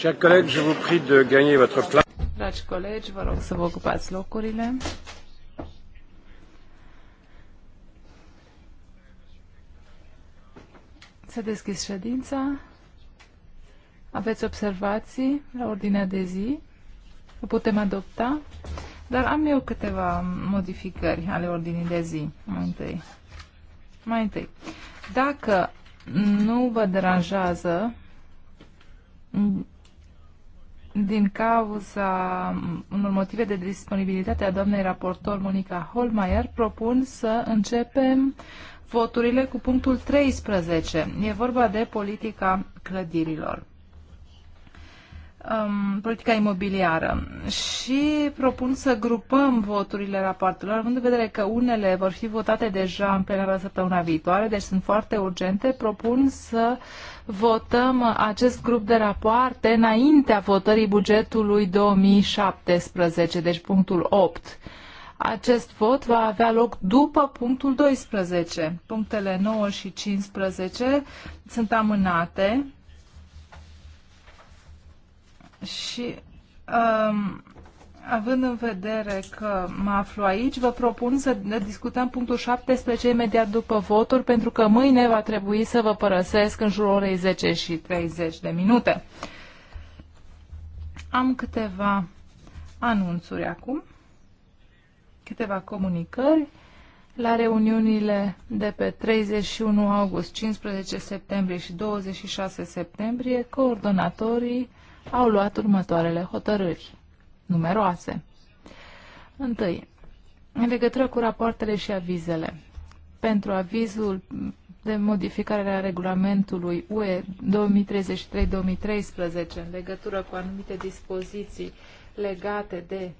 Dragi colegi, vă rog să vă ocupați locurile. S-a deschis ședința. Aveți observații la ordinea de zi? O putem adopta? Dar am eu câteva modificări ale ordinii de zi. Mai întâi. Mai întâi. Dacă nu vă deranjează din cauza unor motive de disponibilitate a doamnei raportor Monica Holmeier, propun să începem voturile cu punctul 13. E vorba de politica clădirilor um, politica imobiliară și propun să grupăm voturile rapoartelor, având în vedere că unele vor fi votate deja în plenară săptămâna viitoare, deci sunt foarte urgente, propun să votăm acest grup de rapoarte înaintea votării bugetului 2017, deci punctul 8. Acest vot va avea loc după punctul 12. Punctele 9 și 15 sunt amânate și um, având în vedere că mă aflu aici, vă propun să ne discutăm punctul 17 imediat după voturi, pentru că mâine va trebui să vă părăsesc în jurul orei 10 și 30 de minute. Am câteva anunțuri acum, câteva comunicări. La reuniunile de pe 31 august, 15 septembrie și 26 septembrie, coordonatorii au luat următoarele hotărâri numeroase. Întâi, în legătură cu rapoartele și avizele, pentru avizul de modificare a regulamentului UE 2033-2013 în legătură cu anumite dispoziții legate de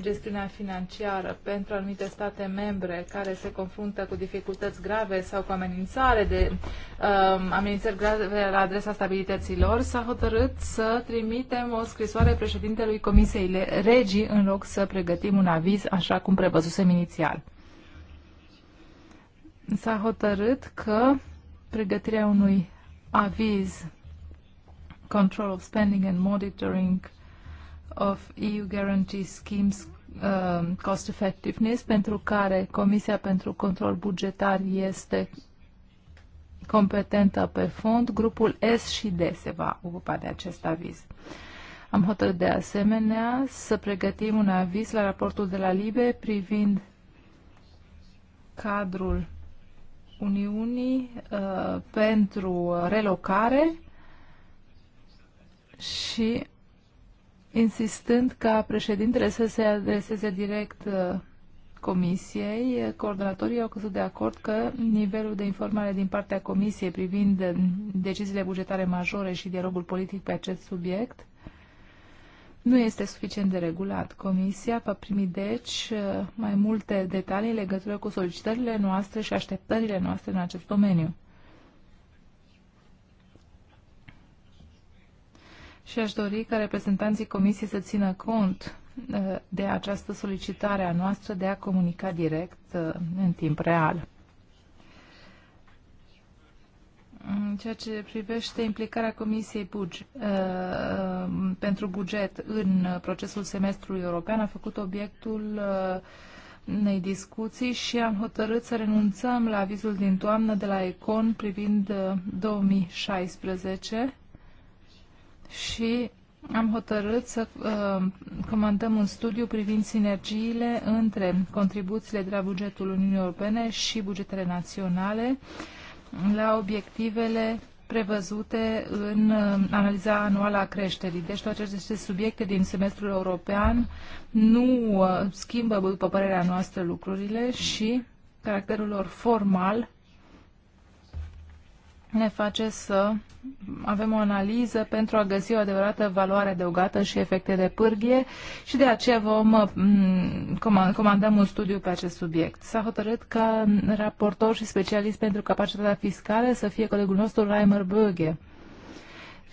gestiunea financiară pentru anumite state membre care se confruntă cu dificultăți grave sau cu amenințare de um, amenințări grave la adresa stabilităților, s-a hotărât să trimitem o scrisoare președintelui Comisiei Regii în loc să pregătim un aviz așa cum prevăzusem inițial. S-a hotărât că pregătirea unui aviz Control of Spending and Monitoring of EU Guarantee Schemes uh, Cost Effectiveness, pentru care Comisia pentru Control Bugetar este competentă pe fond, grupul S și D se va ocupa de acest aviz. Am hotărât de asemenea să pregătim un aviz la raportul de la LIBE privind cadrul Uniunii uh, pentru relocare și insistând ca președintele să se adreseze direct uh, Comisiei, coordonatorii au căzut de acord că nivelul de informare din partea Comisiei privind uh, deciziile bugetare majore și dialogul politic pe acest subiect nu este suficient de regulat. Comisia va primi, deci, uh, mai multe detalii în legătură cu solicitările noastre și așteptările noastre în acest domeniu. și aș dori ca reprezentanții Comisiei să țină cont uh, de această solicitare a noastră de a comunica direct uh, în timp real. În ceea ce privește implicarea Comisiei Buge, uh, uh, pentru buget în procesul semestrului european, a făcut obiectul uh, unei discuții și am hotărât să renunțăm la avizul din toamnă de la ECON privind uh, 2016 și am hotărât să uh, comandăm un studiu privind sinergiile între contribuțiile de la bugetul Uniunii Europene și bugetele naționale la obiectivele prevăzute în uh, analiza anuală a creșterii. Deci toate aceste subiecte din semestrul european nu uh, schimbă, după părerea noastră, lucrurile și caracterul lor formal ne face să avem o analiză pentru a găsi o adevărată valoare adăugată și efecte de pârghie și de aceea vom mm, comandăm un studiu pe acest subiect. S-a hotărât ca raportor și specialist pentru capacitatea fiscală să fie colegul nostru Reimer Böge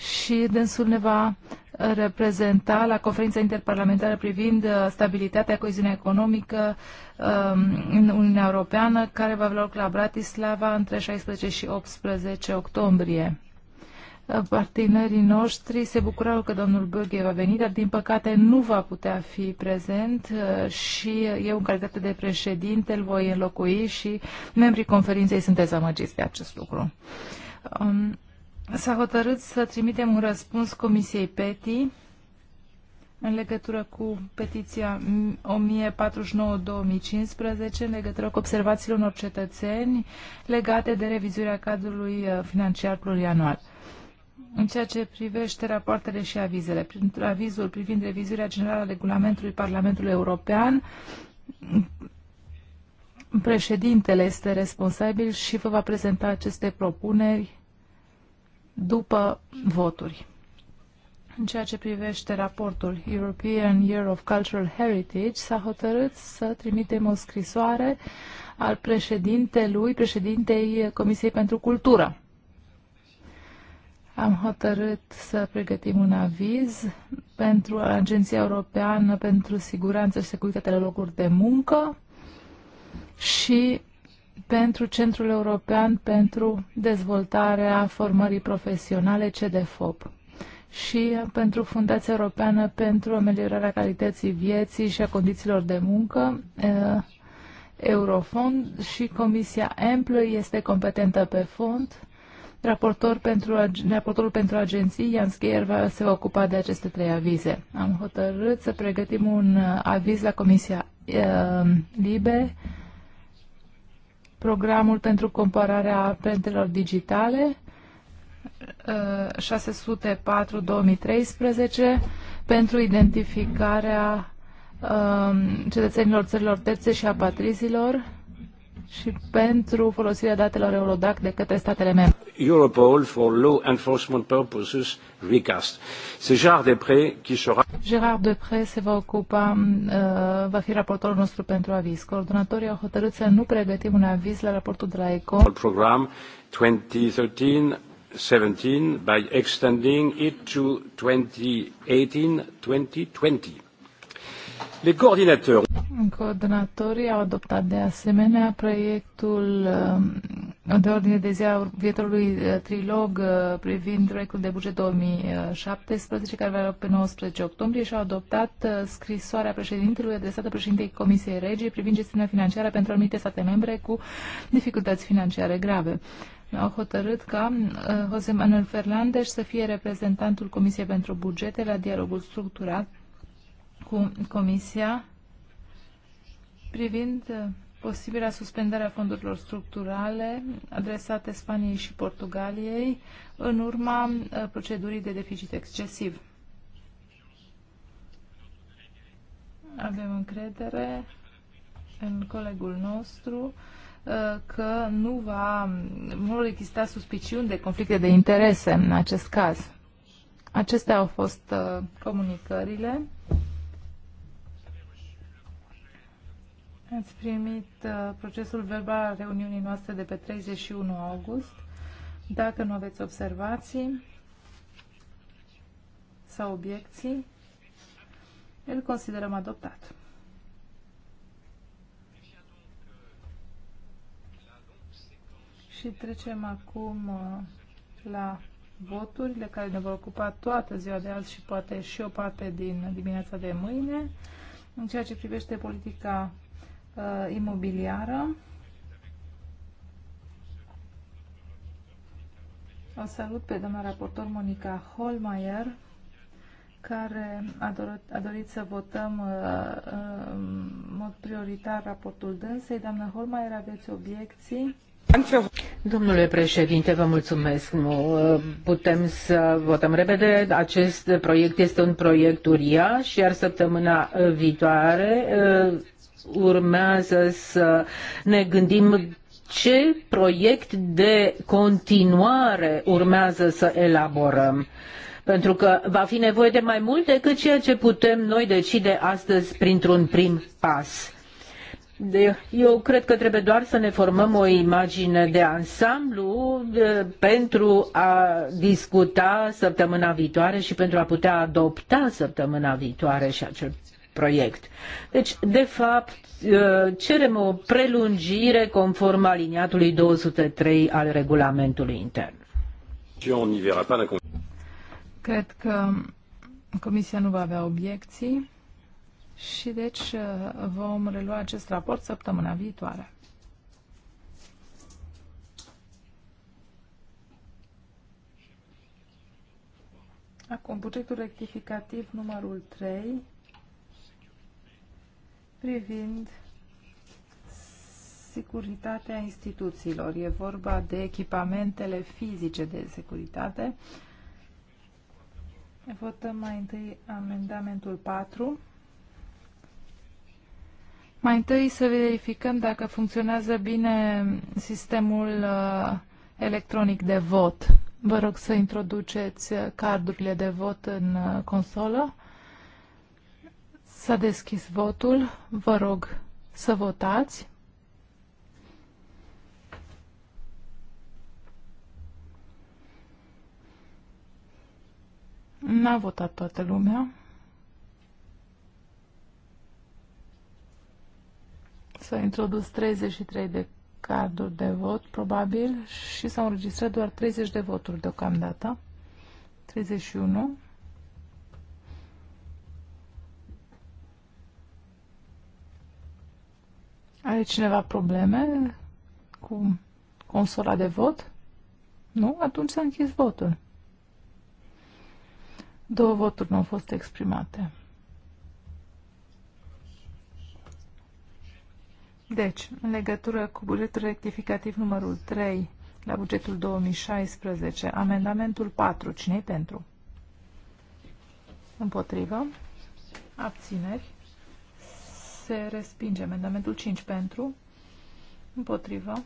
și dânsul ne va reprezenta la conferința interparlamentară privind uh, stabilitatea, coeziunea economică um, în Uniunea Europeană, care va avea loc la Bratislava între 16 și 18 octombrie. Uh, partenerii noștri se bucurau că domnul Böge va veni, dar din păcate nu va putea fi prezent uh, și eu în calitate de președinte îl voi înlocui și membrii conferinței sunt dezamăgiți de acest lucru. Um, S-a hotărât să trimitem un răspuns Comisiei PETI în legătură cu petiția 1049-2015, în legătură cu observațiile unor cetățeni legate de revizuirea cadrului uh, financiar plurianual. În ceea ce privește rapoartele și avizele, prin avizul privind revizuirea generală a regulamentului Parlamentului European, președintele este responsabil și vă va prezenta aceste propuneri după voturi. În ceea ce privește raportul European Year of Cultural Heritage, s-a hotărât să trimitem o scrisoare al președintelui, președintei Comisiei pentru Cultură. Am hotărât să pregătim un aviz pentru Agenția Europeană pentru Siguranță și Securitatea Locuri de Muncă și pentru Centrul European pentru Dezvoltarea Formării Profesionale, CDFOP, și pentru Fundația Europeană pentru Ameliorarea Calității Vieții și a Condițiilor de Muncă, eh, Eurofond și Comisia Amplă este competentă pe fond. Raportor pentru, raportorul pentru agenții, Ian Scheier, va, se va ocupa de aceste trei avize. Am hotărât să pregătim un eh, aviz la Comisia uh, Libe programul pentru compararea apentelor digitale 604-2013 pentru identificarea um, cetățenilor țărilor terțe și a patrizilor și pentru folosirea datelor Eurodac de către statele membre. Europol for law enforcement purposes recast. C'est Gérard Depré qui sera... Gérard Depré se va ocupa, mm, uh, va fi raportorul nostru pentru aviz. Coordonatorii au hotărât să nu pregătim un aviz la raportul de la ECO. Program 2013 17 by extending it to 2018-2020. Les coordinateurs. Coordonatorii au adoptat de asemenea proiectul um, de ordine de zi a viitorului uh, trilog uh, privind proiectul de buget 2017 care va avea pe 19 octombrie și au adoptat uh, scrisoarea președintelui adresată președintei Comisiei Regii privind gestiunea financiară pentru anumite state membre cu dificultăți financiare grave au hotărât ca José Manuel Fernandez să fie reprezentantul Comisiei pentru Bugete la dialogul structurat cu Comisia privind uh, posibilă suspendarea fondurilor structurale adresate Spaniei și Portugaliei în urma uh, procedurii de deficit excesiv. Avem încredere în colegul nostru uh, că nu va nu exista suspiciuni de conflicte de interese în acest caz. Acestea au fost comunicările. Ați primit uh, procesul verbal al reuniunii noastre de pe 31 august. Dacă nu aveți observații sau obiecții, îl considerăm adoptat. Și trecem acum uh, la voturile care ne vor ocupa toată ziua de azi și poate și o parte din dimineața de mâine. În ceea ce privește politica uh, imobiliară. O salut pe doamna raportor Monica Holmeier, care a dorit, a dorit să votăm uh, uh, în mod prioritar raportul dânsei. Doamna Holmeier, aveți obiecții? Domnule președinte, vă mulțumesc. Nu uh, putem să votăm repede. Acest proiect este un proiect uriaș, iar săptămâna viitoare uh, urmează să ne gândim ce proiect de continuare urmează să elaborăm. Pentru că va fi nevoie de mai mult decât ceea ce putem noi decide astăzi printr-un prim pas. Eu cred că trebuie doar să ne formăm o imagine de ansamblu pentru a discuta săptămâna viitoare și pentru a putea adopta săptămâna viitoare și acel proiect. Deci, de fapt, ă, cerem o prelungire conform aliniatului 203 al regulamentului intern. Cred că Comisia nu va avea obiecții și deci ă, vom relua acest raport săptămâna viitoare. Acum, bugetul rectificativ numărul 3 privind securitatea instituțiilor. E vorba de echipamentele fizice de securitate. Votăm mai întâi amendamentul 4. Mai întâi să verificăm dacă funcționează bine sistemul uh, electronic de vot. Vă rog să introduceți uh, cardurile de vot în uh, consolă. S-a deschis votul. Vă rog să votați. N-a votat toată lumea. S-au introdus 33 de carduri de vot, probabil, și s-au înregistrat doar 30 de voturi deocamdată. 31. Are cineva probleme cu consola de vot? Nu? Atunci s-a închis votul. Două voturi nu au fost exprimate. Deci, în legătură cu bugetul rectificativ numărul 3 la bugetul 2016, amendamentul 4, cine pentru? Împotrivă? Abțineri? se respinge. Amendamentul 5 pentru, împotriva,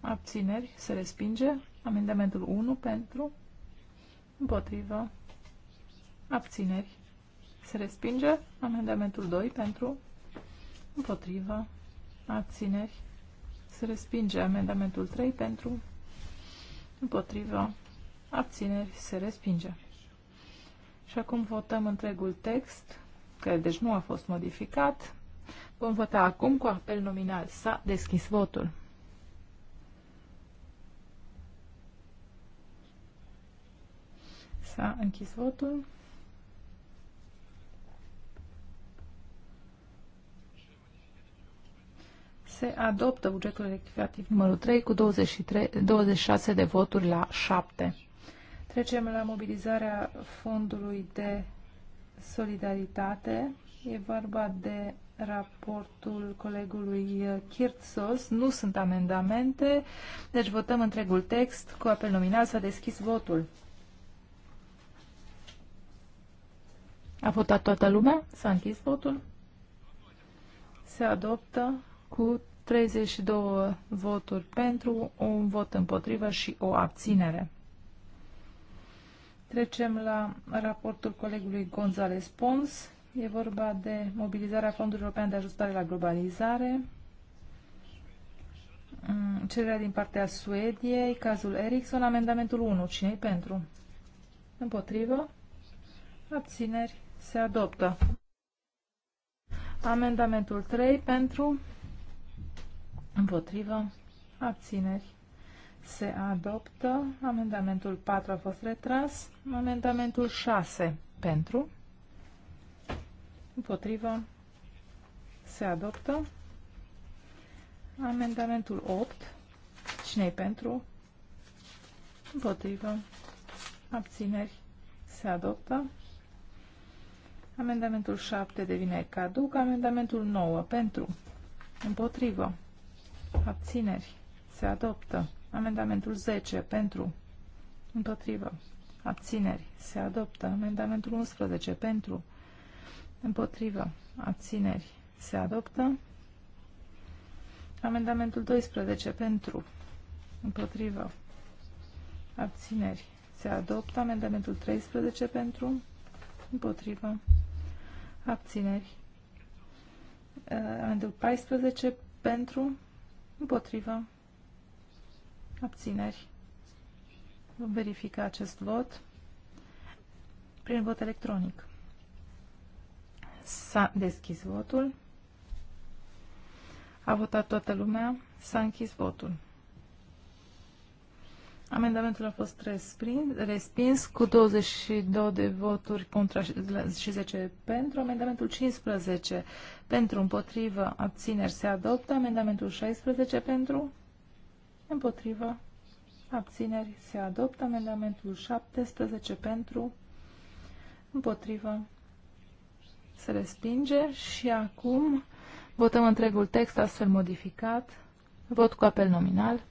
abțineri, se respinge. Amendamentul 1 pentru, împotriva, abțineri, se respinge. Amendamentul 2 pentru, împotriva, abțineri, se respinge. Amendamentul 3 pentru, împotriva, abțineri, se respinge. Și acum votăm întregul text care deci nu a fost modificat. Vom vota acum cu apel nominal. S-a deschis votul. S-a închis votul. Se adoptă bugetul rectificativ numărul 3 cu 23, 26 de voturi la 7. Trecem la mobilizarea fondului de solidaritate. E vorba de raportul colegului Kirtsos. Nu sunt amendamente, deci votăm întregul text cu apel nominal. S-a deschis votul. A votat toată lumea? S-a închis votul? Se adoptă cu 32 voturi pentru, un vot împotrivă și o abținere. Trecem la raportul colegului González Pons. E vorba de mobilizarea Fondului European de Ajustare la Globalizare. Mm, cererea din partea Suediei, cazul Ericsson, amendamentul 1. cine pentru? Împotrivă? Abțineri? Se adoptă. Amendamentul 3 pentru? Împotrivă? Abțineri? se adoptă. Amendamentul 4 a fost retras. Amendamentul 6 pentru. Împotrivă. Se adoptă. Amendamentul 8. cine pentru? Împotrivă. Abțineri. Se adoptă. Amendamentul 7 devine caduc. Amendamentul 9 pentru. Împotrivă. Abțineri. Se adoptă. Amendamentul 10 pentru, împotrivă, abțineri, se adoptă. Amendamentul 11 pentru, împotrivă, abțineri, se adoptă. Amendamentul 12 pentru, împotrivă, abțineri, se adoptă. Amendamentul 13 pentru, împotrivă, abțineri. Uh, Amendamentul 14 pentru, împotrivă, Abțineri. Vom verifica acest vot prin vot electronic. S-a deschis votul. A votat toată lumea. S-a închis votul. Amendamentul a fost respins, respins cu 22 de voturi contra și 10 pentru. Amendamentul 15 pentru, împotrivă, abțineri se adoptă. Amendamentul 16 pentru, împotrivă, abțineri, se adoptă. Amendamentul 17 pentru, împotrivă, se respinge. Și acum votăm întregul text astfel modificat. Vot cu apel nominal.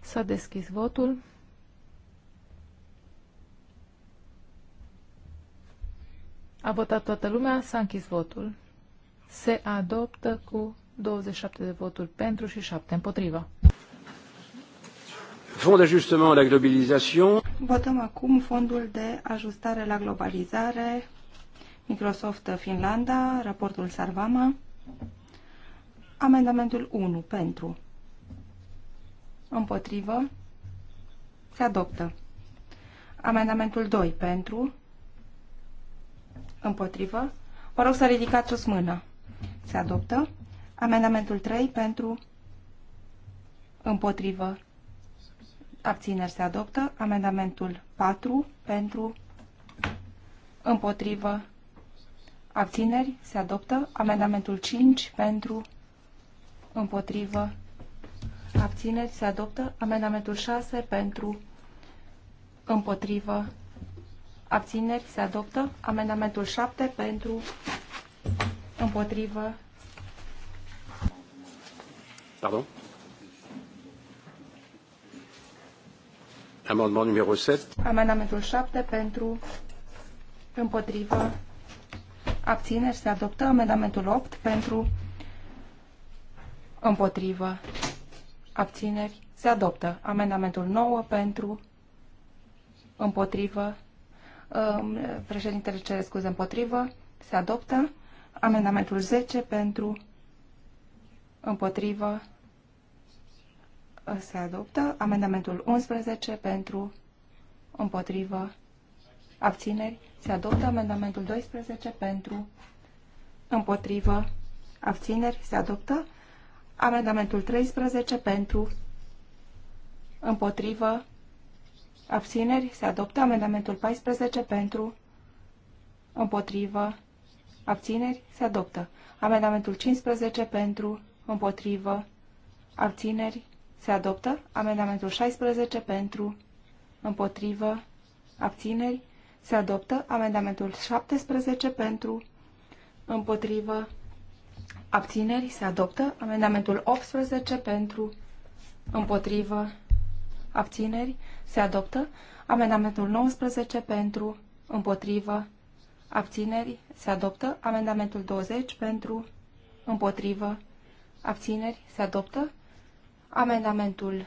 S-a deschis votul. A votat toată lumea, s-a închis votul. Se adoptă cu 27 de voturi pentru și 7 împotriva. Fond d'ajustement à la globalisation. Votăm acum fondul de ajustare la globalizare, Microsoft Finlanda, raportul Sarvama, amendamentul 1 pentru, împotrivă, se adoptă. Amendamentul 2 pentru, împotrivă, vă rog să ridicați sus mână. se adoptă. Amendamentul 3 pentru, împotrivă, abțineri se adoptă. Amendamentul 4 pentru, împotrivă, abțineri se adoptă. Amendamentul 5 pentru, împotrivă, abțineri se adoptă. Amendamentul 6 pentru, împotrivă, abțineri se adoptă. Amendamentul 7 pentru, împotrivă. Pardon? 7. Amendamentul 7 pentru împotrivă abțineri se adoptă. Amendamentul 8 pentru împotrivă abțineri se adoptă. Amendamentul 9 pentru împotrivă um, președintele cere scuze împotrivă se adoptă. Amendamentul 10 pentru împotrivă se adoptă. Amendamentul 11 pentru, împotrivă, abțineri, se adoptă. Amendamentul 12 pentru, împotrivă, abțineri, se adoptă. Amendamentul 13 pentru, împotrivă, abțineri, se adoptă. Amendamentul 14 pentru, împotrivă, abțineri, se adoptă. Amendamentul 15 pentru, împotrivă, abțineri, se adoptă amendamentul 16 pentru, împotrivă, abțineri. Se adoptă amendamentul 17 pentru, împotrivă, abțineri. Se adoptă amendamentul 18 pentru, împotrivă, abțineri. Se adoptă amendamentul 19 pentru, împotrivă, abțineri. Se adoptă amendamentul 20 pentru, împotrivă, abțineri. Se adoptă Amendamentul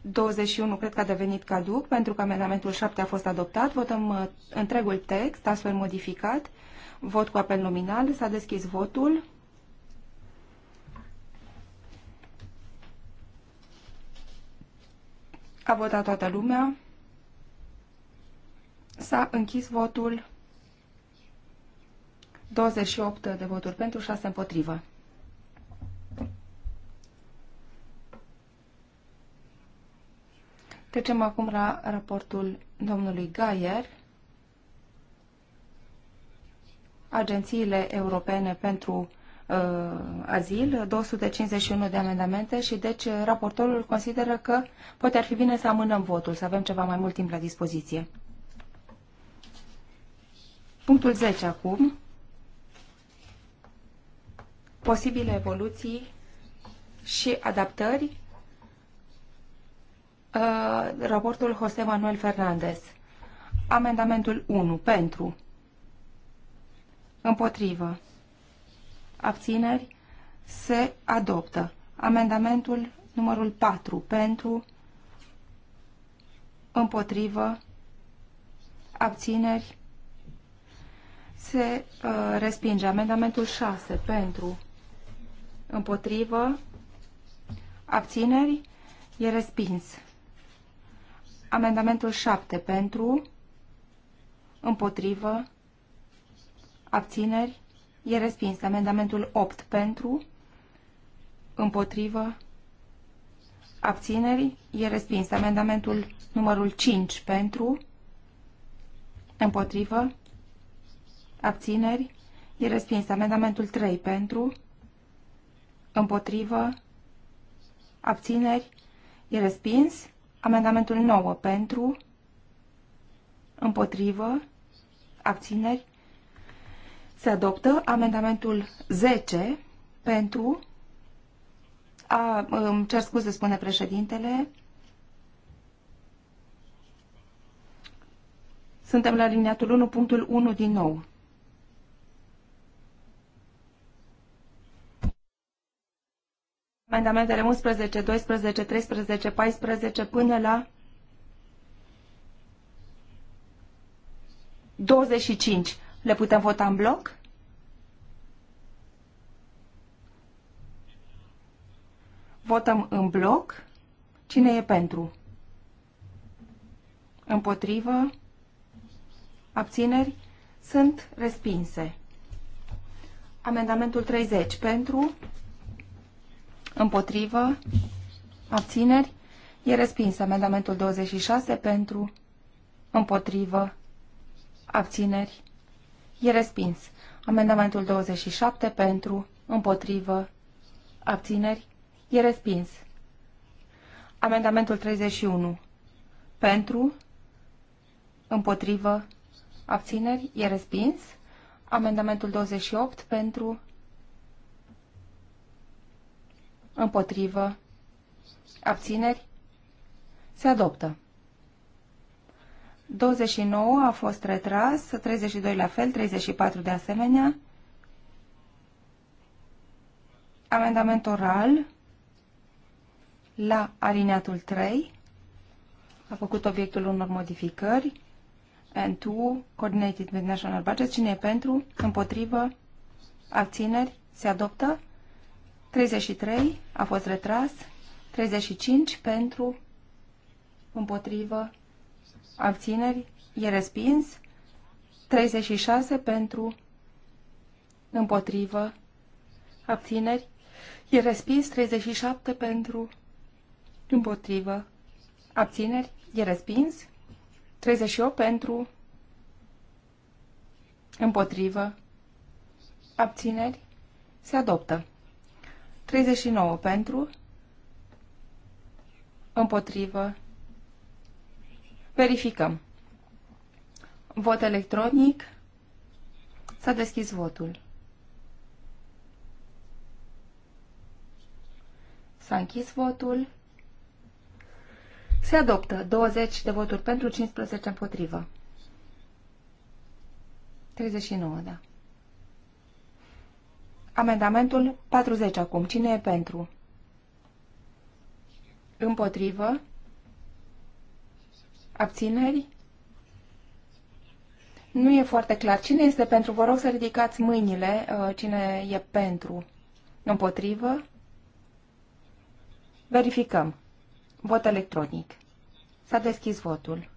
21 cred că a devenit caduc, pentru că amendamentul 7 a fost adoptat. Votăm uh, întregul text, astfel modificat. Vot cu apel nominal. S-a deschis votul. A votat toată lumea. S-a închis votul. 28 de voturi pentru, 6 împotrivă. Trecem acum la raportul domnului Gaier. Agențiile europene pentru uh, azil, 251 de amendamente și deci raportorul consideră că poate ar fi bine să amânăm votul, să avem ceva mai mult timp la dispoziție. Punctul 10 acum. Posibile evoluții și adaptări Uh, raportul José Manuel Fernandez. Amendamentul 1. Pentru. Împotrivă. Abțineri. Se adoptă. Amendamentul numărul 4. Pentru. Împotrivă. Abțineri. Se uh, respinge. Amendamentul 6. Pentru. Împotrivă. Abțineri. E respins. Amendamentul 7 pentru, împotrivă, abțineri, e respins. Amendamentul 8 pentru, împotrivă, abțineri, e respins. Amendamentul numărul 5 pentru, împotrivă, abțineri, e respins. Amendamentul 3 pentru, împotrivă, abțineri, e respins. Amendamentul 9 pentru, împotrivă, abțineri, se adoptă. Amendamentul 10 pentru, a, îmi cer scuze, spune președintele, suntem la liniatul 1.1 din nou. Amendamentele 11, 12, 13, 14 până la 25. Le putem vota în bloc? Votăm în bloc. Cine e pentru? Împotrivă? Abțineri? Sunt respinse. Amendamentul 30 pentru, Împotrivă. Abțineri. E respins amendamentul 26 pentru. Împotrivă. Abțineri. E respins. Amendamentul 27 pentru. Împotrivă. Abțineri. E respins. Amendamentul 31. Pentru. Împotrivă. Abțineri. E respins. Amendamentul 28 pentru. Împotrivă. Abțineri. Se adoptă. 29 a fost retras, 32 la fel, 34 de asemenea. Amendament oral la alineatul 3 a făcut obiectul unor modificări and to coordinated with national budget. Cine e pentru? Împotrivă? Abțineri? Se adoptă? 33 a fost retras. 35 pentru, împotrivă, abțineri, e respins. 36 pentru, împotrivă, abțineri, e respins. 37 pentru, împotrivă, abțineri, e respins. 38 pentru, împotrivă, abțineri, se adoptă. 39 pentru, împotrivă, verificăm. Vot electronic, s-a deschis votul. S-a închis votul. Se adoptă 20 de voturi pentru, 15 împotrivă. 39, da. Amendamentul 40 acum. Cine e pentru? Împotrivă? Abțineri? Nu e foarte clar. Cine este pentru? Vă rog să ridicați mâinile. Uh, cine e pentru? Împotrivă? Verificăm. Vot electronic. S-a deschis votul.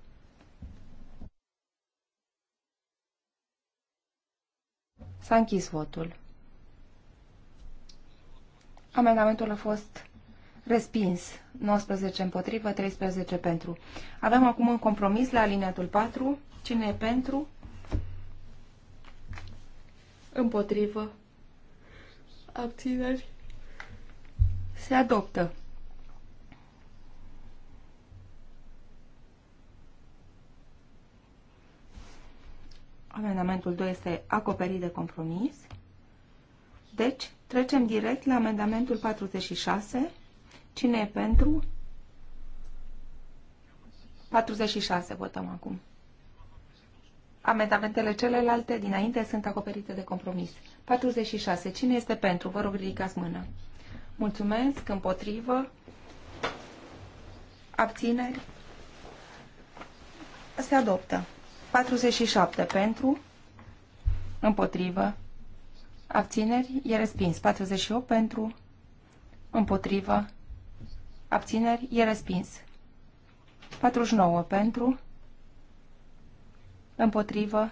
S-a închis votul. Amendamentul a fost respins. 19 împotrivă, 13 pentru. Avem acum un compromis la alineatul 4. Cine e pentru? Împotrivă. Abțineri. Se adoptă. Amendamentul 2 este acoperit de compromis. Deci, trecem direct la amendamentul 46. Cine e pentru? 46 votăm acum. Amendamentele celelalte dinainte sunt acoperite de compromis. 46. Cine este pentru? Vă rog, ridicați mâna. Mulțumesc. Împotrivă. Abțineri. Se adoptă. 47 pentru. Împotrivă. Abțineri e respins. 48 pentru. Împotrivă. Abțineri e respins. 49 pentru. Împotrivă.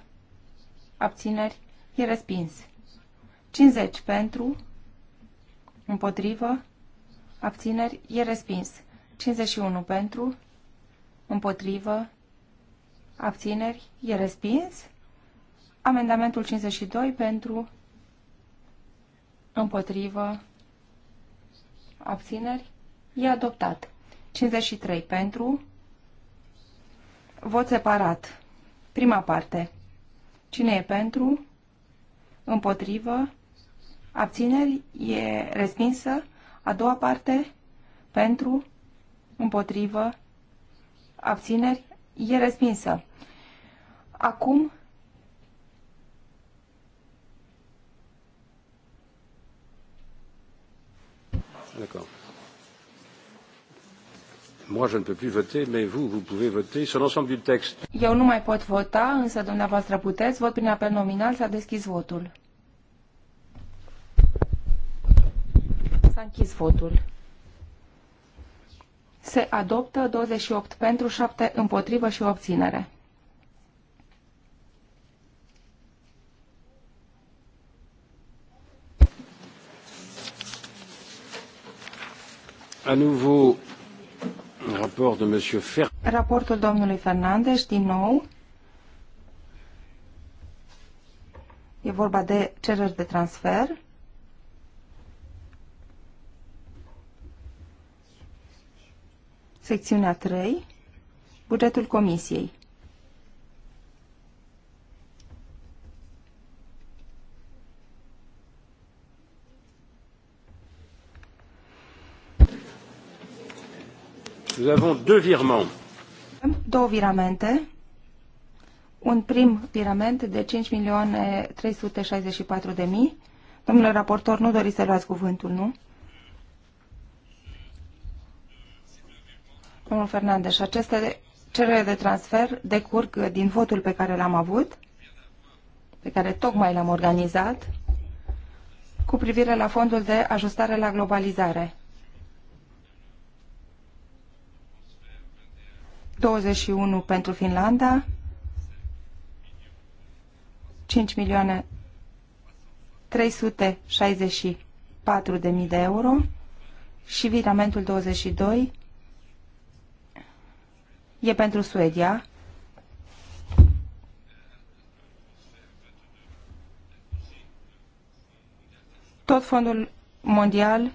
Abțineri e respins. 50 pentru. Împotrivă. Abțineri e respins. 51 pentru. Împotrivă. Abțineri e respins. Amendamentul 52 pentru împotrivă, abțineri, e adoptat. 53 pentru, vot separat, prima parte. Cine e pentru, împotrivă, abțineri, e respinsă, a doua parte, pentru, împotrivă, abțineri, e respinsă. Acum D'accord. Moi, je ne peux plus voter, mais vous, vous pouvez voter sur l'ensemble du texte. Eu nu mai pot vota, însă dumneavoastră puteți. Vot prin apel nominal. S-a deschis votul. S-a închis votul. Se adoptă 28 pentru, 7 împotrivă și obținere. à nouveau rapport de Monsieur Fer... Raportul domnului Fernandez, din nou. E vorba de cereri de transfer. Secțiunea 3. Bugetul Comisiei. Nous avons deux virements. Două viramente. Un prim virament de 5 milioane 364 de mii. Domnule raportor, nu doriți să luați cuvântul, nu? Domnul Fernandes, aceste cerere de transfer decurg din votul pe care l-am avut, pe care tocmai l-am organizat, cu privire la fondul de ajustare la globalizare. 21 pentru Finlanda, 5 milioane 364 de mii de euro și viramentul 22 e pentru Suedia. Tot fondul mondial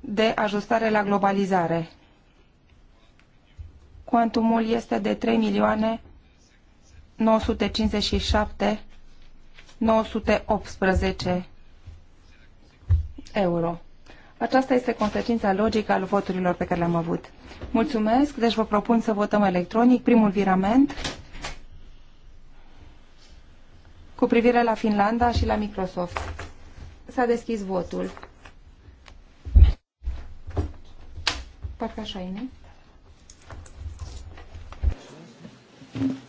de ajustare la globalizare. Cuantumul este de 3 milioane 957 918 euro. Aceasta este consecința logică al voturilor pe care le-am avut. Mulțumesc, deci vă propun să votăm electronic primul virament cu privire la Finlanda și la Microsoft. S-a deschis votul. Parcă așa e, nu?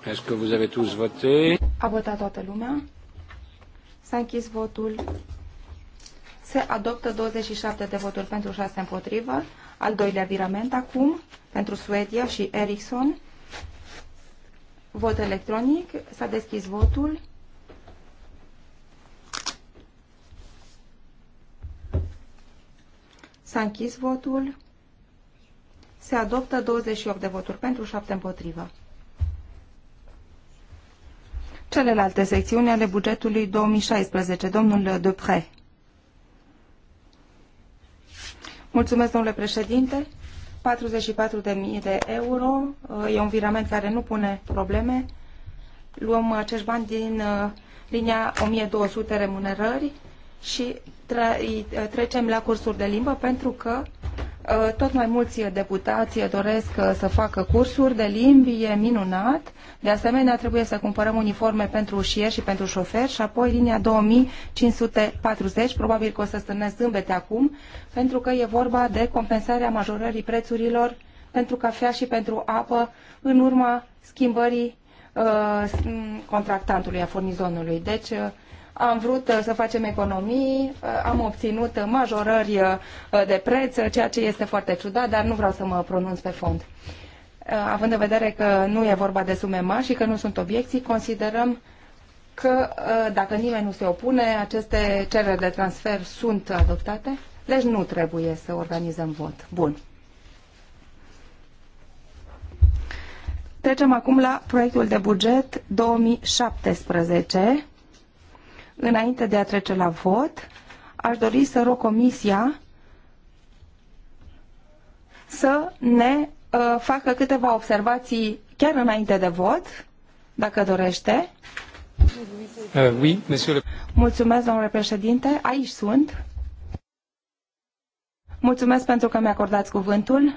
Est-ce que vous avez tous voté? A votat toată lumea. S-a închis votul. Se adoptă 27 de voturi pentru 6 împotrivă. Al doilea virament acum pentru Suedia și Ericsson. Vot electronic. S-a deschis votul. S-a închis votul. Se adoptă 28 de voturi pentru 7 împotrivă celelalte secțiuni ale bugetului 2016. Domnul Dupre. Mulțumesc, domnule președinte. 44.000 de, de euro uh, e un virament care nu pune probleme. Luăm acești bani din uh, linia 1200 remunerări și tre uh, trecem la cursuri de limbă pentru că Uh, tot mai mulți deputați doresc uh, să facă cursuri de limbi, e minunat. De asemenea, trebuie să cumpărăm uniforme pentru ușieri și pentru șoferi și apoi linia 2540, probabil că o să stârnesc zâmbete acum, pentru că e vorba de compensarea majorării prețurilor pentru cafea și pentru apă în urma schimbării uh, contractantului, a furnizonului. Deci, am vrut uh, să facem economii, uh, am obținut majorări uh, de preț, ceea ce este foarte ciudat, dar nu vreau să mă pronunț pe fond. Având în vedere că nu e vorba de sume mari și că nu sunt obiecții, considerăm că dacă nimeni nu se opune, aceste cereri de transfer sunt adoptate, deci nu trebuie să organizăm vot. Bun. Trecem acum la proiectul de buget 2017. Înainte de a trece la vot, aș dori să rog Comisia să ne uh, facă câteva observații chiar înainte de vot, dacă dorește. Uh, oui, monsieur. Mulțumesc, domnule președinte. Aici sunt. Mulțumesc pentru că mi-acordați cuvântul.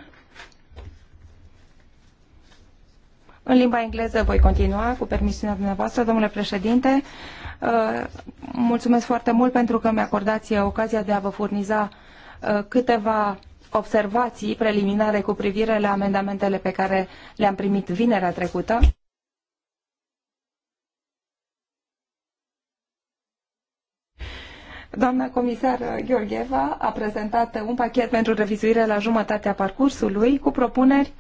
În limba engleză voi continua, cu permisiunea dumneavoastră, domnule președinte. Uh, Uh, mulțumesc foarte mult pentru că mi-acordați ocazia de a vă furniza uh, câteva observații preliminare cu privire la amendamentele pe care le-am primit vinerea trecută. Doamna comisar Gheorgheva a prezentat un pachet pentru revizuire la jumătatea parcursului cu propuneri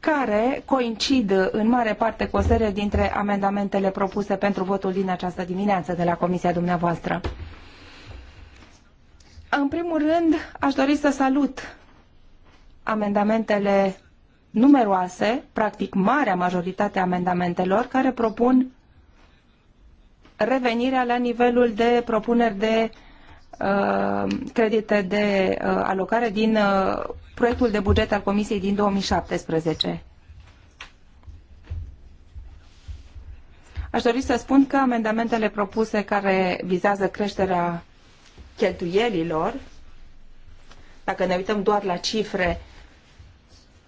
care coincid în mare parte cu o serie dintre amendamentele propuse pentru votul din această dimineață de la Comisia dumneavoastră. În primul rând, aș dori să salut amendamentele numeroase, practic marea majoritate a amendamentelor, care propun revenirea la nivelul de propuneri de Uh, credite de uh, alocare din uh, proiectul de buget al Comisiei din 2017. Aș dori să spun că amendamentele propuse care vizează creșterea cheltuielilor, dacă ne uităm doar la cifre,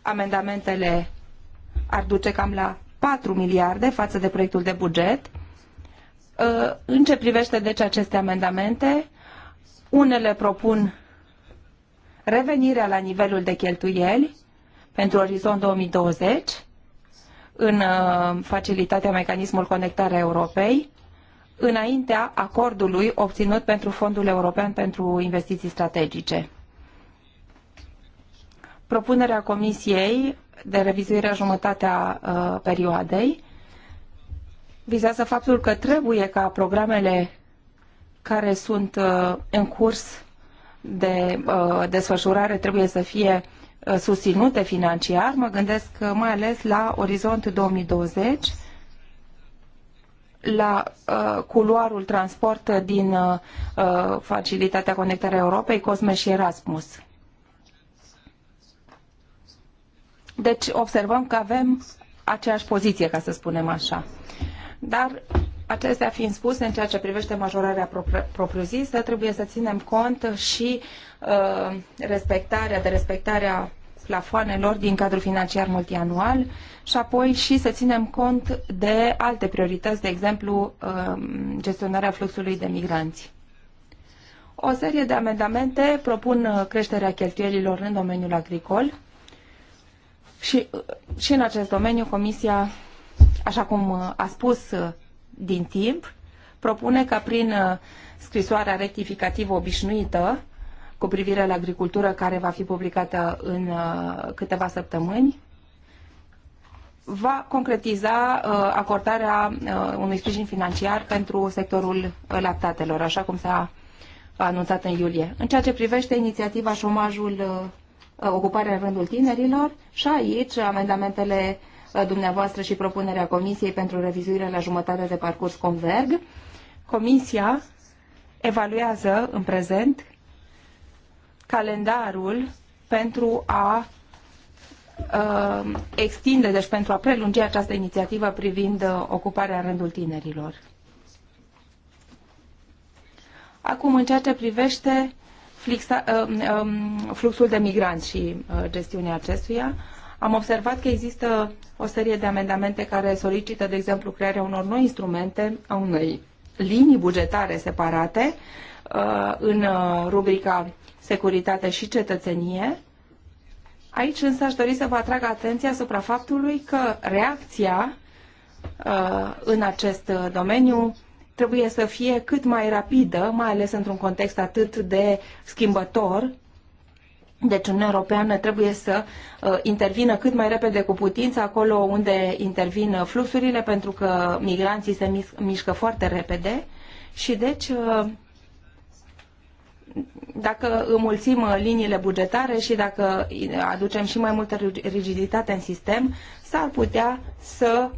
amendamentele ar duce cam la 4 miliarde față de proiectul de buget. În ce privește deci aceste amendamente, unele propun revenirea la nivelul de cheltuieli pentru orizont 2020 în uh, facilitatea mecanismul conectarea Europei, înaintea acordului obținut pentru Fondul European pentru Investiții Strategice. Propunerea Comisiei de revizuire a jumătatea uh, perioadei vizează faptul că trebuie ca programele care sunt uh, în curs de uh, desfășurare trebuie să fie uh, susținute financiar. Mă gândesc mai ales la Orizont 2020, la uh, culoarul transport din uh, Facilitatea Conectării Europei, Cosme și Erasmus. Deci observăm că avem aceeași poziție, ca să spunem așa. Dar Acestea fiind spuse, în ceea ce privește majorarea propriu-zisă, trebuie să ținem cont și uh, respectarea, de respectarea plafoanelor din cadrul financiar multianual și apoi și să ținem cont de alte priorități, de exemplu uh, gestionarea fluxului de migranți. O serie de amendamente propun creșterea cheltuielilor în domeniul agricol și, uh, și în acest domeniu Comisia, așa cum a spus din timp, propune ca prin uh, scrisoarea rectificativă obișnuită cu privire la agricultură care va fi publicată în uh, câteva săptămâni, va concretiza uh, acordarea unui sprijin financiar pentru sectorul lactatelor, așa cum s-a anunțat în iulie. În ceea ce privește inițiativa șomajul ocuparea în rândul tinerilor și aici amendamentele dumneavoastră și propunerea Comisiei pentru revizuirea la jumătate de parcurs Converg. Comisia evaluează în prezent calendarul pentru a uh, extinde, deci pentru a prelungi această inițiativă privind uh, ocuparea în rândul tinerilor. Acum, în ceea ce privește uh, um, fluxul de migranți și uh, gestiunea acestuia, am observat că există o serie de amendamente care solicită, de exemplu, crearea unor noi instrumente, a unei linii bugetare separate uh, în uh, rubrica Securitate și Cetățenie. Aici însă aș dori să vă atrag atenția asupra faptului că reacția uh, în acest domeniu trebuie să fie cât mai rapidă, mai ales într-un context atât de schimbător deci Uniunea Europeană trebuie să uh, intervină cât mai repede cu putință acolo unde intervin fluxurile, pentru că migranții se mișcă foarte repede și deci uh, dacă înmulțim uh, liniile bugetare și dacă aducem și mai multă rigiditate în sistem, s-ar putea să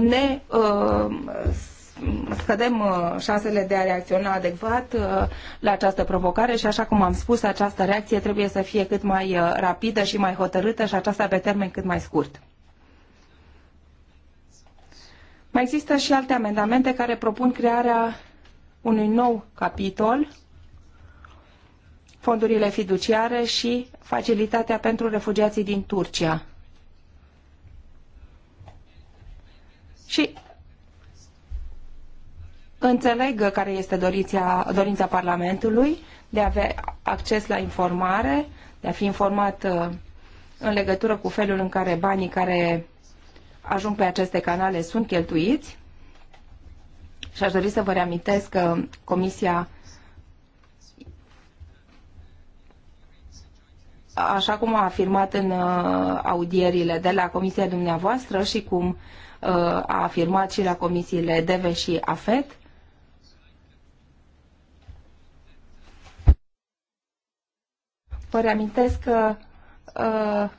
ne scădem uh, șansele de a reacționa adecvat uh, la această provocare și, așa cum am spus, această reacție trebuie să fie cât mai uh, rapidă și mai hotărâtă și aceasta pe termen cât mai scurt. Mai există și alte amendamente care propun crearea unui nou capitol, fondurile fiduciare și facilitatea pentru refugiații din Turcia. Și Înțeleg care este dorința, dorința Parlamentului de a avea acces la informare, de a fi informat uh, în legătură cu felul în care banii care ajung pe aceste canale sunt cheltuiți. Și aș dori să vă reamintesc că Comisia, așa cum a afirmat în uh, audierile de la Comisia dumneavoastră și cum uh, a afirmat și la comisiile DEVE și AFET, Vă reamintesc că uh,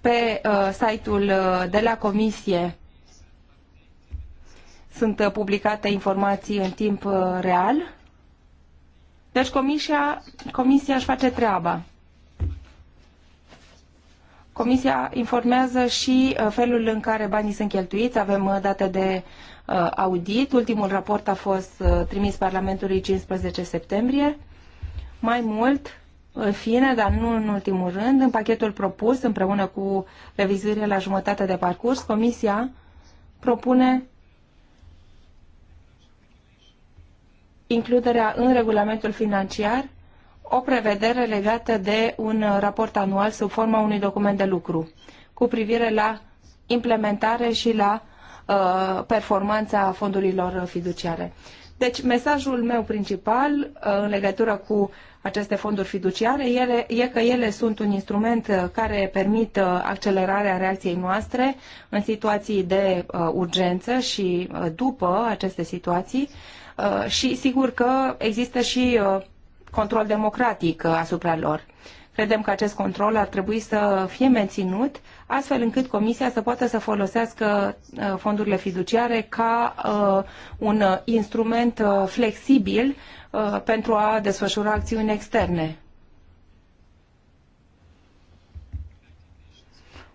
pe uh, site-ul uh, de la Comisie sunt publicate informații în timp real. Deci comisia, comisia își face treaba. Comisia informează și felul în care banii sunt cheltuiți. Avem date de audit. Ultimul raport a fost trimis Parlamentului 15 septembrie. Mai mult, în fine, dar nu în ultimul rând, în pachetul propus, împreună cu revizuirea la jumătate de parcurs, Comisia propune includerea în regulamentul financiar o prevedere legată de un raport anual sub forma unui document de lucru cu privire la implementare și la uh, performanța fondurilor fiduciare. Deci, mesajul meu principal uh, în legătură cu uh, aceste fonduri fiduciare ele, e că ele sunt un instrument uh, care permit uh, accelerarea reacției noastre în situații de uh, urgență și după aceste situații și sigur că există și control democratic asupra lor. Credem că acest control ar trebui să fie menținut astfel încât Comisia să poată să folosească fondurile fiduciare ca un instrument flexibil Uh, pentru a desfășura acțiuni externe.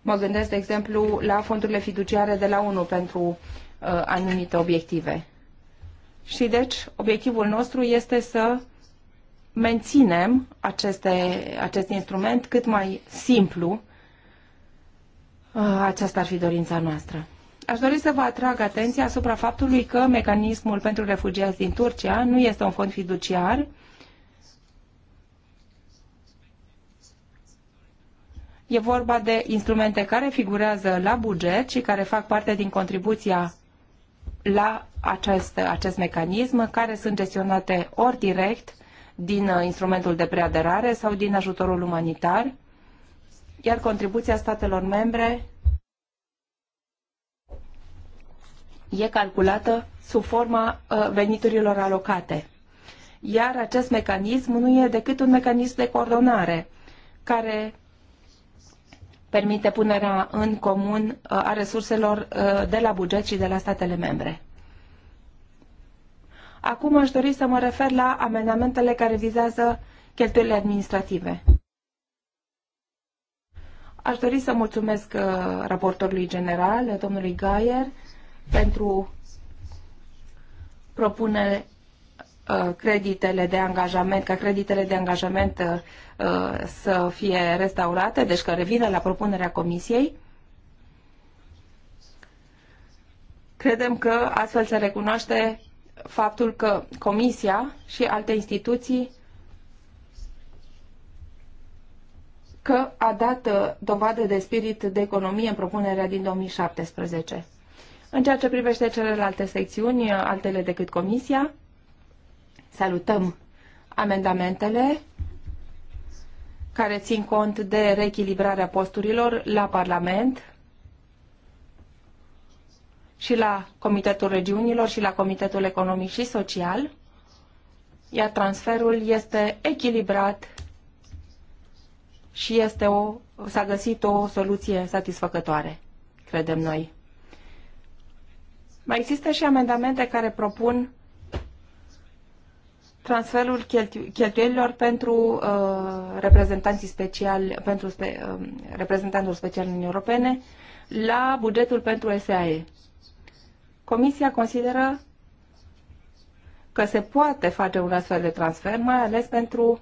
Mă gândesc, de exemplu, la fondurile fiduciare de la ONU pentru uh, anumite obiective. Și deci, obiectivul nostru este să menținem aceste, acest instrument cât mai simplu. Uh, aceasta ar fi dorința noastră. Aș dori să vă atrag atenția asupra faptului că mecanismul pentru refugiați din Turcia nu este un fond fiduciar. E vorba de instrumente care figurează la buget și care fac parte din contribuția la acest, acest mecanism, care sunt gestionate ori direct din uh, instrumentul de preaderare sau din ajutorul umanitar, iar contribuția statelor membre e calculată sub forma uh, veniturilor alocate. Iar acest mecanism nu e decât un mecanism de coordonare care permite punerea în comun uh, a resurselor uh, de la buget și de la statele membre. Acum aș dori să mă refer la amendamentele care vizează cheltuielile administrative. Aș dori să mulțumesc raportorului general, domnului Gaier, pentru propune uh, creditele de angajament, ca creditele de angajament uh, uh, să fie restaurate, deci că revine la propunerea Comisiei. Credem că astfel se recunoaște faptul că Comisia și alte instituții că a dat dovadă de spirit de economie în propunerea din 2017. În ceea ce privește celelalte secțiuni, altele decât Comisia, salutăm amendamentele care țin cont de reechilibrarea posturilor la Parlament și la Comitetul Regiunilor și la Comitetul Economic și Social, iar transferul este echilibrat și este o, s-a găsit o soluție satisfăcătoare, credem noi. Mai există și amendamente care propun transferul cheltu- cheltuielilor pentru uh, reprezentanții speciali, pentru spe, uh, reprezentantul special în Europene la bugetul pentru SAE. Comisia consideră că se poate face un astfel de transfer, mai ales pentru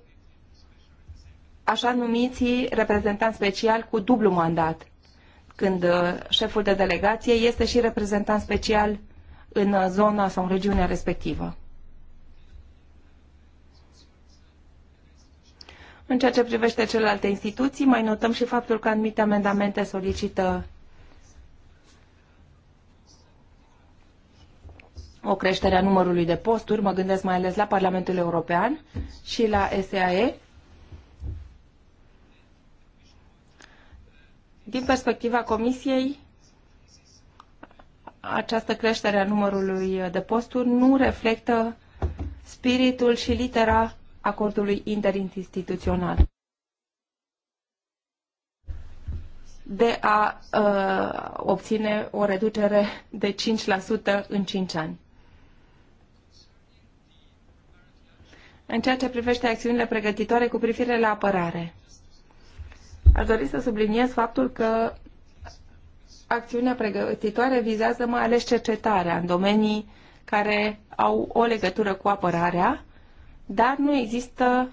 așa numiții reprezentanți special cu dublu mandat, când uh, șeful de delegație este și reprezentant special în uh, zona sau în regiunea respectivă. În ceea ce privește celelalte instituții, mai notăm și faptul că anumite amendamente solicită o creștere a numărului de posturi, mă gândesc mai ales la Parlamentul European și la SAE, Din perspectiva Comisiei, această creștere a numărului de posturi nu reflectă spiritul și litera acordului interinstituțional de a uh, obține o reducere de 5% în 5 ani. În ceea ce privește acțiunile pregătitoare cu privire la apărare, Aș dori să subliniez faptul că acțiunea pregătitoare vizează mai ales cercetarea în domenii care au o legătură cu apărarea, dar nu există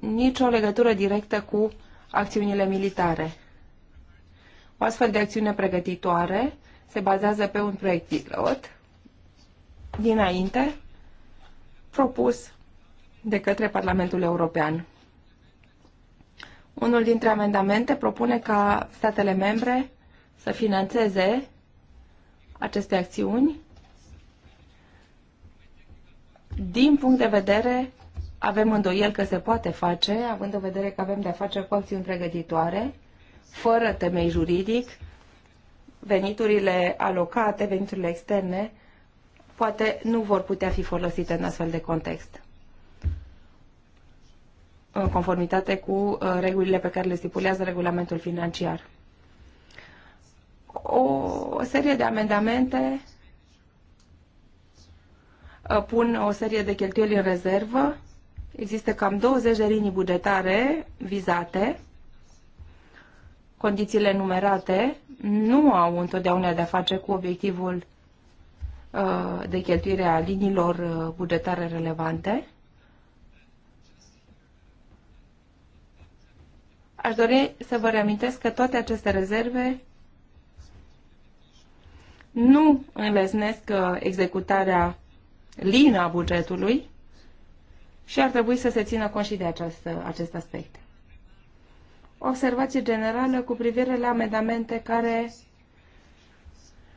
nicio legătură directă cu acțiunile militare. O astfel de acțiune pregătitoare se bazează pe un proiect pilot dinainte propus de către Parlamentul European. Unul dintre amendamente propune ca statele membre să financeze aceste acțiuni din punct de vedere avem îndoiel că se poate face, având în vedere că avem de-a face cu acțiuni pregătitoare, fără temei juridic, veniturile alocate, veniturile externe, poate nu vor putea fi folosite în astfel de context în uh, conformitate cu uh, regulile pe care le stipulează regulamentul financiar. O serie de amendamente uh, pun o serie de cheltuieli în rezervă. Există cam 20 de linii bugetare vizate. Condițiile numerate nu au întotdeauna de-a face cu obiectivul de cheltuire a liniilor bugetare relevante. Aș dori să vă reamintesc că toate aceste rezerve nu înlesnesc uh, executarea lină a bugetului și ar trebui să se țină cont de acest, uh, acest aspect. Observație generală cu privire la amendamente care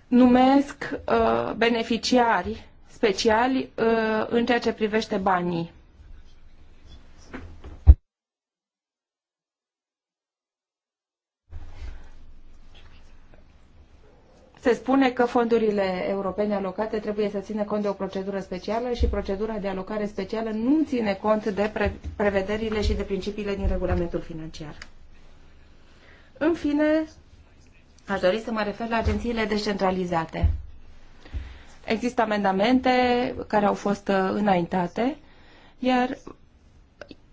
numesc uh, beneficiari speciali uh, în ceea ce privește banii se spune că fondurile europene alocate trebuie să țină cont de o procedură specială și procedura de alocare specială nu ține cont de pre- prevederile și de principiile din regulamentul financiar. În fine, aș dori să mă refer la agențiile descentralizate. Există amendamente care au fost uh, înaintate, iar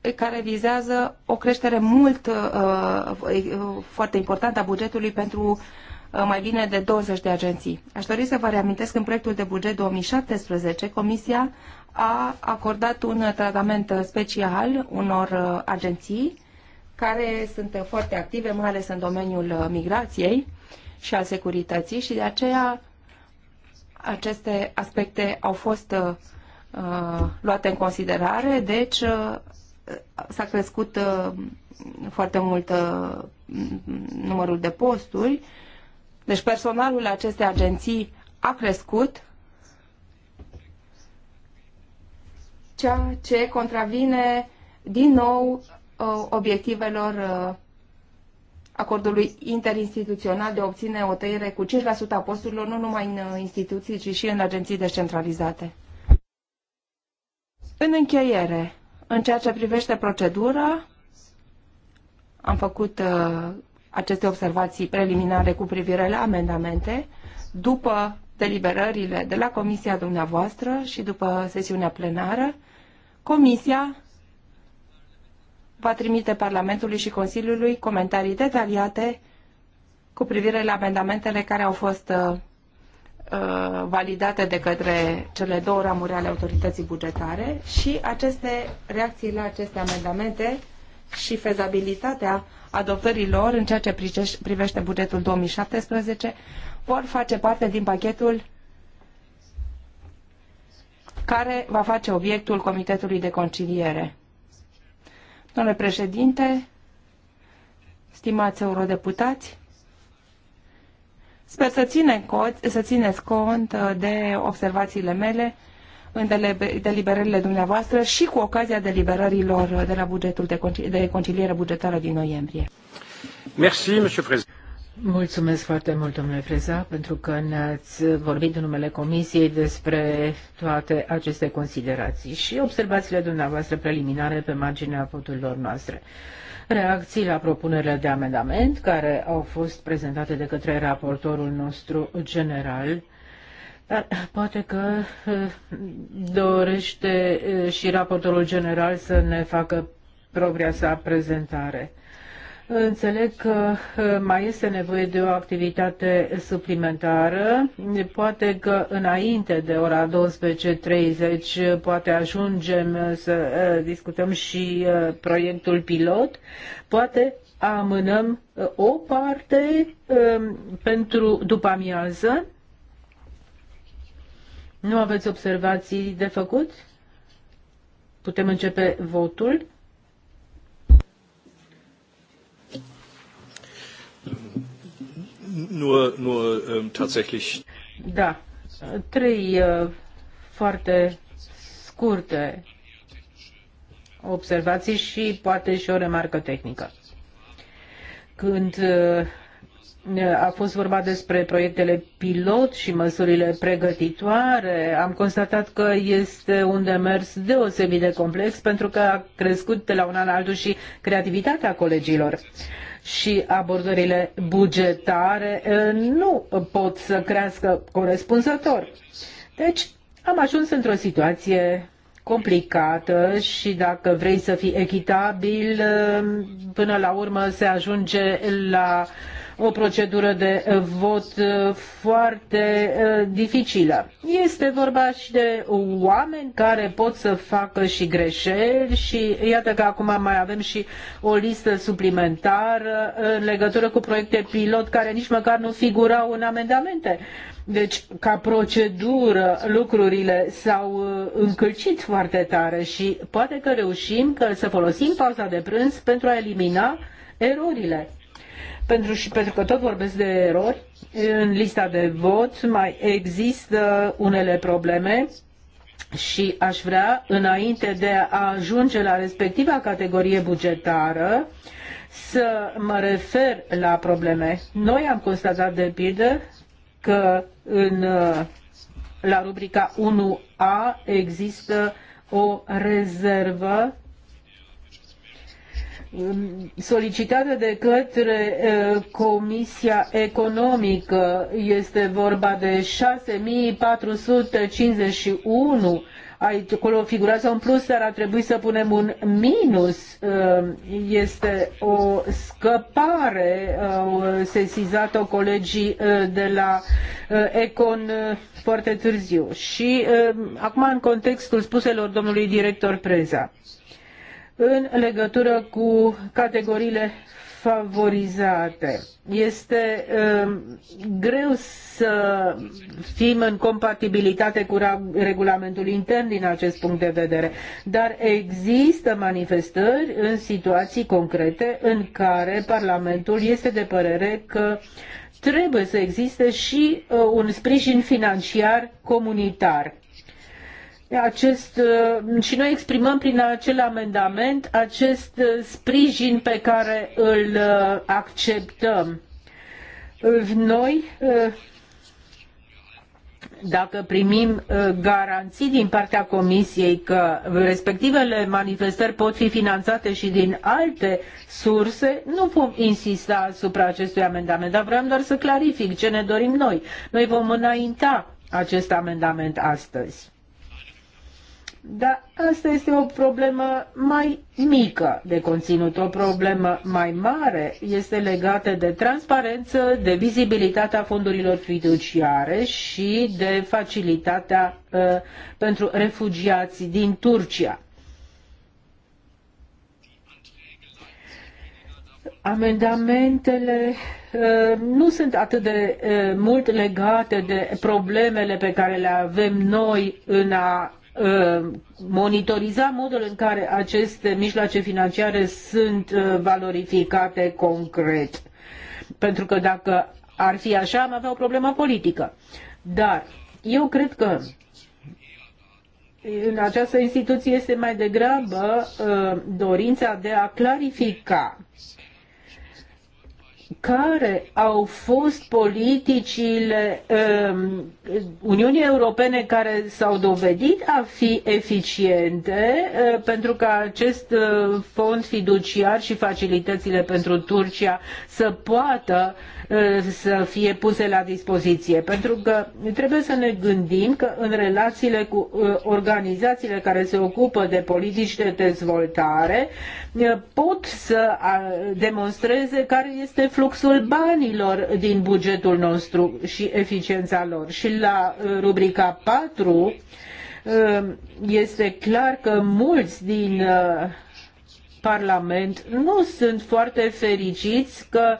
uh, care vizează o creștere mult, uh, foarte importantă a bugetului pentru Uh, mai bine de 20 de agenții. Aș dori să vă reamintesc în proiectul de buget 2017, Comisia a acordat un tratament special unor uh, agenții care sunt foarte active, mai ales în domeniul uh, migrației și al securității și de aceea aceste aspecte au fost uh, luate în considerare, deci uh, s-a crescut uh, foarte mult numărul de posturi deci personalul acestei agenții a crescut, ceea ce contravine din nou uh, obiectivelor uh, acordului interinstituțional de a obține o tăiere cu 5% a posturilor, nu numai în uh, instituții, ci și în agenții descentralizate. În încheiere, în ceea ce privește procedura, am făcut uh, aceste observații preliminare cu privire la amendamente după deliberările de la comisia dumneavoastră și după sesiunea plenară, comisia va trimite Parlamentului și Consiliului comentarii detaliate cu privire la amendamentele care au fost uh, uh validate de către cele două ramuri ale autorității bugetare și aceste reacții la aceste amendamente și fezabilitatea adoptării lor în ceea ce privește bugetul 2017 vor face parte din pachetul care va face obiectul Comitetului de Conciliere. Domnule președinte, stimați eurodeputați, sper să, ține cont, să țineți cont uh, de observațiile mele în deliberările dumneavoastră și cu ocazia deliberărilor de la bugetul de, concil de conciliere bugetară din noiembrie. Merci, Mulțumesc foarte mult, domnule Freza, pentru că ne-ați vorbit în numele Comisiei despre toate aceste considerații și observațiile dumneavoastră preliminare pe marginea voturilor noastre. Reacții la propunerile de amendament care au fost prezentate de către raportorul nostru general dar poate că ă, dorește ă, și raportorul general să ne facă propria sa prezentare. Înțeleg că ă, mai este nevoie de o activitate suplimentară. Poate că înainte de ora 12.30 poate ajungem să discutăm și proiectul pilot. Poate amânăm o parte pentru după amiază nu aveți observații de făcut? Putem începe votul? Nur, nur ähm, tatsächlich. Da. Trei äh, foarte scurte observații și poate și o remarcă tehnică. Când a fost vorba despre proiectele pilot și măsurile pregătitoare. Am constatat că este un demers deosebit de complex pentru că a crescut de la un an la altul și creativitatea colegilor. Și abordările bugetare nu pot să crească corespunzător. Deci am ajuns într-o situație complicată și dacă vrei să fii echitabil, până la urmă se ajunge la uh, o procedură de eh, vot eh, foarte eh, dificilă. Este vorba și de oameni care pot să facă și greșeli și iată că acum mai avem și o listă suplimentară în legătură cu proiecte pilot care nici măcar nu figurau în amendamente. Deci, ca procedură, lucrurile s-au încălcit foarte tare și poate că reușim că să folosim pauza de prânz pentru a elimina erorile pentru, și pentru că tot vorbesc de erori, în lista de vot mai există unele probleme și aș vrea, înainte de a ajunge la respectiva categorie bugetară, să mă refer la probleme. Noi am constatat de pildă că în, la rubrica 1A există o rezervă solicitată de către Comisia Economică. Este vorba de 6451 acolo figurează un plus, dar ar trebui să punem un minus. Este o scăpare, au sesizat-o colegii de la Econ foarte târziu. Și acum în contextul spuselor domnului director Preza în legătură cu categoriile favorizate. Este uh, greu să fim în compatibilitate cu regulamentul intern din acest punct de vedere, dar există manifestări în situații concrete în care Parlamentul este de părere că trebuie să existe și uh, un sprijin financiar comunitar acest, uh, și noi exprimăm prin acel amendament acest uh, sprijin pe care îl uh, acceptăm. Noi, dacă primim garanții din partea Comisiei că respectivele manifestări pot fi finanțate și din alte surse, nu vom insista asupra acestui amendament, dar vreau doar să clarific ce ne dorim noi. Noi vom înainta acest amendament astăzi. Dar asta este o problemă mai mică de conținut. O problemă mai mare este legată de transparență, de vizibilitatea fondurilor fiduciare și de facilitatea uh, pentru refugiații din Turcia. Amendamentele uh, nu sunt atât de uh, mult legate de problemele pe care le avem noi în a Uh, monitoriza modul în care aceste mijloace financiare sunt uh, valorificate concret. Pentru că dacă ar fi așa, am avea o problemă politică. Dar eu cred că în această instituție este mai degrabă uh, dorința de a clarifica care au fost politicile um, Uniunii Europene care s-au dovedit a fi eficiente uh, pentru ca acest uh, fond fiduciar și facilitățile pentru Turcia să poată uh, Uh, să fie puse la dispoziție. Pentru că trebuie să ne gândim că în relațiile cu uh, organizațiile care se ocupă de politici de dezvoltare uh, pot să demonstreze care este fluxul banilor din bugetul nostru și eficiența lor. Și la rubrica 4 este clar că mulți din Parlament nu sunt foarte fericiți că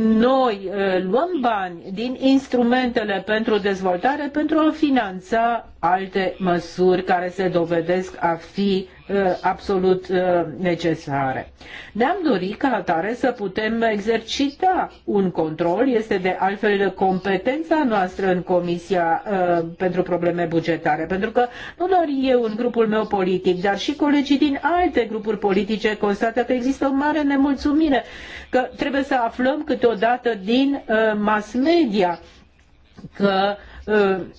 noi uh, luăm bani din instrumentele pentru dezvoltare pentru a finanța alte măsuri care se dovedesc a fi Uh, absolut uh, necesare. Ne-am dorit ca atare să putem exercita un control, este de altfel competența noastră în Comisia uh, pentru probleme bugetare, pentru că nu doar eu în grupul meu politic, dar și colegii din alte grupuri politice constată că există o mare nemulțumire, că trebuie să aflăm câteodată din mass media că uh,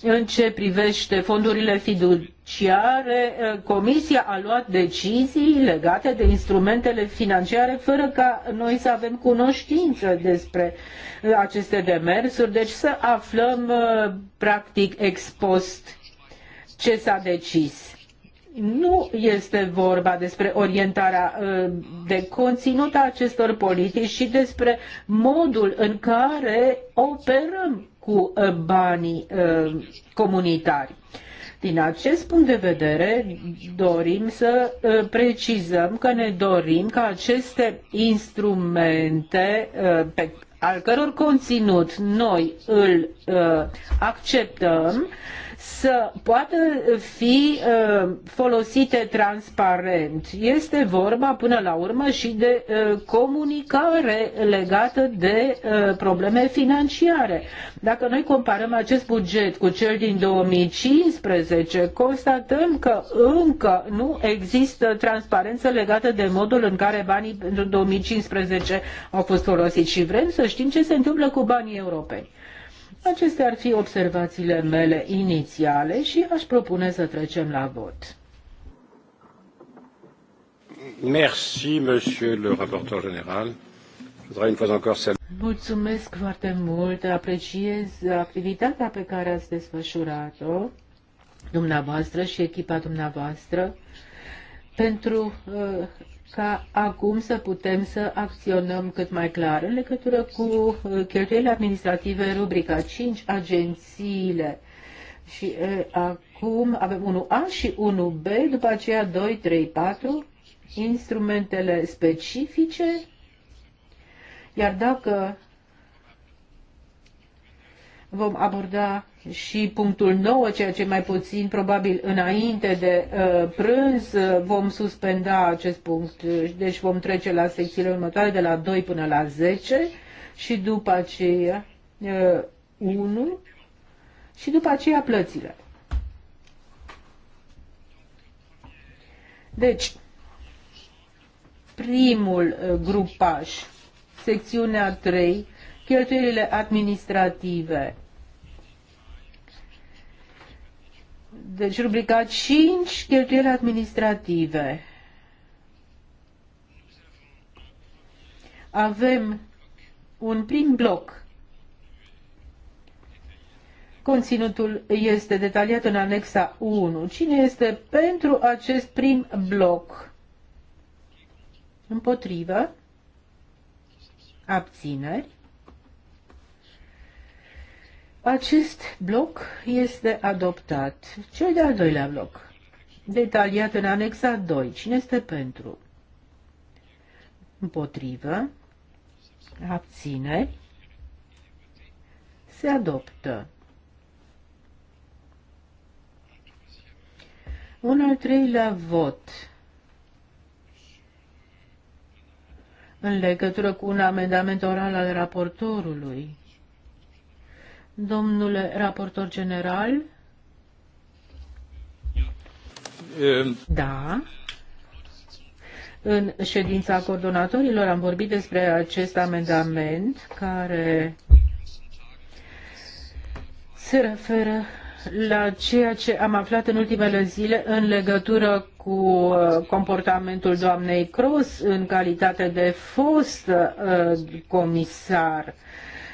în ce privește fondurile fiduciare, eh, Comisia a luat decizii legate de instrumentele financiare fără ca noi să avem cunoștință despre eh, aceste demersuri, deci să aflăm eh, practic ex post ce s-a decis nu este vorba despre orientarea uh, de conținut a acestor politici, și despre modul în care operăm cu uh, banii uh, comunitari. Din acest punct de vedere, dorim să precizăm că ne dorim ca aceste instrumente pe al căror conținut noi îl acceptăm, să poată fi uh, folosite transparent. Este vorba până la urmă și de uh, comunicare legată de uh, probleme financiare. Dacă noi comparăm acest buget cu cel din 2015, constatăm că încă nu există transparență legată de modul în care banii pentru 2015 au fost folosiți și vrem să știm ce se întâmplă cu banii europeni. Acestea ar fi observațiile mele inițiale și aș propune să trecem la vot. Merci, monsieur le rapporteur général. Mulțumesc foarte mult, apreciez activitatea pe care ați desfășurat-o, dumneavoastră și echipa dumneavoastră, pentru uh, ca acum să putem să acționăm cât mai clar în legătură cu uh, cheltuielile administrative, rubrica 5, agențiile. Și e, uh, acum avem 1A și 1B, după aceea 2, 3, 4, instrumentele specifice, iar dacă vom aborda și punctul 9, ceea ce mai puțin probabil înainte de uh, prânz uh, vom suspenda acest punct. Deci vom trece la secțiile următoare de la 2 până la 10 și după aceea uh, 1 și după aceea plățile. Deci, primul uh, grupaj, secțiunea 3, cheltuielile administrative Deci rubrica 5, cheltuieli administrative. Avem un prim bloc. Conținutul este detaliat în anexa 1. Cine este pentru acest prim bloc? Împotrivă? Abțineri? Acest bloc este adoptat. Cel de-al doilea bloc, detaliat în anexa 2. Cine este pentru? Împotrivă. Abțineri. Se adoptă. Un al treilea vot în legătură cu un amendament oral al raportorului. Domnule raportor general. Ehm. Da. În ședința coordonatorilor am vorbit despre acest amendament care se referă la ceea ce am aflat în ultimele zile în legătură cu uh, comportamentul doamnei Cross în calitate de fost uh, comisar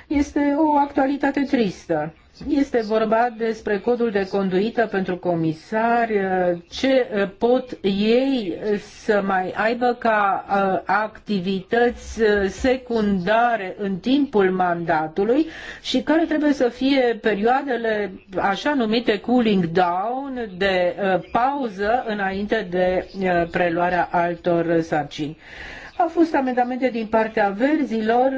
este o actualitate tristă. Este vorba despre codul de conduită pentru comisari, uh, ce uh, pot ei uh, să mai aibă ca activități secundare în timpul mandatului și care trebuie să fie perioadele așa numite cooling down, de pauză înainte de preluarea altor sarcini. Au fost amendamente din partea verzilor,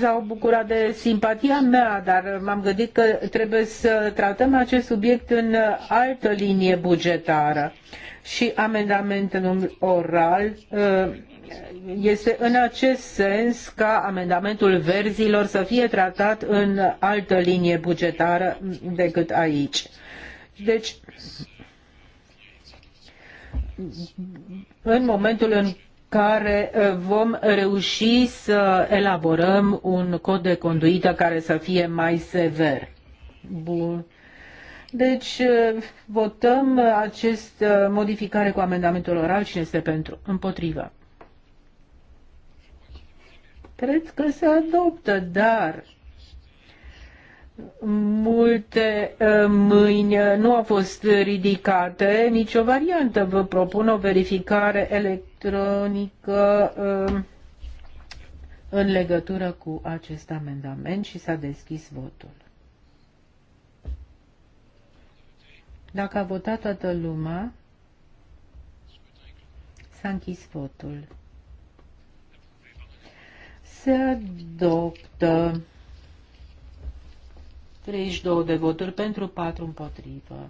s-au bucurat de simpatia mea, dar m-am gândit că trebuie să tratăm acest subiect în altă linie bugetară. Și amendamentul oral uh, este în acest sens ca amendamentul verzilor să fie tratat în altă linie bugetară decât aici. Deci, în momentul în care uh, vom reuși să elaborăm un cod de conduită care să fie mai sever. Bun. Deci uh, votăm acest uh, modificare cu amendamentul oral. Cine este pentru? Împotrivă. Cred că se adoptă, dar Multe uh, mâini uh, nu au fost ridicate, nicio variantă. Vă propun o verificare electronică um, în legătură cu acest amendament și s-a deschis votul. Dacă a votat toată lumea, s-a închis votul. Se adoptă 32 de voturi pentru, 4 împotrivă.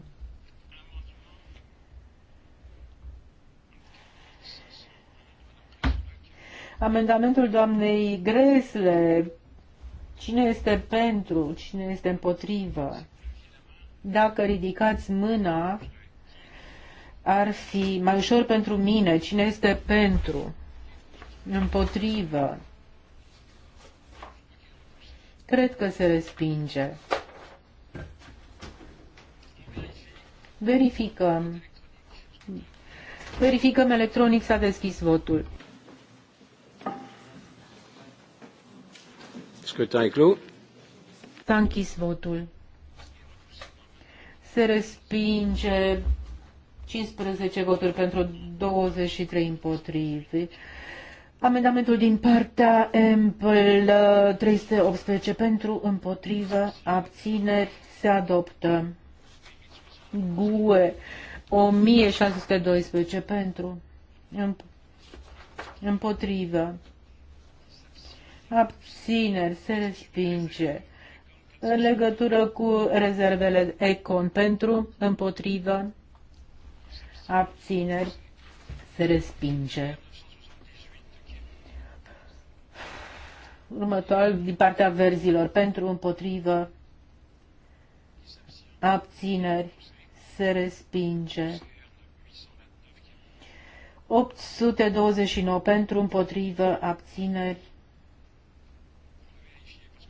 Amendamentul doamnei Gresle. Cine este pentru? Cine este împotrivă? Dacă ridicați mâna, ar fi mai ușor pentru mine. Cine este pentru? Împotrivă. Cred că se respinge. Verificăm. Verificăm electronic, s-a deschis votul. Scrutin clos. S-a închis votul. Se respinge 15 voturi pentru 23 împotrivi. Amendamentul din partea EMPL 318 pentru împotrivă abțineri se adoptă. GUE 1612 pentru împotrivă abțineri se respinge în legătură cu rezervele ECON pentru împotrivă abțineri se respinge. Următoarele din partea verzilor pentru împotrivă abțineri se respinge. 829 pentru, împotrivă, abțineri.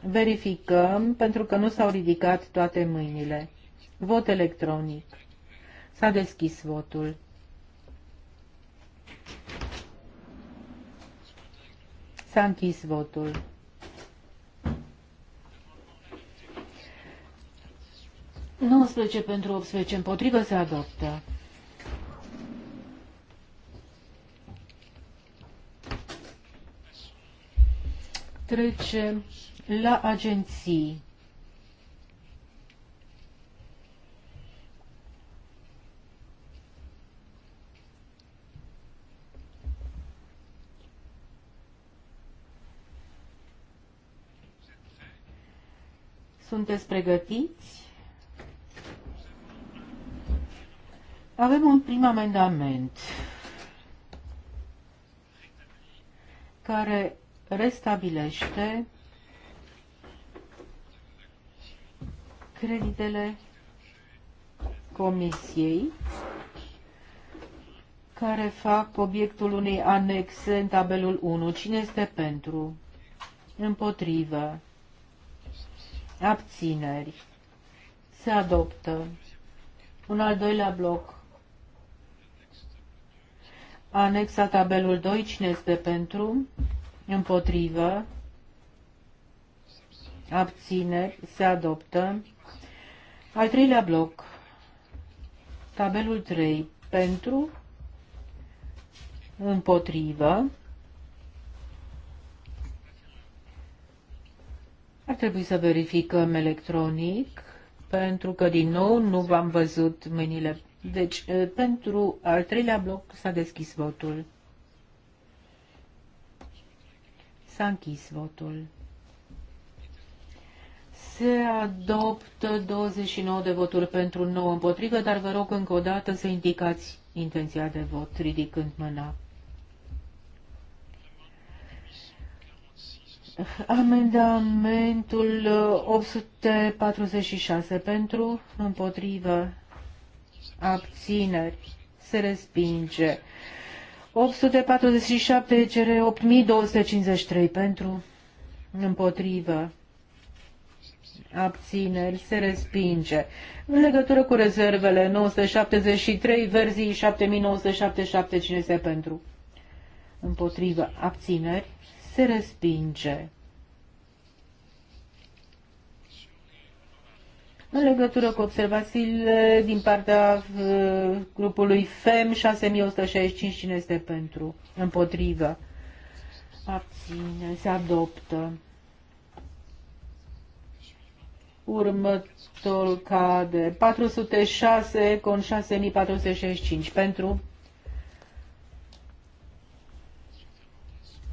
Verificăm, pentru că nu s-au ridicat toate mâinile. Vot electronic. S-a deschis votul. S-a închis votul. 19 pentru 18 împotrivă se adoptă. Trecem la agenții. Sunteți pregătiți? Avem un prim amendament care restabilește creditele Comisiei care fac obiectul unei anexe în tabelul 1. Cine este pentru? Împotrivă. Abțineri. Se adoptă. Un al doilea bloc Anexa tabelul 2, cine este pentru? Împotrivă. Abțineri. Se adoptă. Al treilea bloc. Tabelul 3. Pentru. Împotrivă. Ar trebui să verificăm electronic, pentru că din nou nu v-am văzut mâinile deci, pentru al treilea bloc s-a deschis votul. S-a închis votul. Se adoptă 29 de voturi pentru 9 împotrivă, dar vă rog încă o dată să indicați intenția de vot ridicând mâna. Amendamentul 846 pentru, împotrivă, abțineri, se respinge. 847 cere 8253 pentru, împotrivă, abțineri, se respinge. În legătură cu rezervele 973, verzii 7977, cine este pentru? Împotrivă, abțineri, se respinge. În legătură cu observațiile din partea uh, grupului FEM 6165, cine este pentru? Împotrivă. Abține, se adoptă. Următorul cade. 406 con 6465. Pentru?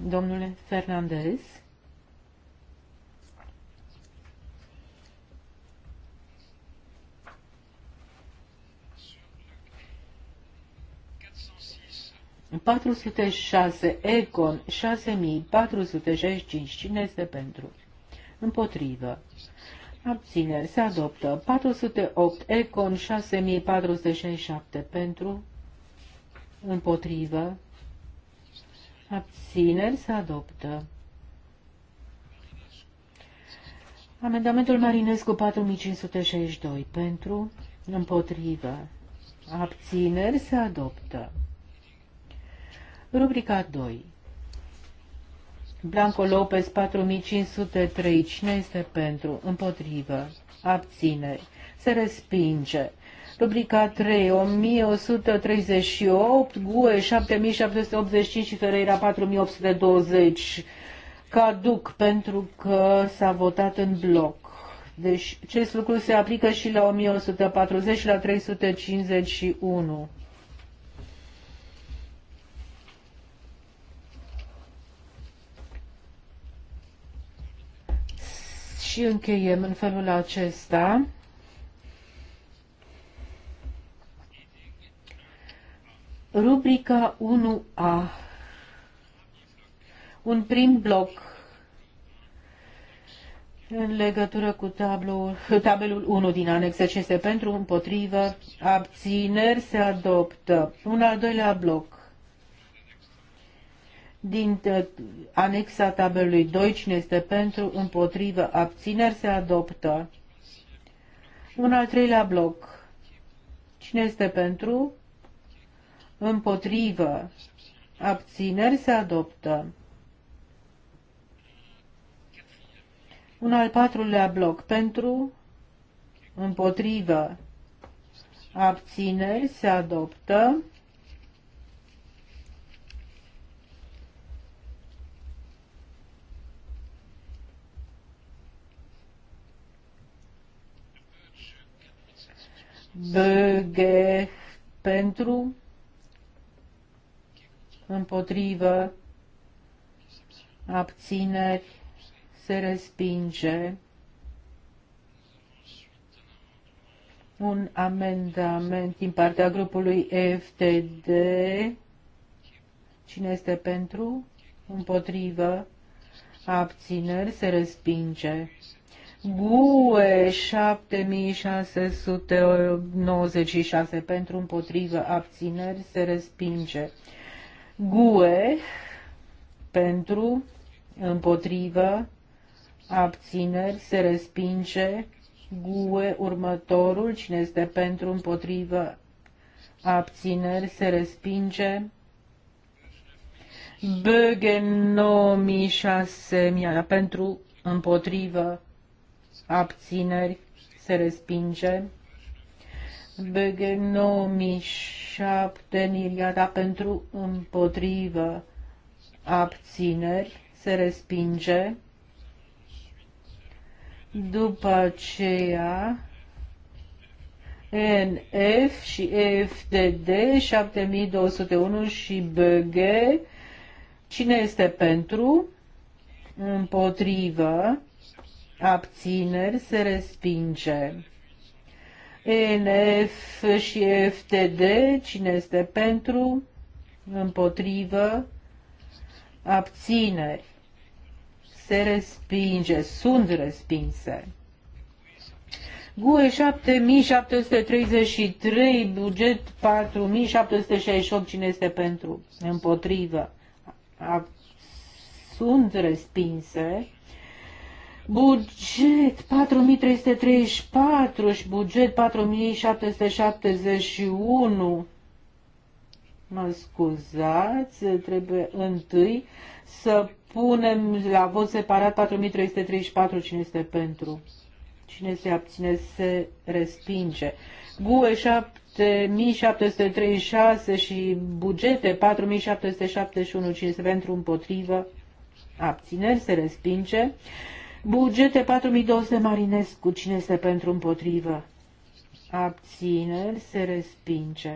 Domnule Fernandez. 406 Econ 6465 cine este pentru? Împotrivă. Abțineri se adoptă 408 Econ 6467 pentru împotrivă. Abțineri se adoptă. Amendamentul Marinescu 4562 pentru împotrivă. Abțineri se adoptă. Rubrica 2. Blanco Lopez 4503. Cine este pentru? Împotrivă. abține Se respinge. Rubrica 3, 1138, GUE 7785 și Ferreira 4820. Caduc pentru că s-a votat în bloc. Deci acest lucru se aplică și la 1140 și la 351. și încheiem în felul acesta. Rubrica 1A. Un prim bloc în legătură cu tablul, tabelul 1 din anexă, ce deci este pentru, împotrivă, abțineri, se adoptă. Un al doilea bloc din Anexa tabelului 2, cine este pentru, împotrivă, abțineri, se adoptă. Un al treilea bloc. Cine este pentru, împotrivă, abțineri, se adoptă. Un al patrulea bloc pentru, împotrivă, abțineri, se adoptă. BG pentru, împotrivă, abțineri, se respinge. Un amendament din partea grupului FTD. Cine este pentru? Împotrivă. Abțineri se respinge. GUE 7696 pentru împotrivă abțineri se respinge. GUE pentru împotrivă abțineri se respinge. GUE următorul, cine este pentru împotrivă abțineri se respinge. Bögen 9600 pentru împotrivă abțineri, se respinge. BG 9007 Niriada pentru împotrivă abțineri se respinge. După aceea NF și EFTD 7201 și BG cine este pentru împotrivă abțineri se respinge. NF și FTD, cine este pentru, împotrivă, abțineri, se respinge, sunt respinse. GUE 7733, buget 4768, cine este pentru, împotrivă, ab- sunt respinse. Buget 4334 și buget 4771. Mă scuzați, trebuie întâi să punem la vot separat 4334 cine este pentru. Cine se abține se respinge. GUE 7736 și bugete 4771 cine este pentru împotrivă abțineri se respinge. Bugete 4200 cu Cine este pentru împotrivă? Abțineri se respinge.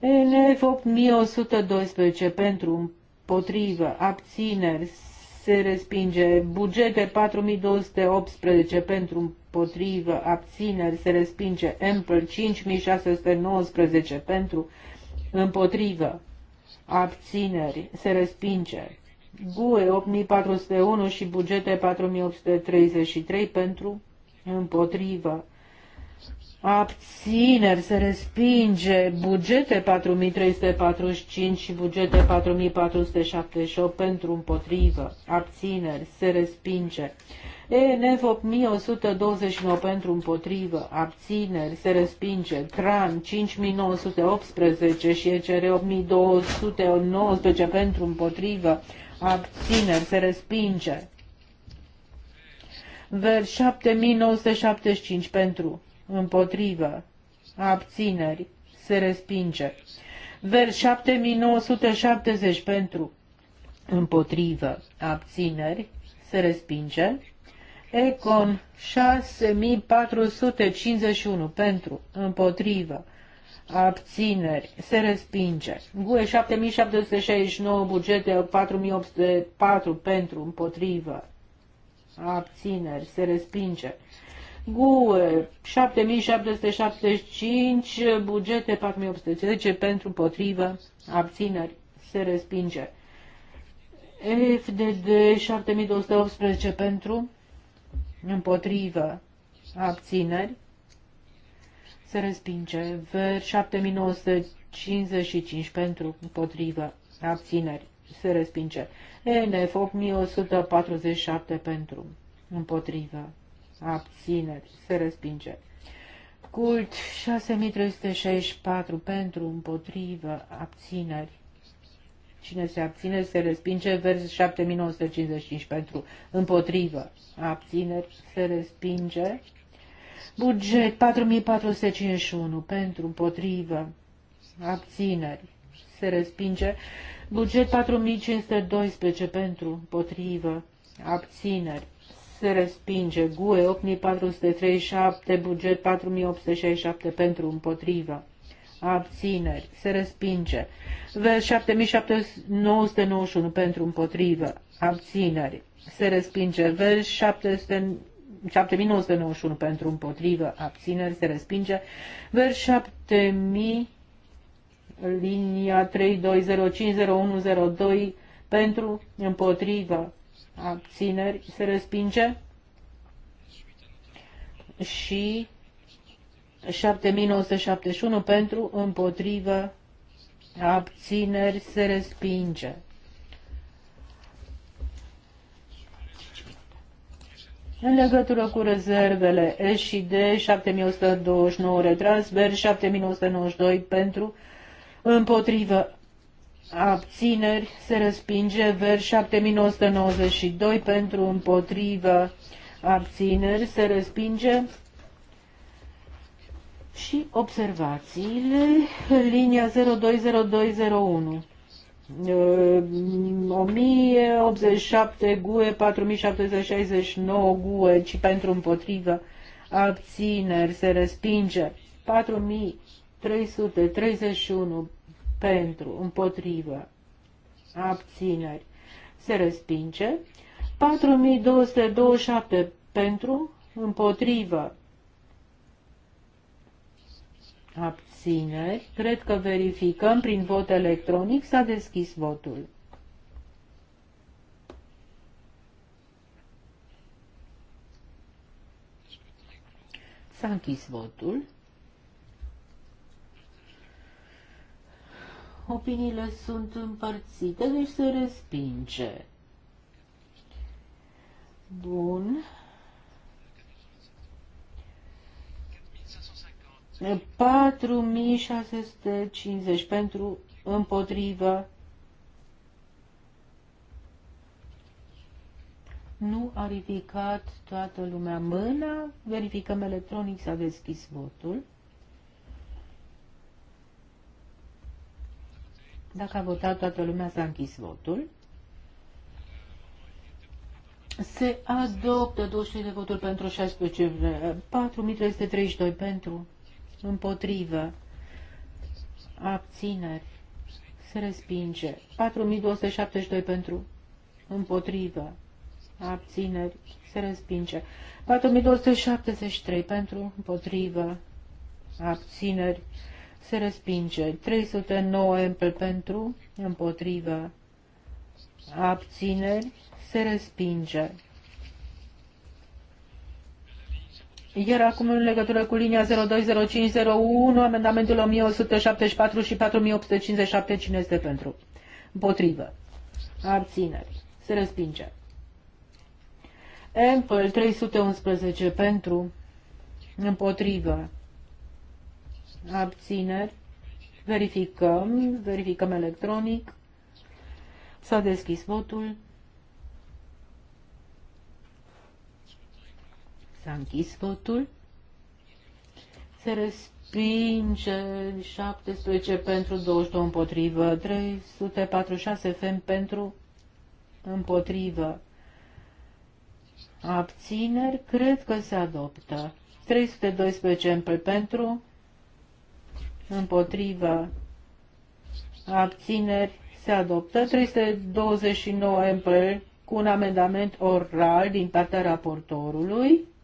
NF 8112 pentru împotrivă. Abțineri se respinge. Bugete 4218 pentru împotrivă. Abțineri se respinge. Ample 5619 pentru împotrivă. Abțineri se respinge. GUE 8401 și bugete 4833 pentru împotrivă. Abțineri se respinge bugete 4345 și bugete 4478 pentru împotrivă. Abțineri se respinge. ENF 8129 pentru împotrivă. Abțineri se respinge. CRAN 5918 și ECR 8219 pentru împotrivă abțineri, se respinge. Vers 7975 pentru, împotrivă, abțineri, se respinge. Vers 7970 pentru, împotrivă, abțineri, se respinge. Econ 6451 pentru, împotrivă, abțineri, se respinge. GUE 7769, bugete 4804 pentru, împotrivă, abțineri, se respinge. GUE 7775, bugete 4810 pentru, împotrivă, abțineri, se respinge. FDD 7218 pentru, împotrivă, abțineri, se respinge. Ver 7955 pentru împotrivă abțineri se respinge. NF 8147 pentru împotrivă abțineri se respinge. Cult 6364 pentru împotrivă abțineri. Cine se abține se respinge. Vers 7955 pentru împotrivă abțineri se respinge. Buget 4451 pentru, împotrivă, abțineri, se respinge. Buget 4512 pentru, împotrivă, abțineri, se respinge. GUE 8437, buget 4867 pentru, împotrivă, abțineri, se respinge. V 7791 pentru, împotrivă, abțineri, se respinge. V 7791 7991 pentru împotrivă, abțineri, se respinge. Vers 7000, linia 32050102 pentru împotrivă, abțineri, se respinge. Și 7971 pentru împotrivă, abțineri, se respinge. În legătură cu rezervele S și D, 7129 retras, BER 7192 pentru, împotrivă abțineri, se respinge, VER 7192 pentru, împotrivă abțineri, se respinge. Și observațiile, linia 020201. 1087 uh, GUE, 4769 GUE, ci pentru împotrivă, abțineri, se respinge, 4331 pentru, împotrivă, abțineri, se respinge, 4227 pentru, împotrivă, abțineri, abțineri. Cred că verificăm prin vot electronic. S-a deschis votul. S-a închis votul. Opiniile sunt împărțite, deci se respinge. Bun. 4650 pentru împotrivă. Nu a ridicat toată lumea mâna. Verificăm electronic, s-a deschis votul. Dacă a votat toată lumea, s-a închis votul. Se adoptă 200 de voturi pentru 16, 4332 pentru împotrivă, abțineri, se respinge. 4272 pentru, împotrivă, abțineri, se respinge. 4273 pentru, împotrivă, abțineri, se respinge. 309 empl pentru, împotrivă, abțineri, se respinge. Iar acum în legătură cu linia 020501, amendamentul 1174 și 4857, cine este pentru? Împotrivă. Abțineri. Se respinge. Ample 311 pentru. Împotrivă. Abțineri. Verificăm. Verificăm electronic. S-a deschis votul. S-a închis votul. Se respinge 17 pentru, 22 împotrivă, 346 fem pentru, împotrivă. Abțineri, cred că se adoptă. 312 MP pentru, împotrivă, abțineri, se adoptă. 329 MP cu un amendament oral din partea raportorului.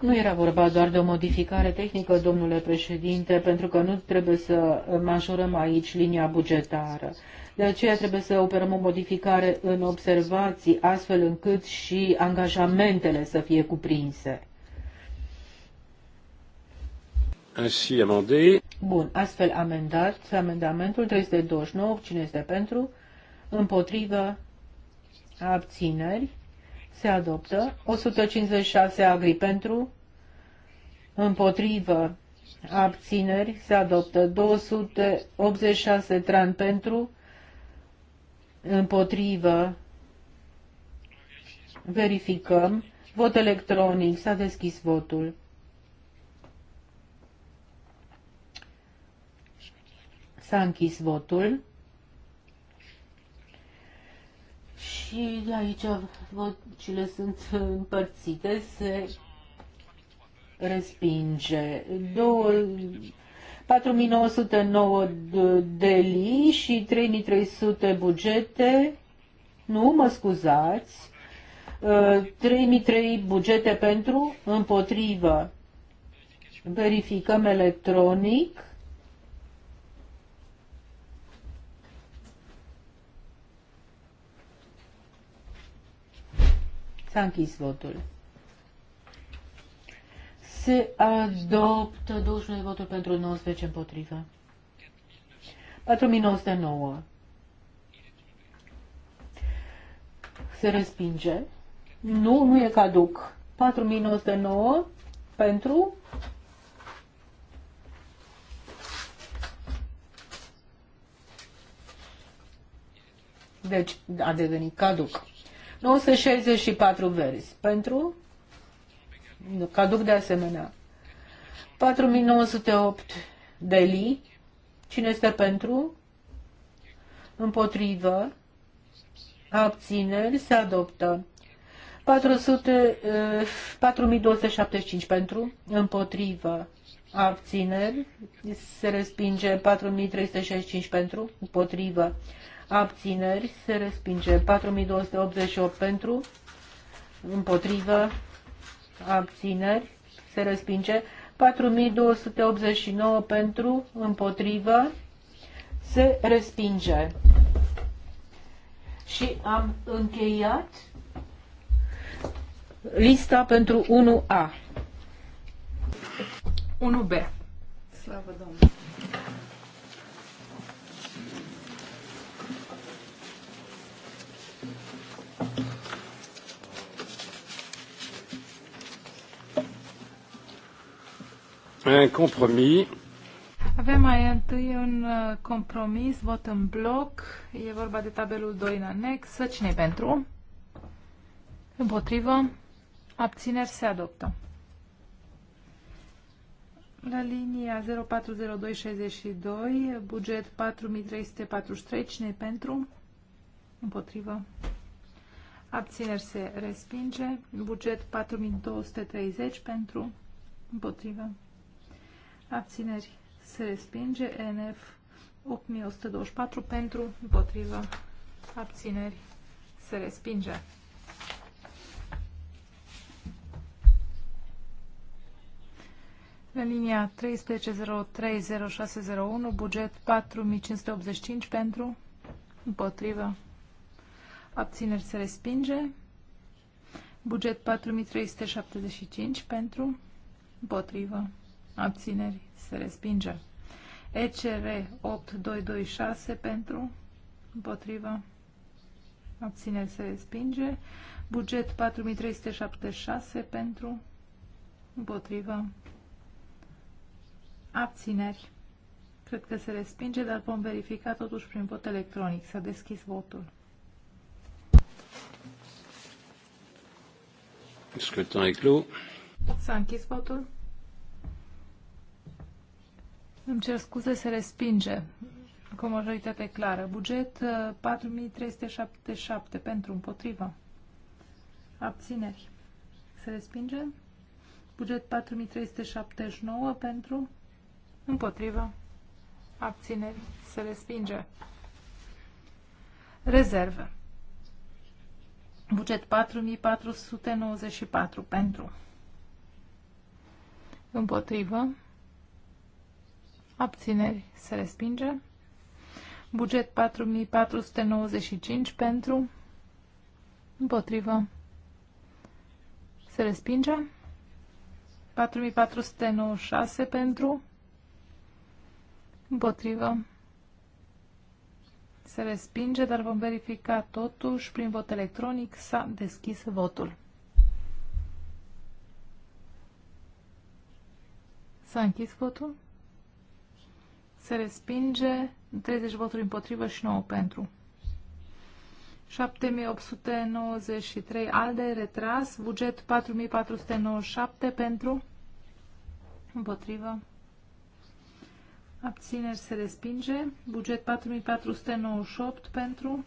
Nu era vorba doar de o modificare tehnică, domnule președinte, pentru că nu trebuie să majorăm aici linia bugetară. De aceea trebuie să operăm o modificare în observații, astfel încât și angajamentele să fie cuprinse. Bun, astfel amendat, amendamentul 329, cine este pentru? Împotrivă? Abțineri? se adoptă. 156 agri pentru, împotrivă, abțineri, se adoptă. 286 tran pentru, împotrivă, verificăm. Vot electronic, s-a deschis votul. S-a închis votul. Și de aici vocile sunt împărțite, se respinge. 4909 de deli și 3300 bugete, nu mă scuzați, 3.300 uh, bugete pentru, împotrivă. Verificăm electronic. S-a închis votul. Se adoptă 21 de voturi pentru 19 împotrivă. 4909. Se respinge. Nu, nu e caduc. 4909 pentru Deci a devenit caduc. 964 verzi. Pentru? Caduc de asemenea. 4908 Deli. Cine este pentru? Împotrivă. Abțineri. Se adoptă. 400, 4275 eh, pentru, împotrivă, abțineri, se respinge 4365 pentru, împotrivă, abțineri, se respinge. 4288 pentru, împotrivă, abțineri, se respinge. 4289 pentru, împotrivă, se respinge. Și am încheiat lista pentru 1A. 1B. Slavă Domnului! un compromis. Avem mai întâi un uh, compromis, vot în bloc. E vorba de tabelul 2 în anexă. cine pentru? Împotrivă? Abțineri se adoptă. La linia 040262, buget 4343, cine pentru? Împotrivă. Abțineri se respinge. Buget 4230 pentru. Împotrivă abțineri se respinge, NF 8124 pentru, împotrivă, abțineri se respinge. La linia 13030601, buget 4585 pentru, împotrivă, abțineri se respinge. Buget 4375 pentru, împotrivă, abțineri, se respinge. ECR 8226 pentru, împotrivă, abțineri, se respinge. Buget 4376 pentru, împotrivă, abțineri. Cred că se respinge, dar vom verifica totuși prin vot electronic. S-a deschis votul. Scrutin e clos. S-a închis votul. Îmi cer scuze, se respinge cu o majoritate clară. Buget 4377 uh, pentru, împotriva. Abțineri. Se respinge. Buget 4379 pentru, împotriva. Abțineri. Se respinge. Rezerve. Buget 4494 pentru. Împotrivă abțineri, se respinge. Buget 4495 pentru, împotrivă, se respinge. 4496 pentru, împotrivă, se respinge, dar vom verifica totuși prin vot electronic s-a deschis votul. S-a închis votul? se respinge, 30 voturi împotrivă și 9 pentru. 7893 alde, retras, buget 4497 pentru, împotrivă, abțineri se respinge, buget 4498 pentru,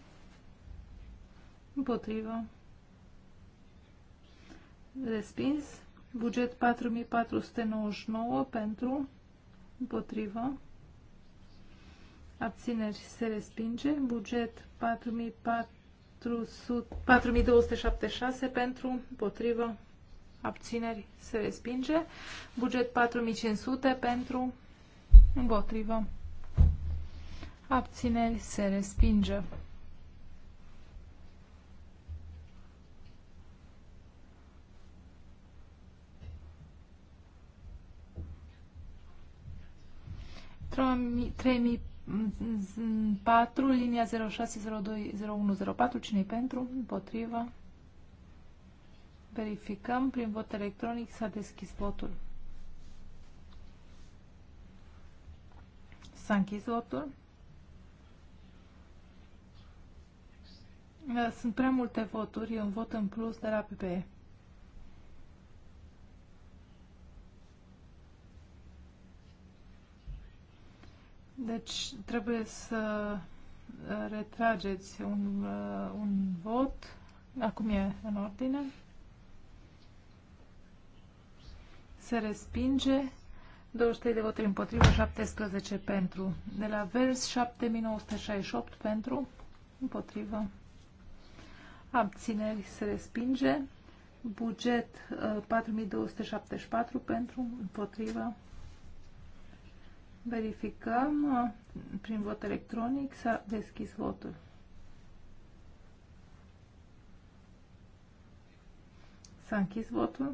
împotrivă, respins, buget 4499 pentru, împotrivă, abțineri se respinge, buget 4276 pentru, potrivă, abțineri se respinge, buget 4500 pentru, împotrivă, abțineri se respinge. Trei mii 4, linia 0602-0104, cine pentru? Împotrivă. Verificăm prin vot electronic s-a deschis votul. S-a închis votul. Sunt prea multe voturi, e un vot în plus de la PPE. Deci trebuie să uh, retrageți un, uh, un vot. Acum e în ordine. Se respinge. 23 de voturi împotrivă, 17 pentru. De la vers 7968 pentru, împotrivă. Abțineri se respinge. Buget 4274 uh, pentru, împotrivă. Verificăm uh, prin vot electronic. S-a deschis votul. S-a închis votul.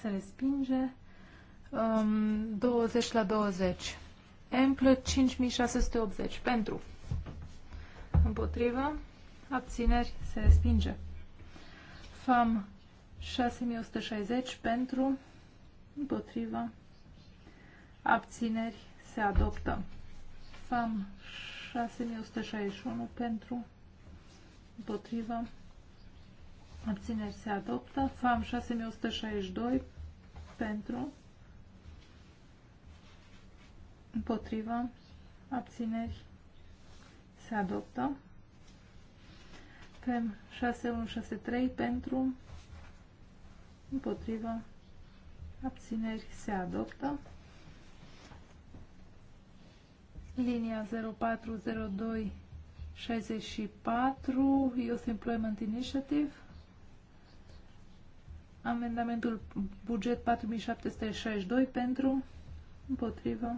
Se respinge. Um, 20 la 20. Emplă 5680. Pentru. Împotrivă. Abțineri. Se respinge. FAM 6160. Pentru împotrivă, abțineri, se adoptă. FAM 6161 pentru, împotrivă, abțineri, se adoptă. FAM 6162 pentru, împotrivă, abțineri, se adoptă. FEM 6163 pentru, împotrivă, abțineri se adoptă. Linia 040264 Youth Employment Initiative. Amendamentul buget 4762 pentru, împotrivă.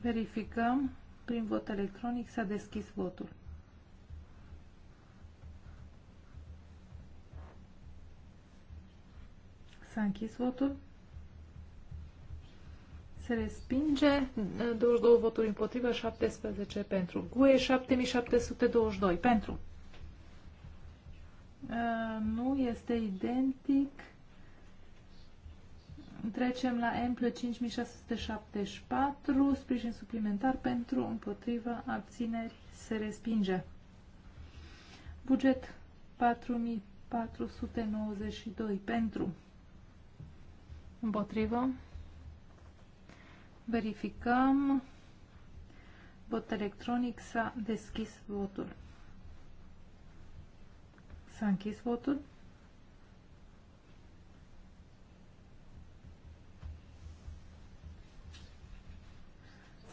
Verificăm prin vot electronic s-a deschis votul. S-a închis votul. Se respinge 22 voturi împotrivă, 17 pentru. GUE 7722 pentru. Nu este identic. Trecem la M 5674, sprijin suplimentar pentru, împotriva, abțineri, se respinge. Buget 4492 pentru, Împotrivă. Verificăm. Vot electronic s-a deschis votul. S-a închis votul.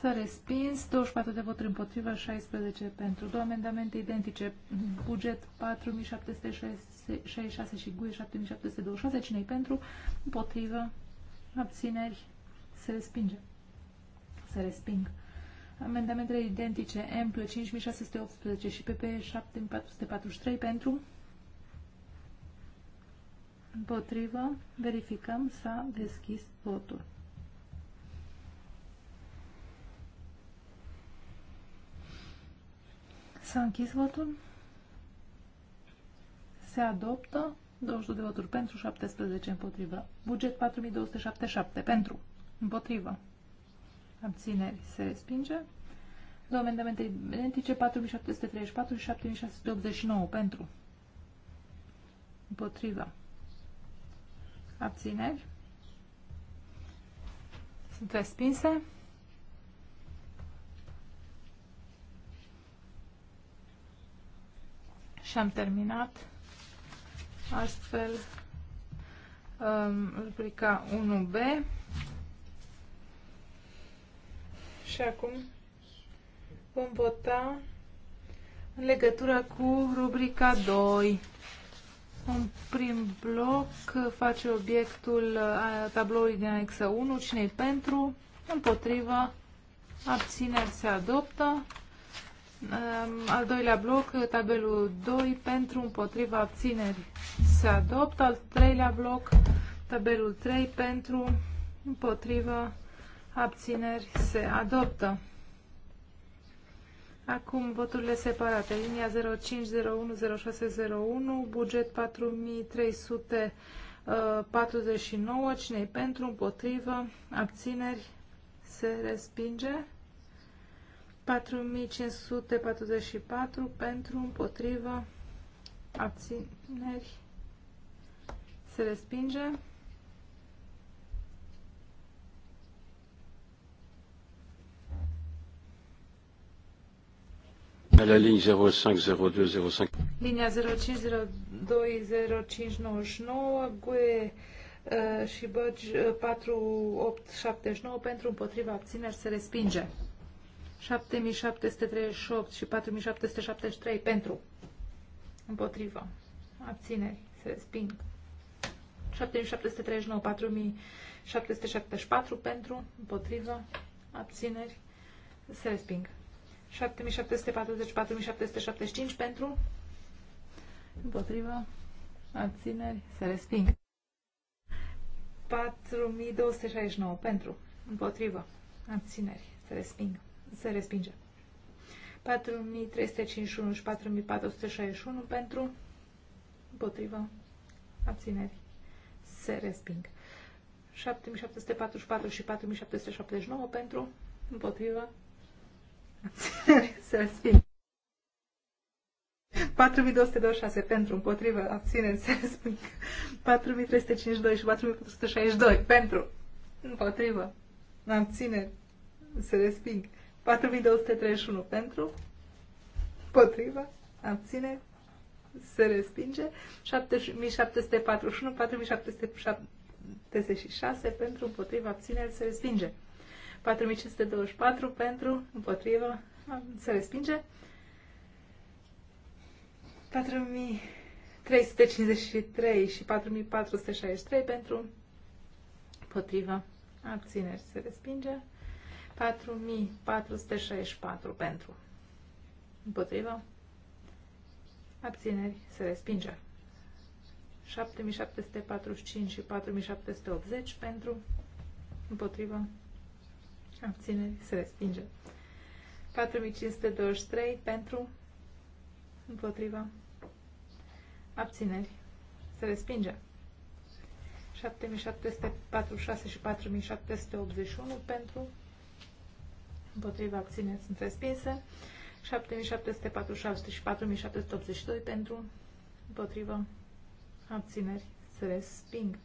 S-a respins 24 de voturi împotrivă, 16 pentru. Două amendamente identice. Buget 4760 66 și GUE 7726. cine pentru? Împotrivă. Abțineri. Se respinge. Se resping. Amendamentele identice M 5618 și PP 7443 pentru? Împotrivă. Verificăm. S-a deschis votul. S-a închis votul? Se adoptă 22 de voturi pentru, 17 împotrivă. Buget 4277 pentru, împotrivă. Abțineri se respinge. Două amendamente identice 4734 și 7689 pentru, împotrivă. Abțineri. Sunt respinse. Și am terminat Astfel, um, rubrica 1B. Și acum vom vota în legătură cu rubrica 2. Un prim bloc face obiectul uh, tabloului din anexă 1. Cine-i pentru? împotrivă Abțineri se adoptă. Al doilea bloc, tabelul 2, pentru, împotriva, abțineri, se adoptă. Al treilea bloc, tabelul 3, pentru, împotriva, abțineri, se adoptă. Acum voturile separate. Linia 05010601, buget 4349, uh, cine pentru, împotrivă, abțineri, se respinge. 4544 pentru, împotrivă, abțineri, se respinge. la ligne 050205. Linia 0502 GUE uh, și băgi 4879 uh, pentru împotriva abțineri se respinge. 7738 și 4773 pentru. Împotrivă. Abțineri. Se resping. 7739, 4774 pentru. Împotrivă. Abțineri. Se resping. 7740, 4775 pentru. Împotrivă. Abțineri. Se resping. 4269 pentru. Împotrivă. Abțineri. Se resping se respinge. 4351 și 4461 pentru, împotrivă, abțineri, se resping. 7744 și 4779 pentru, împotrivă, abțineri, se resping. 4226 pentru, împotrivă, abțineri, se resping. 4352 și 4462 pentru, împotrivă, abțineri, se resping. 4231 pentru, potriva, abține, se respinge, 7741, 4776 pentru, împotriva, abține, se respinge. 4524 pentru, împotriva, se respinge. 4353 și 4463 pentru, potriva, abține, se respinge. 4464 pentru. Împotrivă. Abțineri. Se respinge. 7745 și 4780 pentru. Împotrivă. Abțineri. Se respinge. 4523 pentru. Împotrivă. Abțineri. Se respinge. 7746 și 4781 pentru împotriva acțiunii sunt respinse. 7746 și 4782 pentru, împotriva abțineri se resping.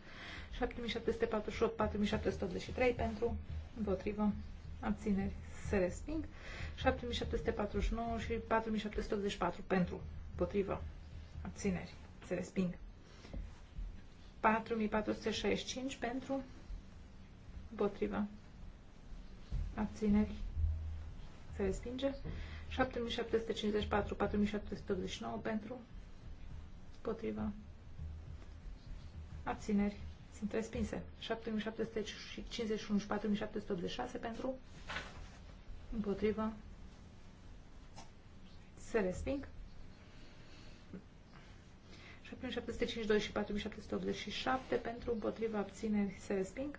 7748, 4783 pentru, împotriva abțineri se resping. 7749 și 4784 pentru, împotriva abțineri se resping. 4465 pentru, împotriva abțineri se respinge. 7754, 4789 pentru, potriva, abțineri, sunt respinse. 7751 4786 pentru, împotriva, se resping. 7752 și 4787 pentru, împotriva, abțineri, se resping.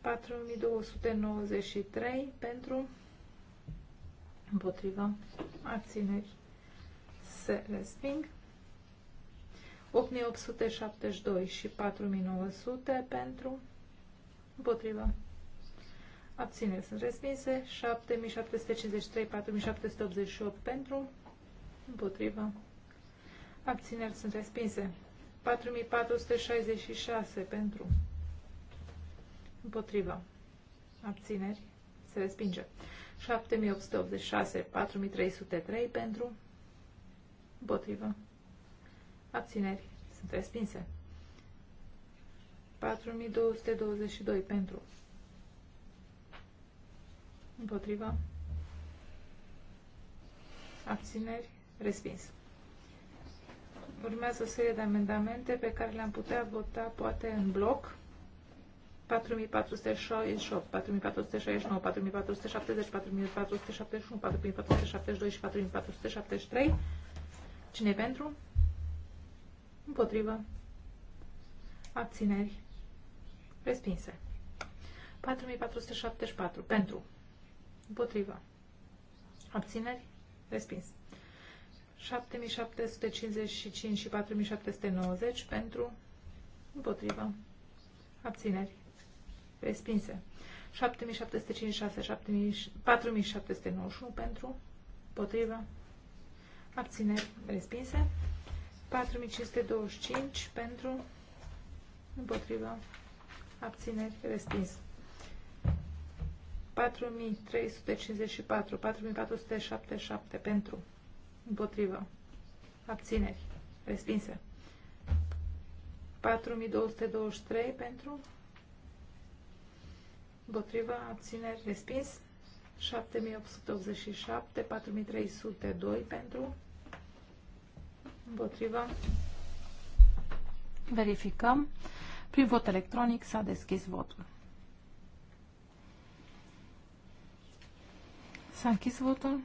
4293 pentru, împotriva abțineri se resping. 8872 și 4900 pentru împotriva abțineri sunt respinse. 7753 4788 pentru împotriva abțineri sunt respinse. 4466 pentru împotriva abțineri se respinge. 7886, 4303 pentru, împotrivă, abțineri, sunt respinse. 4222 pentru, împotrivă, abțineri, respins. Urmează o serie de amendamente pe care le-am putea vota poate în bloc 4468, 4469, 4470, 4471, 4472 și 4473. Cine pentru? Împotrivă. Abțineri. Respinse. 4474. Pentru. Împotrivă. Abțineri. Respins. 7755 și 4790 pentru. Împotrivă. Abțineri respinse. 7756, 4791 pentru, potrivă, abțineri respinse. 4525 pentru, împotrivă, abțineri respins. 4354, 4477 pentru, împotrivă, abțineri respinse. 4223 pentru, Împotriva, abțineri, respins. 7887, 4302 pentru. Împotriva. Verificăm. Prin vot electronic s-a deschis votul. S-a închis votul.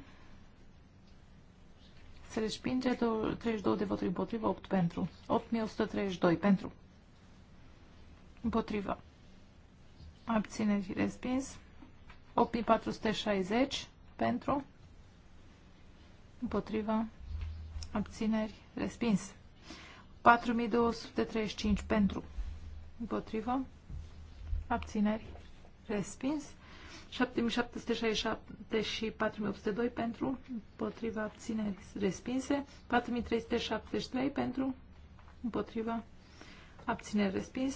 Se respinge 32 de voturi împotriva, 8 pentru. 8132 pentru. Împotriva abțineri respins. 8460 pentru, împotriva, abțineri respins. 4235 pentru, împotriva, abțineri respins. 7767 și 4802 pentru, împotriva abțineri respinse, 4373 pentru, împotriva abțineri respins,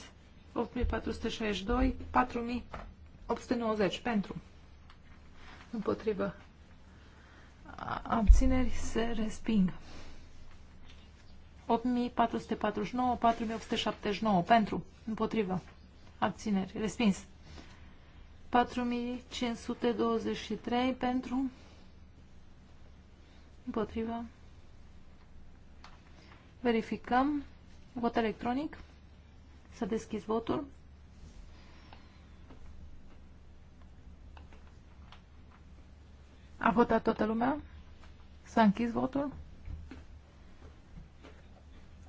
8462, 4890 pentru. Împotrivă. Abțineri se resping. 8449, 4879 pentru. Împotrivă. Abțineri. Respins. 4523 pentru. Împotrivă. Verificăm. Vot electronic. Să a deschis votul. A votat toată lumea? S-a închis votul?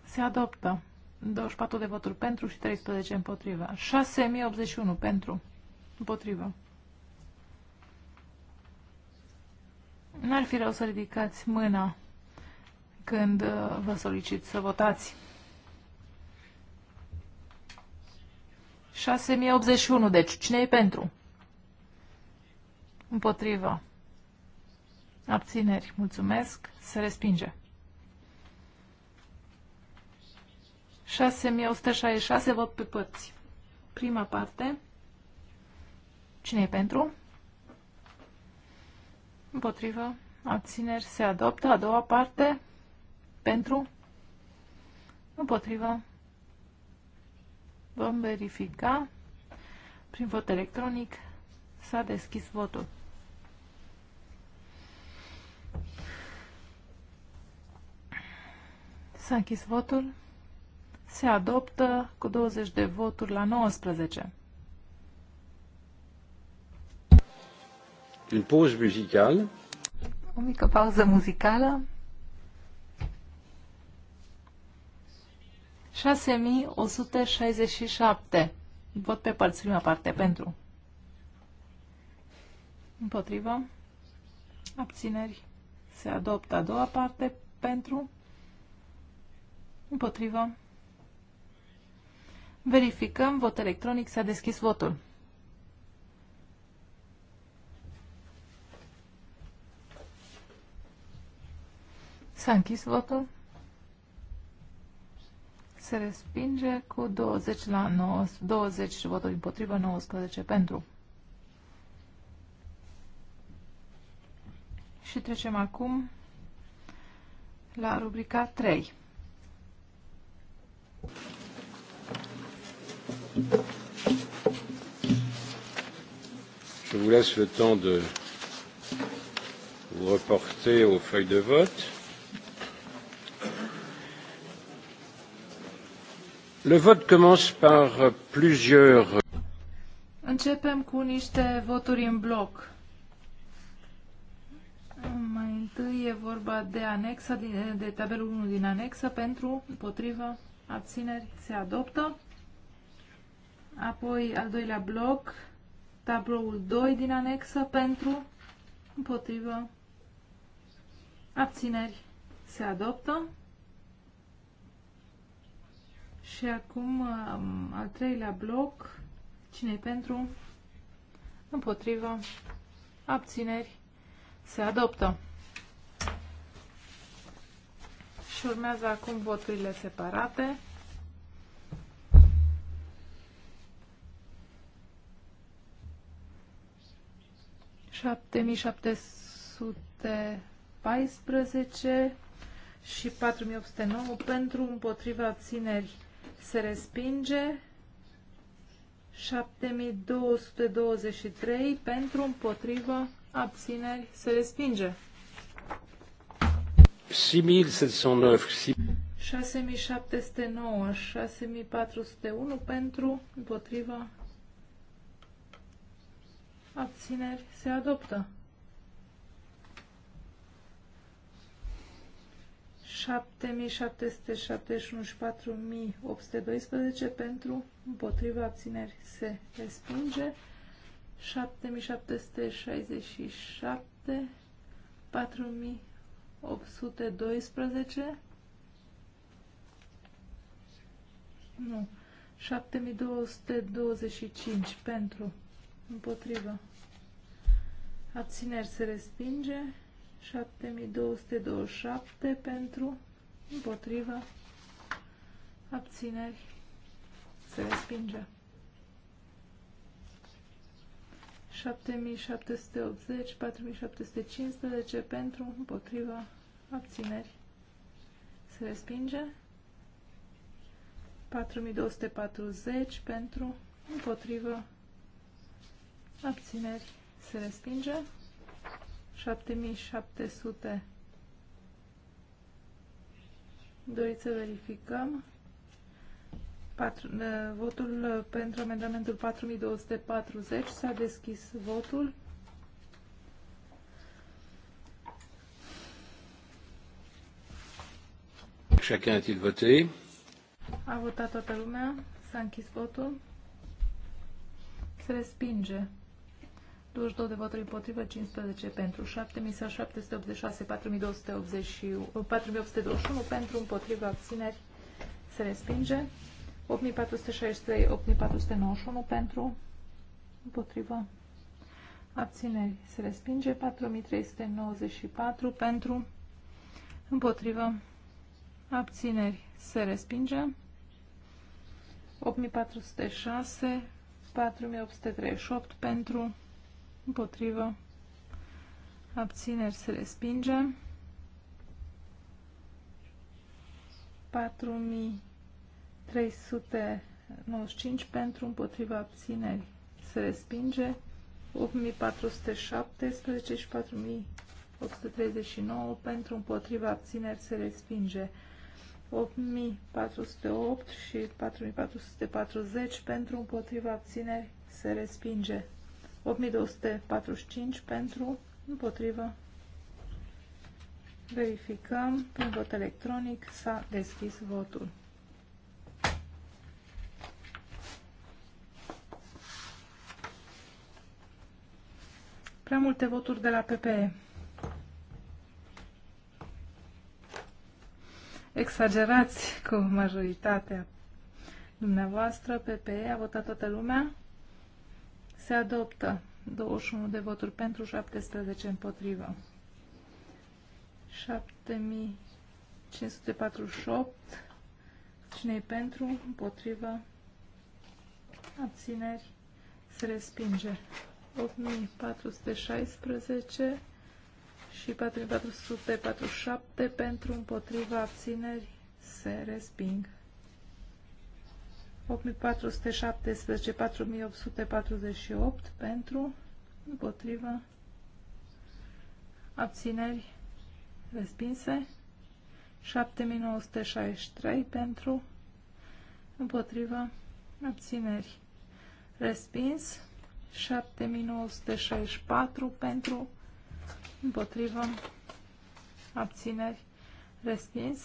Se adoptă. 24 de voturi pentru și 13 împotriva. 6081 pentru. Împotriva. N-ar fi rău să ridicați mâna când uh, vă solicit să votați. 6081, deci cine e pentru? Împotrivă. Abțineri, mulțumesc, se respinge. 6166, văd pe părți. Prima parte. cine e pentru? Împotrivă. Abțineri se adoptă. A doua parte. Pentru. Împotrivă. Vom verifica prin vot electronic. S-a deschis votul. S-a închis votul. Se adoptă cu 20 de voturi la 19. Une pause musicală. O mică pauză muzicală. 6167. Vot pe părți, prima parte, pentru. Împotrivă. Abțineri. Se adoptă a doua parte, pentru. Împotrivă. Verificăm. Vot electronic. S-a deschis votul. S-a închis votul se respinge cu 20 la 9, 20 voturi împotrivă, 19 pentru. Și trecem acum la rubrica 3. Je vous laisse le temps de vous reporter aux feuilles de vote. Începem cu niște voturi în bloc. Mai întâi e vorba de anexa, de tabelul 1 din anexă, pentru, împotriva, abțineri, se adoptă. Apoi, al doilea bloc, tabloul 2 din anexă, pentru, împotriva, abțineri, se adoptă. Și acum um, al treilea bloc, cine pentru, împotrivă, abțineri, se adoptă. Și urmează acum voturile separate. șapte mii șapte sute paisprezece și patru mii nouă pentru împotriva țineri se respinge 7223 pentru împotrivă abțineri se respinge 6709 6401 pentru împotrivă abțineri se adoptă 7771 4812 pentru împotriva abțineri se respinge 7767 4812 nu 7225 pentru împotriva abțineri se respinge 7227 pentru, împotrivă, abțineri, se respinge. 7780, 4715 pentru, împotriva, abțineri, se respinge. 4240 pentru, împotriva, abțineri, se respinge. 7700. Doriți să verificăm? Patru, uh, votul pentru amendamentul 4240 s-a deschis votul. Chacun a-t-il voté? A votat toată lumea. S-a închis votul. Se respinge. 22 de voturi împotrivă, 15 pentru, 7786, 4281, 4821 pentru, împotrivă, abțineri, se respinge, 8463, 8491 pentru, împotrivă, abțineri, se respinge, 4394 pentru, împotrivă, abțineri, se respinge, 8406, 4838 pentru, împotrivă, abțineri se respinge. 4395 pentru, împotriva abțineri se respinge. 8417 și 4839 pentru, împotriva abțineri se respinge. 8408 și 4440 pentru, împotriva abțineri se respinge. 8245 pentru, împotrivă. Verificăm prin vot electronic. S-a deschis votul. Prea multe voturi de la PPE. Exagerați cu majoritatea dumneavoastră. PPE a votat toată lumea. Se adoptă 21 de voturi pentru, 17 împotrivă. 7548. cine e pentru? Împotrivă. Abțineri. Se respinge. 8416 și 4447 pentru împotriva abțineri se resping. 8417, 4848 pentru, împotrivă, abțineri respinse, 7963 pentru, împotrivă, abțineri respins, 7964 pentru, împotrivă, abțineri respins,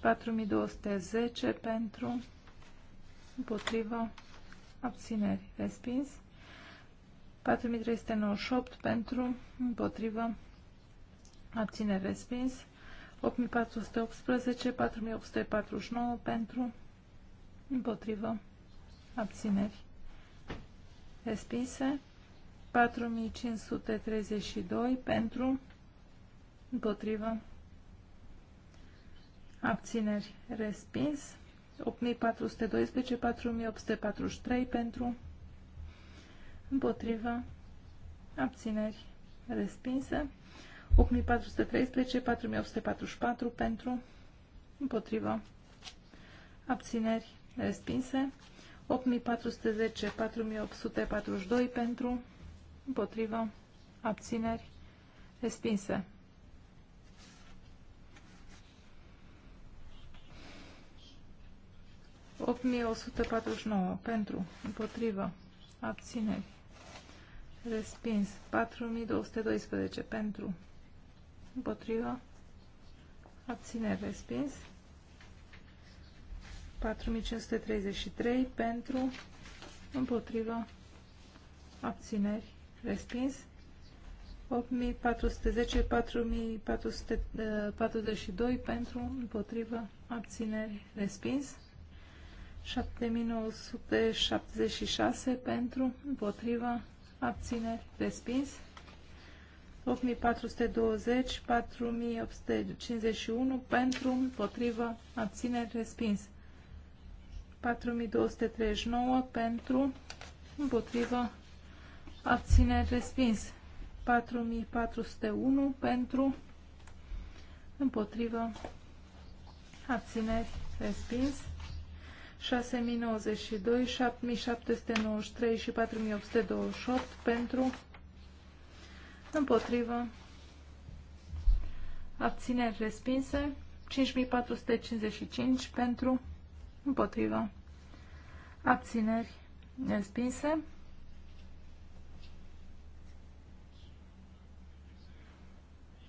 4210 pentru, împotrivă, abțineri, respins. 4398 pentru, împotrivă, abțineri, respins. 8418, 4849 pentru, împotrivă, abțineri, respinse. 4532 pentru, împotrivă, abțineri respins, 8412, 4843 pentru, împotrivă, abțineri respinse, 8413, 4844 pentru, împotrivă, abțineri respinse, 8410, 4842 pentru, împotrivă, abțineri respinse. 8149 pentru, împotrivă, abțineri, respins. 4212 pentru, împotrivă, abțineri, respins. 4533 pentru, împotrivă, abțineri, respins. 8410-4442 eh, pentru, împotrivă, abțineri, respins. 7976 pentru, împotriva, abțineri, respins. 8420, 4851 pentru, împotriva, abțineri, respins. 4239 pentru, împotriva, abțineri, respins. 4401 pentru, împotriva, abțineri, respins. 6092, 7793 și 4828 pentru, împotrivă, abțineri respinse, 5455 pentru, împotrivă, abțineri respinse.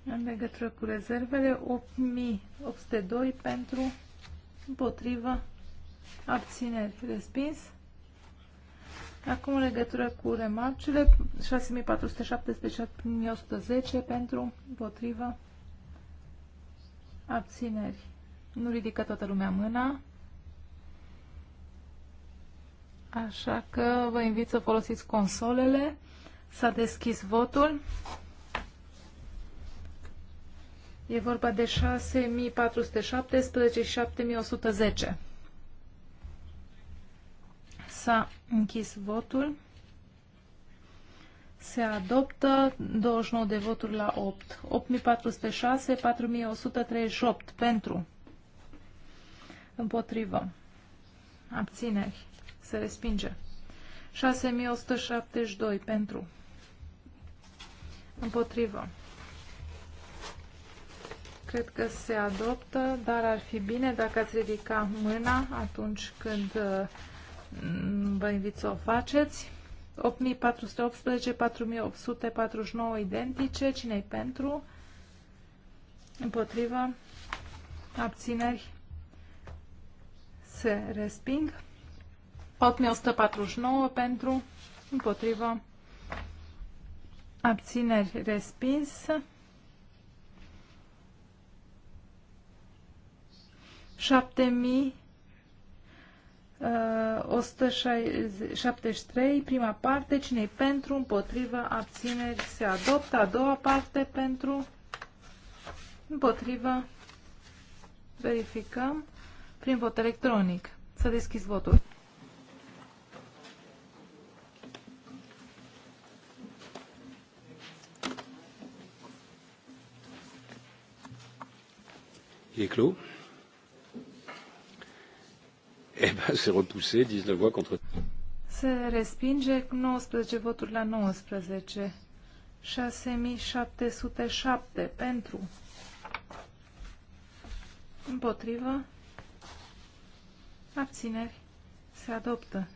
În legătură cu rezervele, 8802 pentru, împotrivă, abțineri, respins. Acum în legătură cu remarcile 6417-110 pentru, potrivă, abțineri. Nu ridică toată lumea mâna. Așa că vă invit să folosiți consolele. S-a deschis votul. E vorba de 6417 și 7110. S-a închis votul. Se adoptă 29 de voturi la 8. 8406, 4138 pentru. Împotrivă. Abțineri. Se respinge. 6172 pentru. Împotrivă. Cred că se adoptă, dar ar fi bine dacă ați ridica mâna atunci când uh, Vă invit să o faceți. 8418, 4849 identice. cine e pentru? Împotrivă? Abțineri? Se resping. 8149 pentru? Împotrivă? Abțineri? Respins. 7000 173, uh, prima parte, cine pentru, împotrivă, abțineri, se adoptă. A doua parte, pentru, împotrivă, verificăm prin vot electronic. Să deschis votul. E Eh ben, c'est repoussé, 19 voix contre. Se respinge 19 voturi la 19. 6707 pentru. Împotrivă. Abțineri. Se adoptă.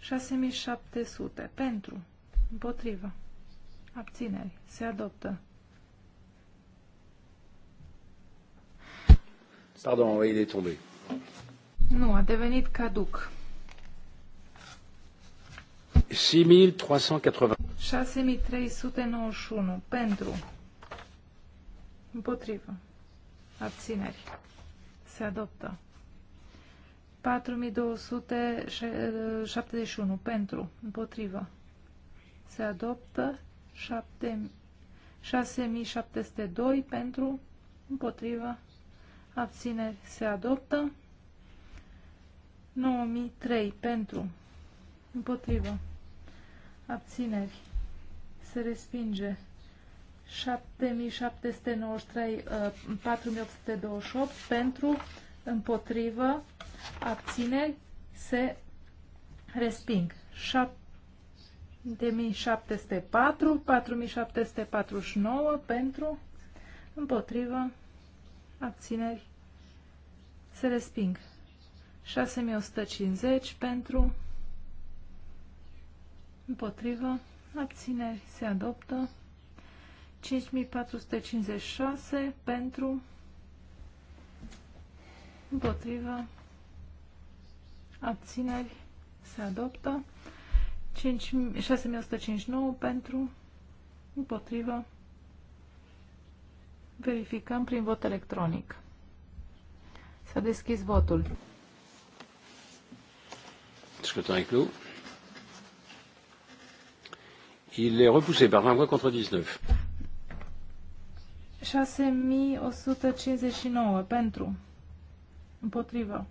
6700 pentru. Împotrivă. Abțineri. Se adoptă. Pardon, il est tombé. Nu, a devenit caduc. 6380. 6391 pentru. Împotrivă. Abțineri. Se adoptă. 4271 pentru. Împotrivă. Se adoptă. 7, 6702 pentru. Împotrivă. Abțineri. Se adoptă. 9003 pentru, împotrivă, abțineri, se respinge. 7793, 4828 uh, pentru, împotrivă, abțineri, se resping. 7704, 4749 pentru, împotrivă, abțineri, se resping. 6150 pentru, împotrivă, abțineri se adoptă, 5456 pentru, împotrivă, abțineri se adoptă, 6159 pentru, împotrivă, verificăm prin vot electronic. S-a deschis votul. Le scrutin est clos. Il est repoussé par 20 voix contre 19. 6159 pentru. Împotrivă.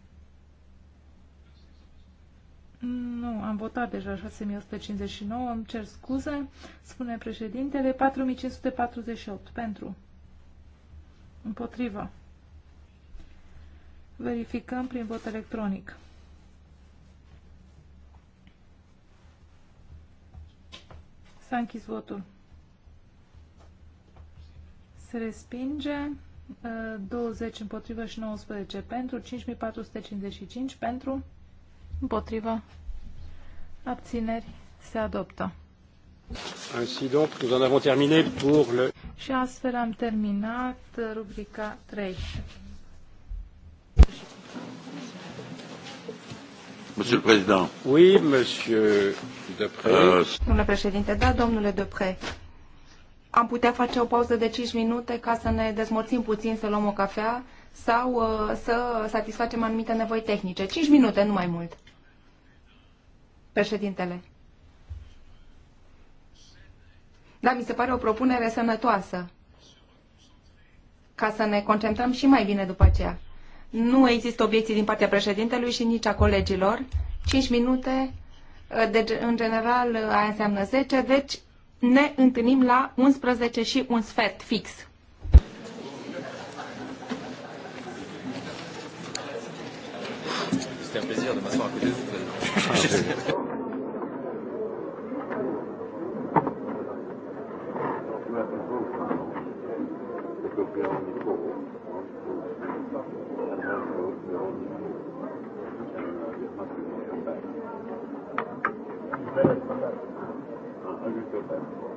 Nu, am votat deja 6159, îmi cer scuze, spune președintele, 4548 pentru. Împotrivă. Verificăm prin vot electronic. S-a închis votul. Se respinge 20 uh, împotrivă și 19 pentru, 5455 pentru, împotrivă, abțineri, se adoptă. Ainsi donc, nous en avons terminé pour le... Și astfel am terminat rubrica 3. Monsieur le Président. Oui, Monsieur Depré. Euh, domnule președinte, da, domnule Depré. Am putea face o pauză de 5 minute ca să ne dezmorțim puțin, să luăm o cafea sau uh, să satisfacem anumite nevoi tehnice. 5 minute, nu mai mult. Președintele. Da, mi se pare o propunere sănătoasă. Ca să ne concentrăm și mai bine după aceea. Nu există obiecții din partea președintelui și nici a colegilor. 5 minute, ă, de deci, în general, ă, aia înseamnă 10, deci ne întâlnim la 11 și un sfert fix. Thank you. Good.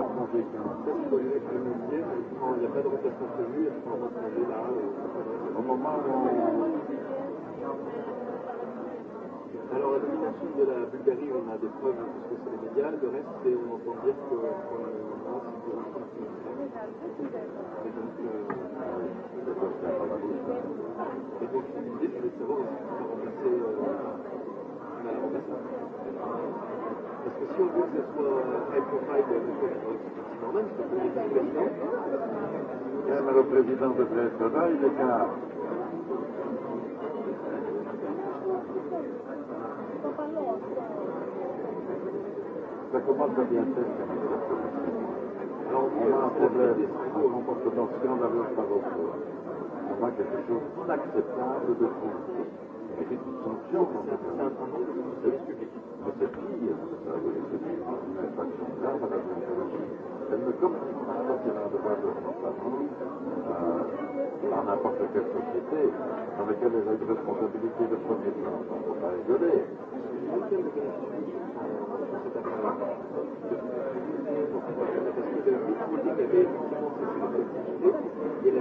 droit de manger. Ça, je dois être le métier. Il n'y a pas de rotation prévue, elle prend le droit de manger là. Au moment où on... Alors, la domination de la Bulgarie, on a des preuves parce que c'est les médias. Le reste, c'est on entend dire que pour le moment, c'est pour l'instant. Et donc, euh... et donc l'idée, c'est de savoir si on va remplacer euh, la remplaçante plutôt mieux que ce soit elle de Prestova, il est là. Ça commence à on a un problème. On porte dans ce qu'on avait par rapport. On a quelque chose d'acceptable de France. Mais c'est une sanction, en fait. Mais c'est pire. Elle ne communique pas qu'elle a un devoir de responsabilité dans n'importe quelle société dans laquelle elle a une responsabilité de premier plan. On ne peut pas rigoler. Elle avait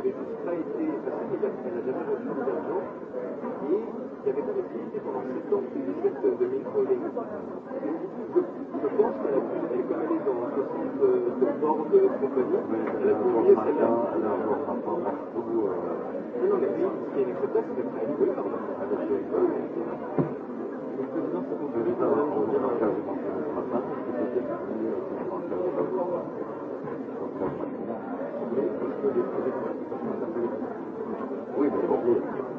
pas été, elle n'a jamais reçu d'argent et il n'y avait pas d'activité pendant 7 ans sous l'espèce de micro-holding. Je, je pense qu'elle a pu, elle est comme elle est dans 60 de board de compagnie, elle a pu oublier celle-là. Elle a un rapport partout. Euh... Non, mais ce qui est inacceptable, c'est qu'elle a été oubliée par là. Avec les écoles. Le président s'est obligé de même revenir à faire des marchés de matin, parce que c'était fini, euh, pour faire des marchés de matin. Mais est-ce que les projets de la Oui, mais bon.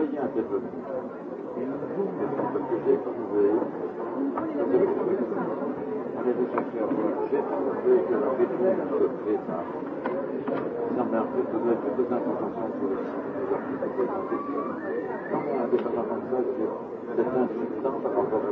très bien cette option. Parce que j'ai trouvé avec des chercheurs, j'ai trouvé que leur étude se fait ça. Non, mais en fait, ça doit être plus important que les articles de Quand on a des femmes comme ça, c'est insistant par rapport au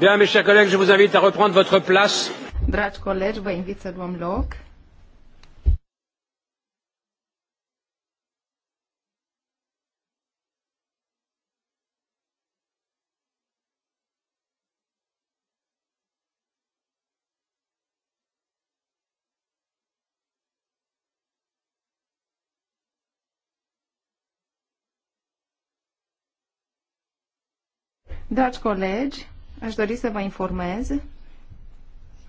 Bien, mes chers collègues, je vous invite à reprendre votre place. Dragi colegi, vă invit să luăm loc. Dragi colegi, aș dori să vă informez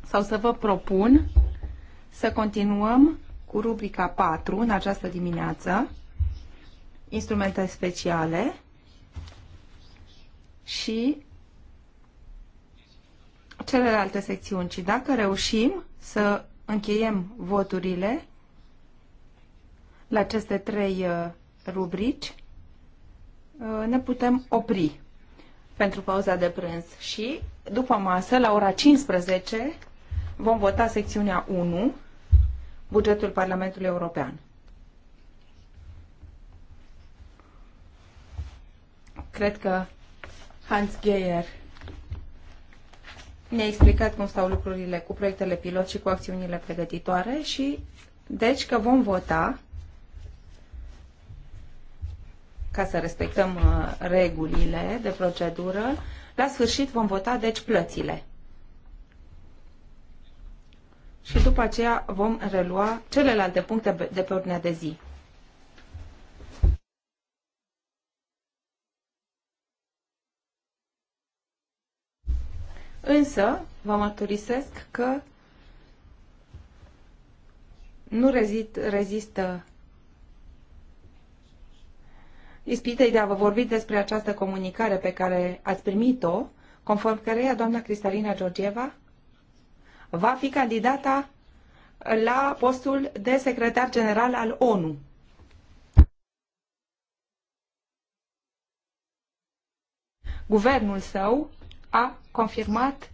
sau să vă propun să continuăm cu rubrica 4 în această dimineață, instrumente speciale și celelalte secțiuni. Și dacă reușim să încheiem voturile la aceste trei uh, rubrici, uh, ne putem opri pentru pauza de prânz și după masă, la ora 15, vom vota secțiunea 1, bugetul Parlamentului European. Cred că Hans Geier ne-a explicat cum stau lucrurile cu proiectele pilot și cu acțiunile pregătitoare și deci că vom vota ca să respectăm uh, regulile de procedură. La sfârșit vom vota, deci, plățile. Și după aceea vom relua celelalte puncte de pe ordinea de zi. Însă, vă mărturisesc că nu rezist, rezistă ispitei de a vă vorbi despre această comunicare pe care ați primit-o, conform căreia doamna Cristalina Georgieva va fi candidata la postul de secretar general al ONU. Guvernul său a confirmat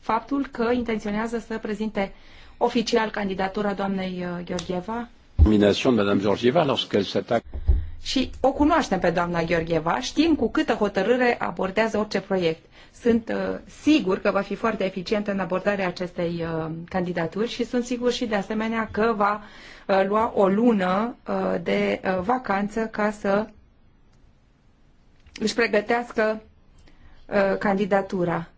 faptul că intenționează să prezinte oficial candidatura doamnei uh, Georgieva. Nominația doamnei Georgieva lorsqu'elle s'attaque și o cunoaștem pe doamna Gheorgheva, știm cu câtă hotărâre abordează orice proiect. Sunt uh, sigur că va fi foarte eficientă în abordarea acestei uh, candidaturi și sunt sigur și de asemenea că va uh, lua o lună uh, de uh, vacanță ca să își pregătească uh, candidatura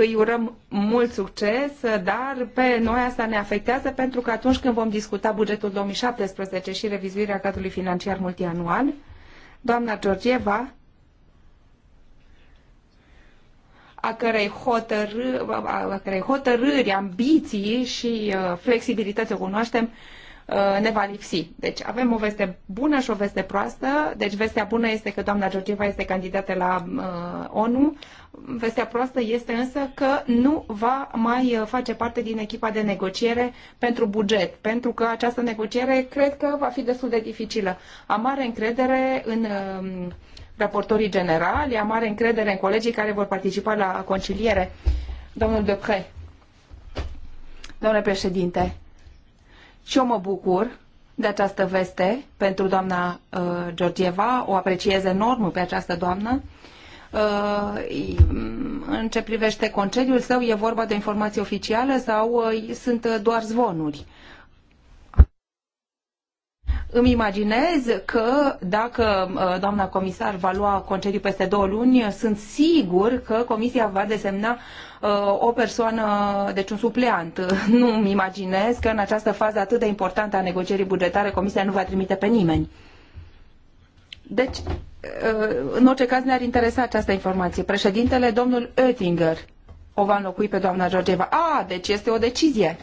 îi urăm mult succes, dar pe noi asta ne afectează pentru că atunci când vom discuta bugetul 2017 și revizuirea cadrului financiar multianual, doamna Georgieva, a cărei, hotărâ, a cărei hotărâri, ambiții și uh, flexibilități o cunoaștem, Uh, ne va lipsi. Deci avem o veste bună și o veste proastă. Deci vestea bună este că doamna Georgieva este candidată la uh, ONU. Vestea proastă este însă că nu va mai uh, face parte din echipa de negociere pentru buget, pentru că această negociere cred că va fi destul de dificilă. Am mare încredere în um, raportorii generali, am mare încredere în colegii care vor participa la conciliere. Domnul Depre. Domnule președinte, și eu mă bucur de această veste pentru doamna uh, Georgieva, o apreciez enorm pe această doamnă. Uh, în ce privește concediul său, e vorba de informații oficiale sau uh, sunt doar zvonuri? Uh, îmi imaginez că dacă uh, doamna comisar va lua concediu peste două luni, sunt sigur că comisia va desemna uh, o persoană, deci un supleant. Nu îmi imaginez că în această fază atât de importantă a negocierii bugetare comisia nu va trimite pe nimeni. Deci, uh, în orice caz ne-ar interesa această informație. Președintele, domnul Oettinger, o va înlocui pe doamna Georgieva. A, deci este o decizie.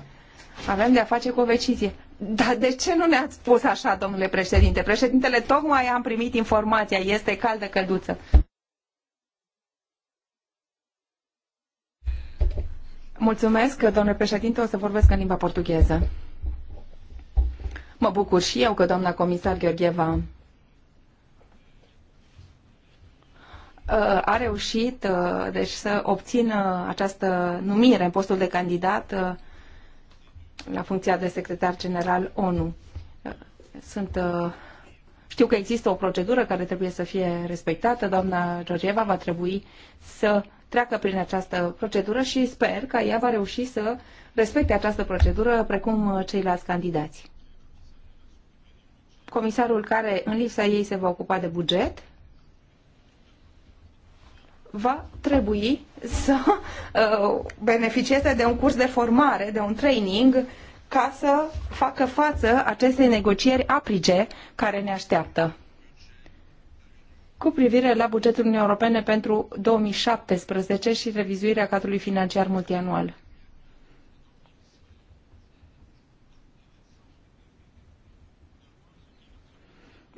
Avem de a face cu o decizie. Dar de ce nu ne-ați spus așa, domnule președinte? Președintele, tocmai am primit informația, este caldă călduță. Mulțumesc, domnule președinte, o să vorbesc în limba portugheză. Mă bucur și eu că doamna comisar Gheorgheva uh, a reușit uh, deci, să obțină această numire în postul de candidat uh, la funcția de secretar general ONU. Sunt, uh, știu că există o procedură care trebuie să fie respectată. Doamna Georgieva va trebui să treacă prin această procedură și sper că ea va reuși să respecte această procedură precum ceilalți candidați. Comisarul care în lipsa ei se va ocupa de buget va trebui să uh, beneficieze de un curs de formare, de un training, ca să facă față acestei negocieri aprige care ne așteaptă. Cu privire la bugetul Uniunii Europene pentru 2017 și revizuirea cadrului financiar multianual.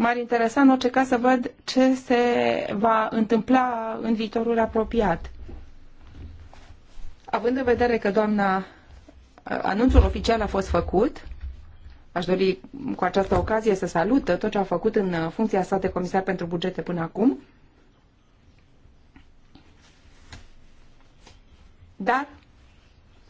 M-ar interesa în orice caz să văd ce se va întâmpla în viitorul apropiat. Având în vedere că doamna anunțul oficial a fost făcut, aș dori cu această ocazie să salută tot ce a făcut în funcția sa de comisar pentru bugete până acum. Dar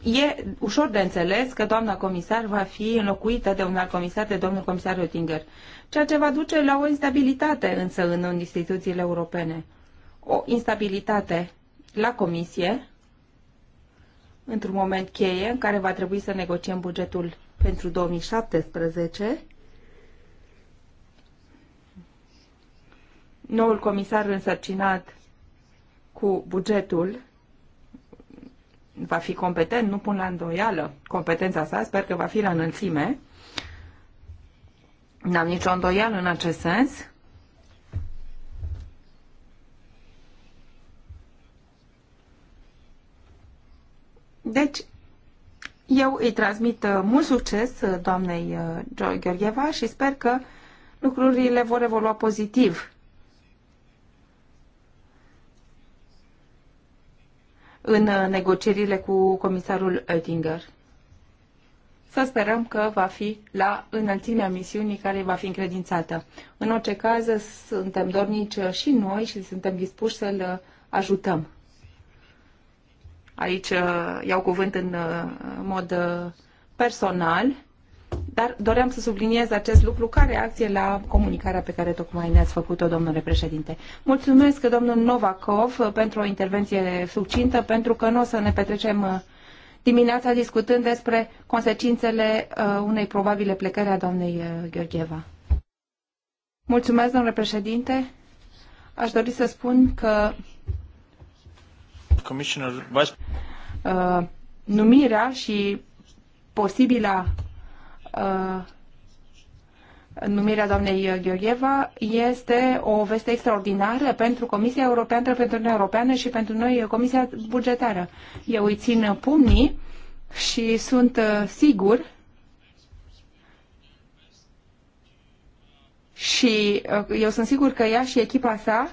e ușor de înțeles că doamna comisar va fi înlocuită de un alt comisar, de domnul comisar Oettinger ceea ce va duce la o instabilitate însă în instituțiile europene. O instabilitate la Comisie, într-un moment cheie în care va trebui să negociem bugetul pentru 2017. Noul comisar însărcinat cu bugetul va fi competent, nu pun la îndoială competența sa, sper că va fi la înălțime. N-am nicio îndoială în acest sens. Deci, eu îi transmit uh, mult succes uh, doamnei uh, Gheorgheva și sper că lucrurile vor evolua pozitiv. în negocierile cu comisarul Oettinger să sperăm că va fi la înălțimea misiunii care va fi încredințată. În orice caz, suntem dornici și noi și suntem dispuși să-l ajutăm. Aici uh, iau cuvânt în uh, mod uh, personal, dar doream să subliniez acest lucru ca reacție la comunicarea pe care tocmai ne-ați făcut-o, domnule președinte. Mulțumesc, domnul Novakov, pentru o intervenție succintă, pentru că nu o să ne petrecem dimineața discutând despre consecințele uh, unei probabile plecări a doamnei uh, Gheorgheva. Mulțumesc, domnule președinte. Aș dori să spun că uh, numirea și posibila uh, numirea doamnei Gheorgheva este o veste extraordinară pentru Comisia Europeană, pentru Uniunea Europeană și pentru noi Comisia Bugetară. Eu îi țin pumnii și sunt uh, sigur și uh, eu sunt sigur că ea și echipa sa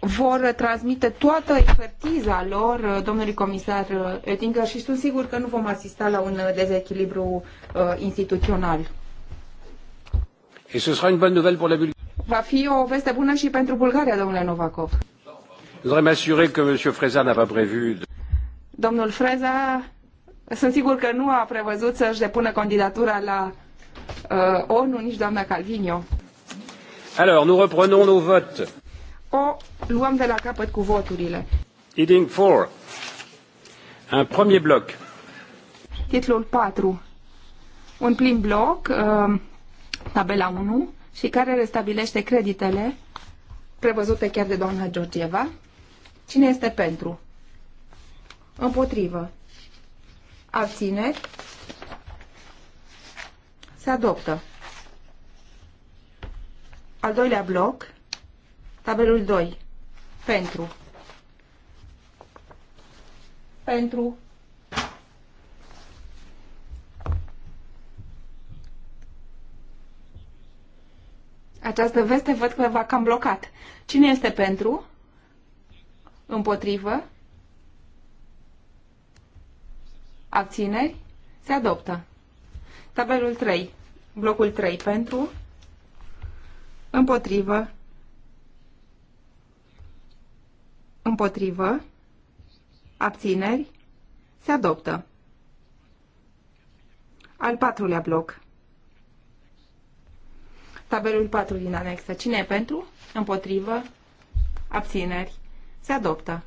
vor transmite toată expertiza lor uh, domnului comisar Oettinger și sunt sigur că nu vom asista la un dezechilibru instituțional. Va fi o veste bună și pentru Bulgaria, domnule Novakov. Domnul Freza, sunt sigur că nu a prevăzut să-și depună candidatura la uh, ONU, nici doamna Calvinio. Alors, nous reprenons nos votes. O luăm de la capăt cu voturile. Heading 4. Un premier bloc. Titlul 4. Un plin bloc. Uh, tabela 1, și care restabilește creditele prevăzute chiar de doamna Georgieva. Cine este pentru? Împotrivă. Abțineri. Se adoptă. Al doilea bloc, tabelul 2. Pentru. Pentru. Această veste văd că v-a cam blocat. Cine este pentru? Împotrivă? Abțineri? Se adoptă. Tabelul 3. Blocul 3 pentru. Împotrivă. Împotrivă. Abțineri. Se adoptă. Al patrulea bloc. Tabelul 4 din anexă. Cine e pentru? Împotrivă? Abțineri? Se adoptă.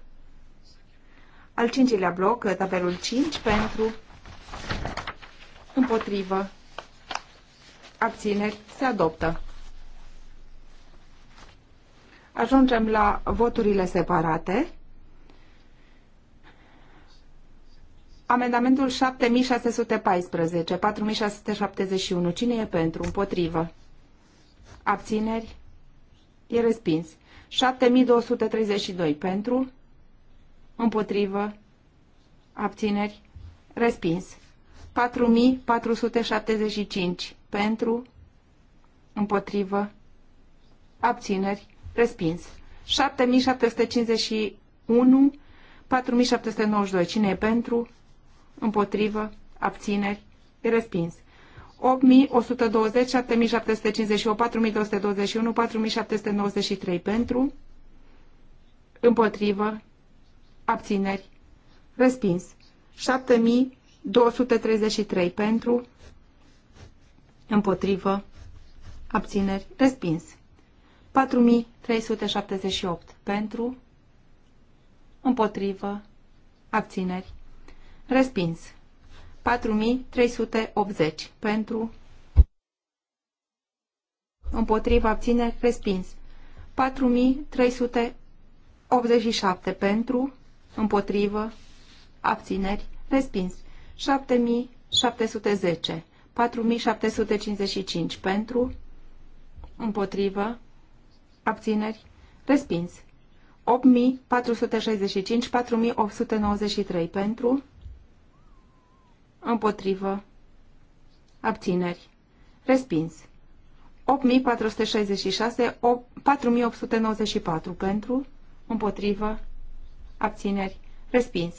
Al cincilea bloc, tabelul 5, pentru, împotrivă, abțineri, se adoptă. Ajungem la voturile separate. Amendamentul 7614, 4671. Cine e pentru? Împotrivă abțineri, e respins. 7232 pentru, împotrivă, abțineri, respins. 4475 pentru, împotrivă, abțineri, respins. 7751, 4792, cine e pentru, împotrivă, abțineri, respins. 8120, 7758, 4221, 4793 pentru, împotrivă, abțineri, respins. 7233 pentru, împotrivă, abțineri, respins. 4378 pentru, împotrivă, abțineri, respins. 4380 pentru împotriva abțineri respins. 4387 pentru împotrivă abțineri respins. 7710 4755 pentru împotrivă abțineri respins. 8465 4893 pentru împotrivă, abțineri, respins. 8466, 4894 pentru, împotrivă, abțineri, respins.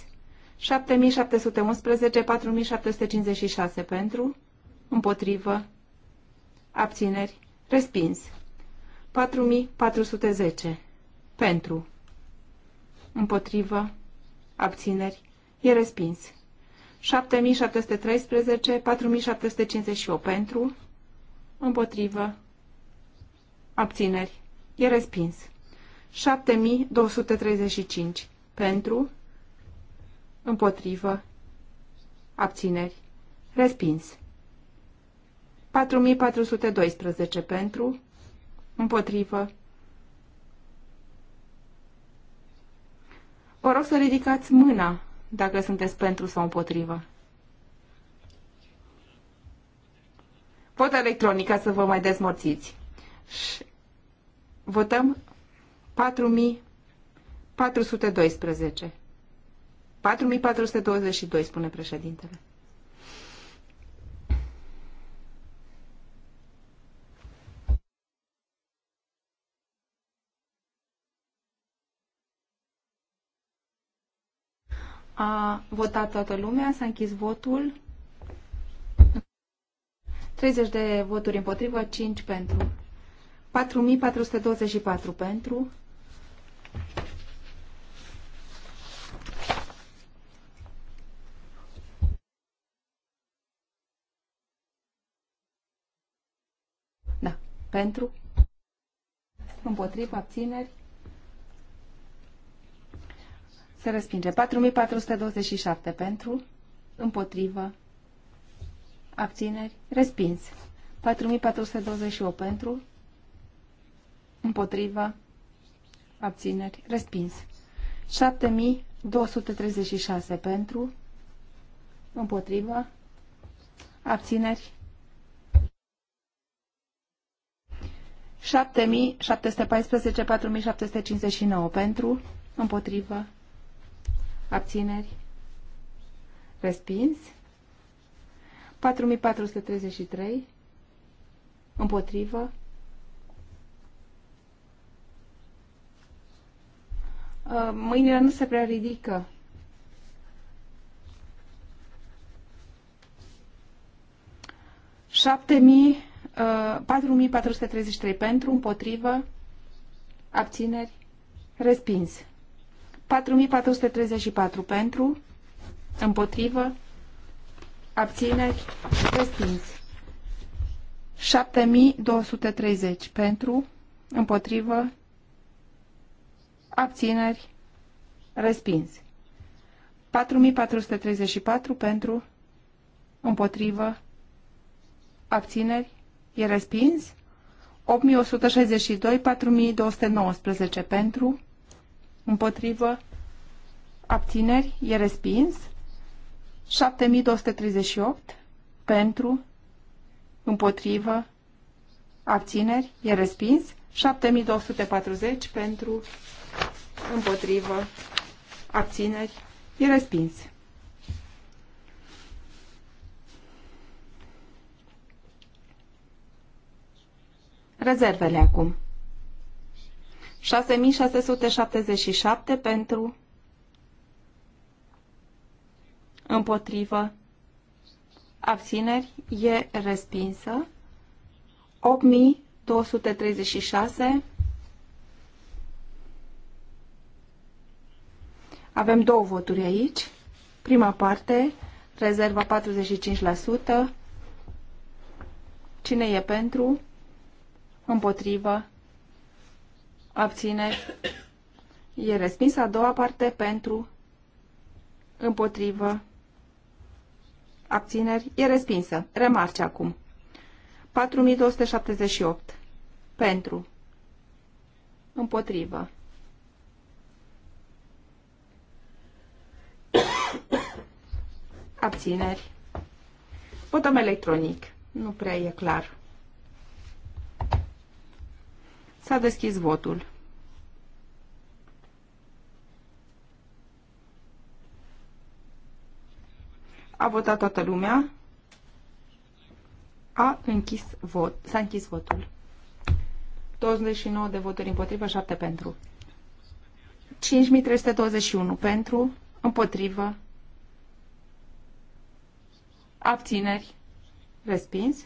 7711, 4756 pentru, împotrivă, abțineri, respins. 4410 pentru, împotrivă, abțineri, e respins. 7713, 4758 pentru, împotrivă, abțineri, e respins. 7235 pentru, împotrivă, abțineri, respins. 4412 pentru, împotrivă. Vă rog să ridicați mâna dacă sunteți pentru sau împotrivă. Vot electronic ca să vă mai dezmorțiți. Și votăm 4412. 4422, spune președintele. A votat toată lumea, s-a închis votul. 30 de voturi împotrivă, 5 pentru. 4424 pentru. Da, pentru. împotriva, abțineri. Se respinge. 4427 pentru, împotrivă, abțineri, respins. 4428 pentru, împotrivă, abțineri, respins. 7236 pentru, împotrivă, abțineri, 7714-4759 pentru, împotrivă, Abțineri? Respins. 4433. Împotrivă. Uh, mâinile nu se prea ridică. Șapte mii, uh, pentru, împotrivă, abțineri, respins. 4434 pentru, împotrivă, abțineri, respins. 7230 pentru, împotrivă, abțineri, respins. 4434 pentru, împotrivă, abțineri, e respins. 8162, 4219 pentru, împotrivă, abțineri, e respins. 7238 pentru, împotrivă, abțineri, e respins. 7240 pentru, împotrivă, abțineri, e respins. Rezervele acum. 6677 pentru împotrivă abțineri e respinsă. 8236 Avem două voturi aici. Prima parte, rezerva 45%. Cine e pentru? Împotrivă? abțineri, e respins. A doua parte pentru, împotrivă, abțineri, e respinsă. Remarce acum. 4278. Pentru. Împotrivă. Abțineri. Votăm electronic. Nu prea e clar. S-a deschis votul. A votat toată lumea. A închis vot. S-a închis votul. 29 de voturi împotrivă, 7 pentru. 5321 pentru, împotrivă, abțineri, respins.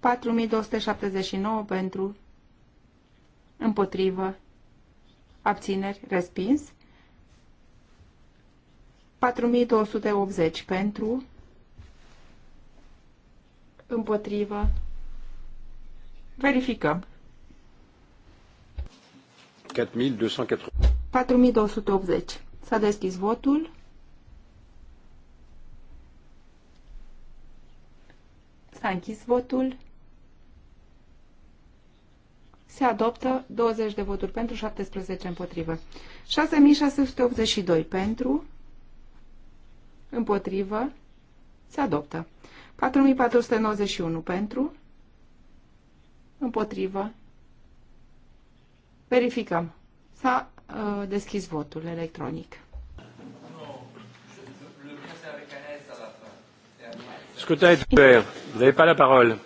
4279 pentru, împotrivă, abțineri, respins. 4280 pentru, împotrivă, verificăm. 4280. S-a deschis votul. S-a închis votul se adoptă 20 de voturi pentru, 17 împotrivă. 6682 pentru, împotrivă, se adoptă. 4491 pentru, împotrivă, verificăm. S-a uh, deschis votul electronic. Scrutin est Vous n'avez pas la parole.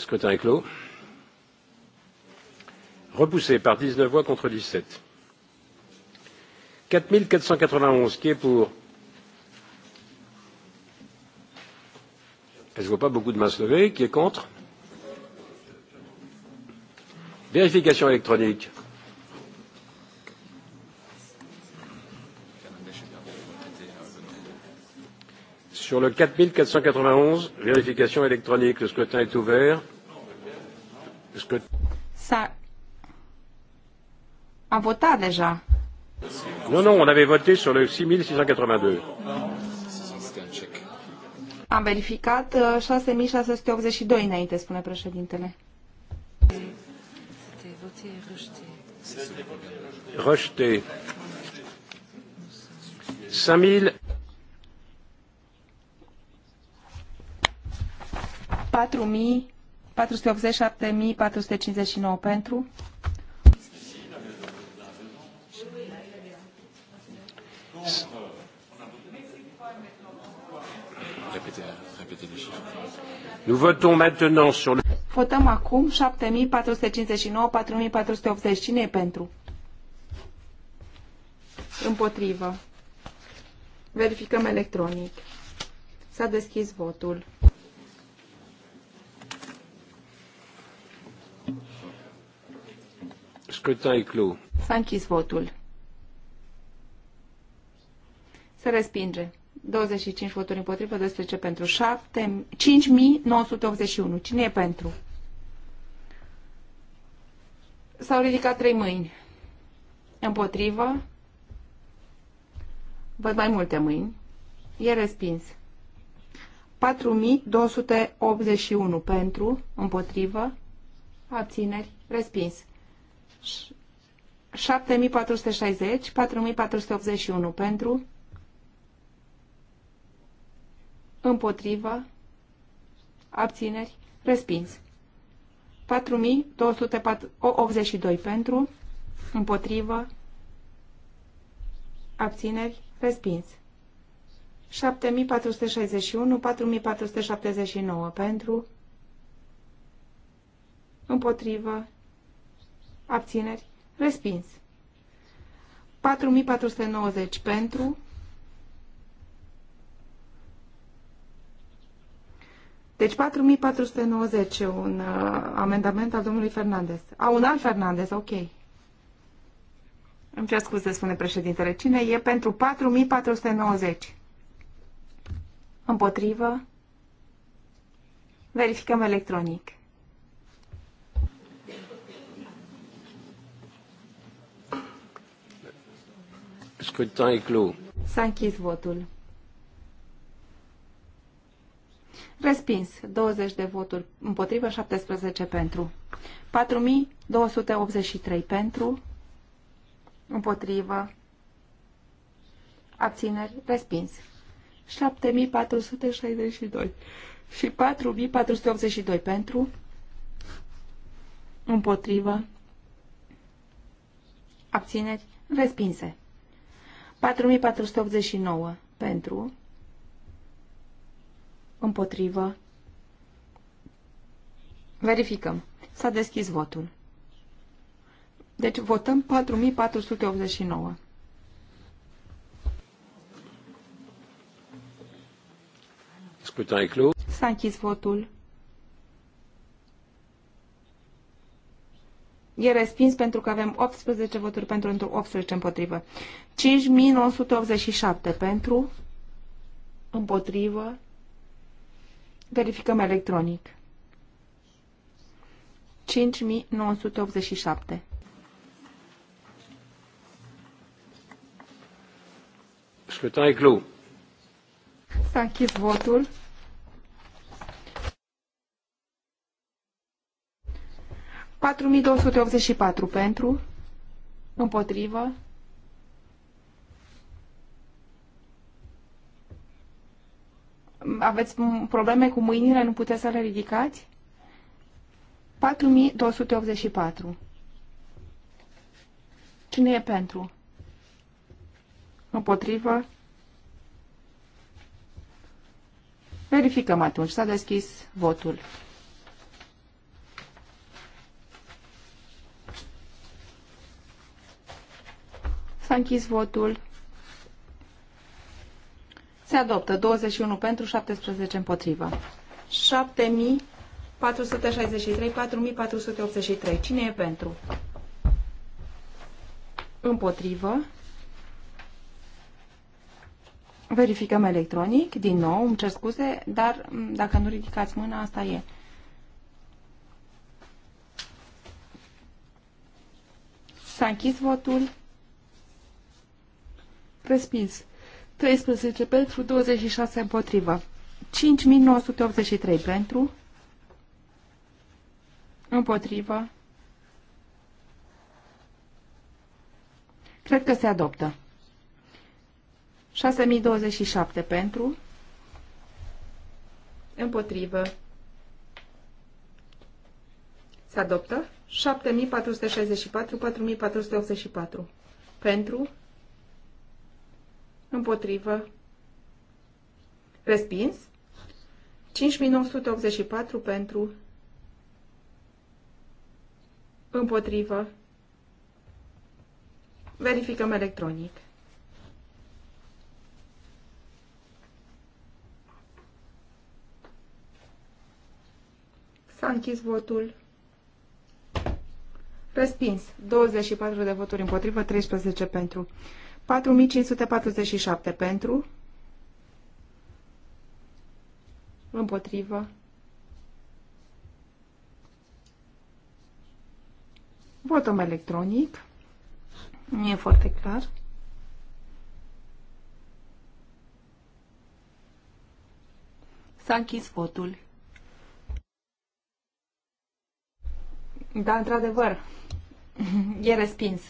Le scrutin est clos. Repoussé par 19 voix contre 17. 4491, qui est pour Je ne vois pas beaucoup de mains levées. Qui est contre Vérification électronique. Sur le 4491, vérification électronique. Le scrutin est ouvert. Ça a votat déjà. Non, non, on avait voté sur le 6682. Am verificat 6682 uh, înainte, spune președintele. Rejeté. 5000. 4.480, pentru. Nous votons maintenant sur le... Votăm acum 7459, 4480. Cine e pentru? Împotrivă. Verificăm electronic. S-a deschis votul. Scrutin clos. S-a închis votul. Se respinge. 25 voturi împotrivă, 12 pentru 7, 5981. Cine e pentru? S-au ridicat trei mâini. Împotrivă. Văd mai multe mâini. E respins. 4281 pentru, împotrivă, abțineri, respins. 7460, 4481 pentru, împotrivă, abțineri, respins. 4282 pentru, împotrivă, abțineri, respins. 7461, 4479 pentru, împotrivă, abțineri, respins. 4490 pentru, Deci 4490, un uh, amendament al domnului Fernandez. A, un alt Fernandez, ok. Îmi cer scuze, spune președintele. Cine e pentru 4490? Împotrivă? Verificăm electronic. Scrutin clos. S-a închis votul. Respins. 20 de voturi împotrivă, 17 pentru. 4283 pentru. Împotrivă. Abțineri. Respins. 7462 și 4482 pentru. Împotrivă. Abțineri. Respinse. 4489 pentru, împotrivă, verificăm. S-a deschis votul. Deci votăm 4489. S-a închis votul. E respins pentru că avem 18 voturi pentru, 18 împotrivă. 5987 pentru, împotrivă, verificăm electronic. 5987. Scrutin e S-a închis votul. 4284 pentru, împotrivă, aveți probleme cu mâinile, nu puteți să le ridicați? 4284. Cine e pentru? Împotrivă? Verificăm atunci. S-a deschis votul. S-a închis votul. Se adoptă 21 pentru, 17 împotrivă. 7463, 4483. Cine e pentru? Împotrivă. Verificăm electronic, din nou, îmi cer scuze, dar dacă nu ridicați mâna, asta e. S-a închis votul. Respins. 13 pentru, 26 împotrivă. 5983 pentru. Împotrivă. Cred că se adoptă. 6027 pentru. Împotrivă. Se adoptă. 7464, 4484. Pentru împotrivă, respins. 5984 pentru, împotrivă, verificăm electronic. S-a închis votul. Respins. 24 de voturi împotrivă, 13 pentru. 4547 pentru, împotrivă, votăm electronic, nu e foarte clar. S-a închis votul. Da, într-adevăr, e respins.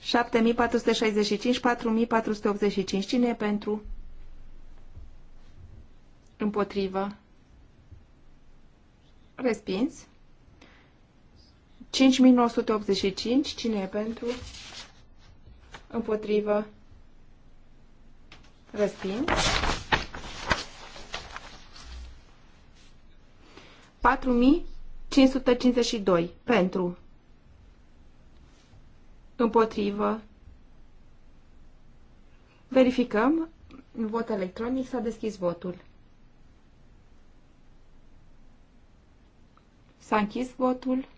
7465, 4485. Cine e pentru? Împotrivă. Respins. 5985. Cine e pentru? Împotrivă. Respins. 4552. Pentru. Împotrivă. Verificăm. Vot electronic. S-a deschis votul. S-a închis votul.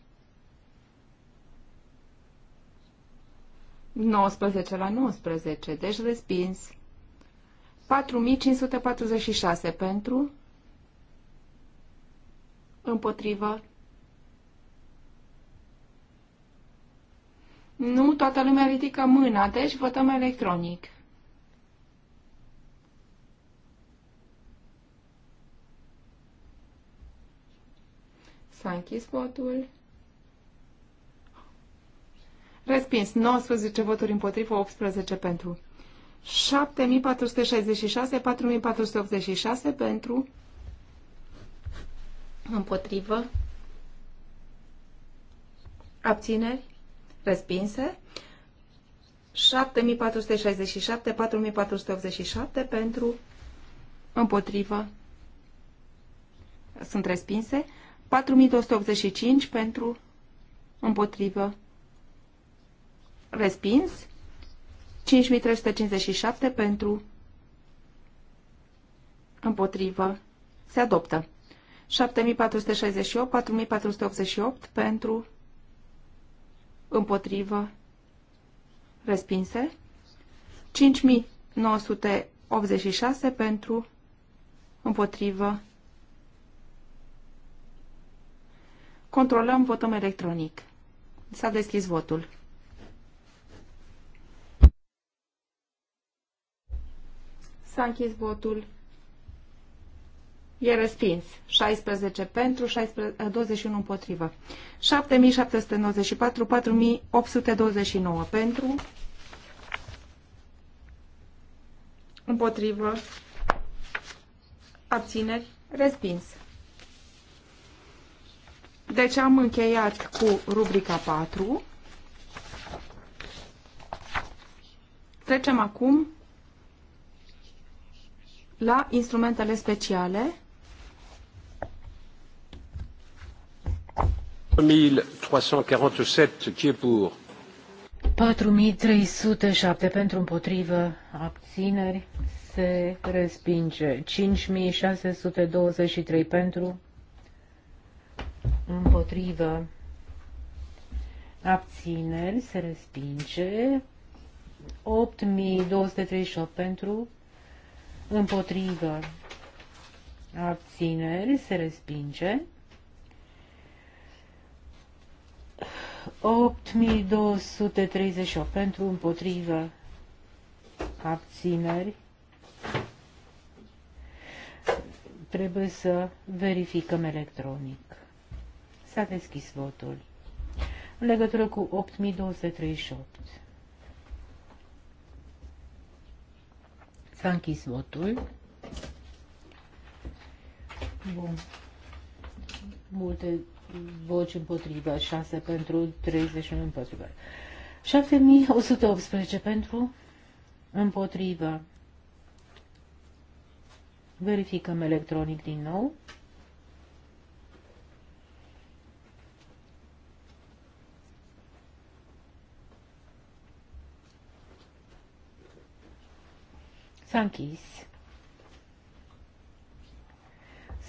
19 la 19, deci respins. 4546 pentru, împotrivă, Nu, toată lumea ridică mâna, deci votăm electronic. S-a închis votul. Respins. 19 voturi împotrivă, 18 pentru. 7466, 4486 pentru. Împotrivă. Abțineri respinse. 7467, 4487 pentru, împotrivă, sunt respinse. 4285 pentru, împotrivă, respins. 5357 pentru, împotrivă, se adoptă. 7468, 4488 pentru, împotrivă, respinse. 5986 pentru, împotrivă. Controlăm, votăm electronic. S-a deschis votul. S-a închis votul. E respins. 16 pentru, 16, 21 eh, împotrivă. 7794, 4829 pentru, împotrivă, abțineri, respins. Deci am încheiat cu rubrica 4. Trecem acum la instrumentele speciale. 4347, 4307 pentru împotrivă, abțineri, se respinge. 5623 pentru împotrivă, abțineri, se respinge. 8238 pentru împotrivă, abțineri, se respinge. 8238 pentru împotrivă abțineri. Trebuie să verificăm electronic. S-a deschis votul. În legătură cu 8238. S-a închis votul. Bun. Multe voci împotrivă, 6 pentru, 31 împotrivă. 7118 pentru, împotrivă. Verificăm electronic din nou. S-a închis.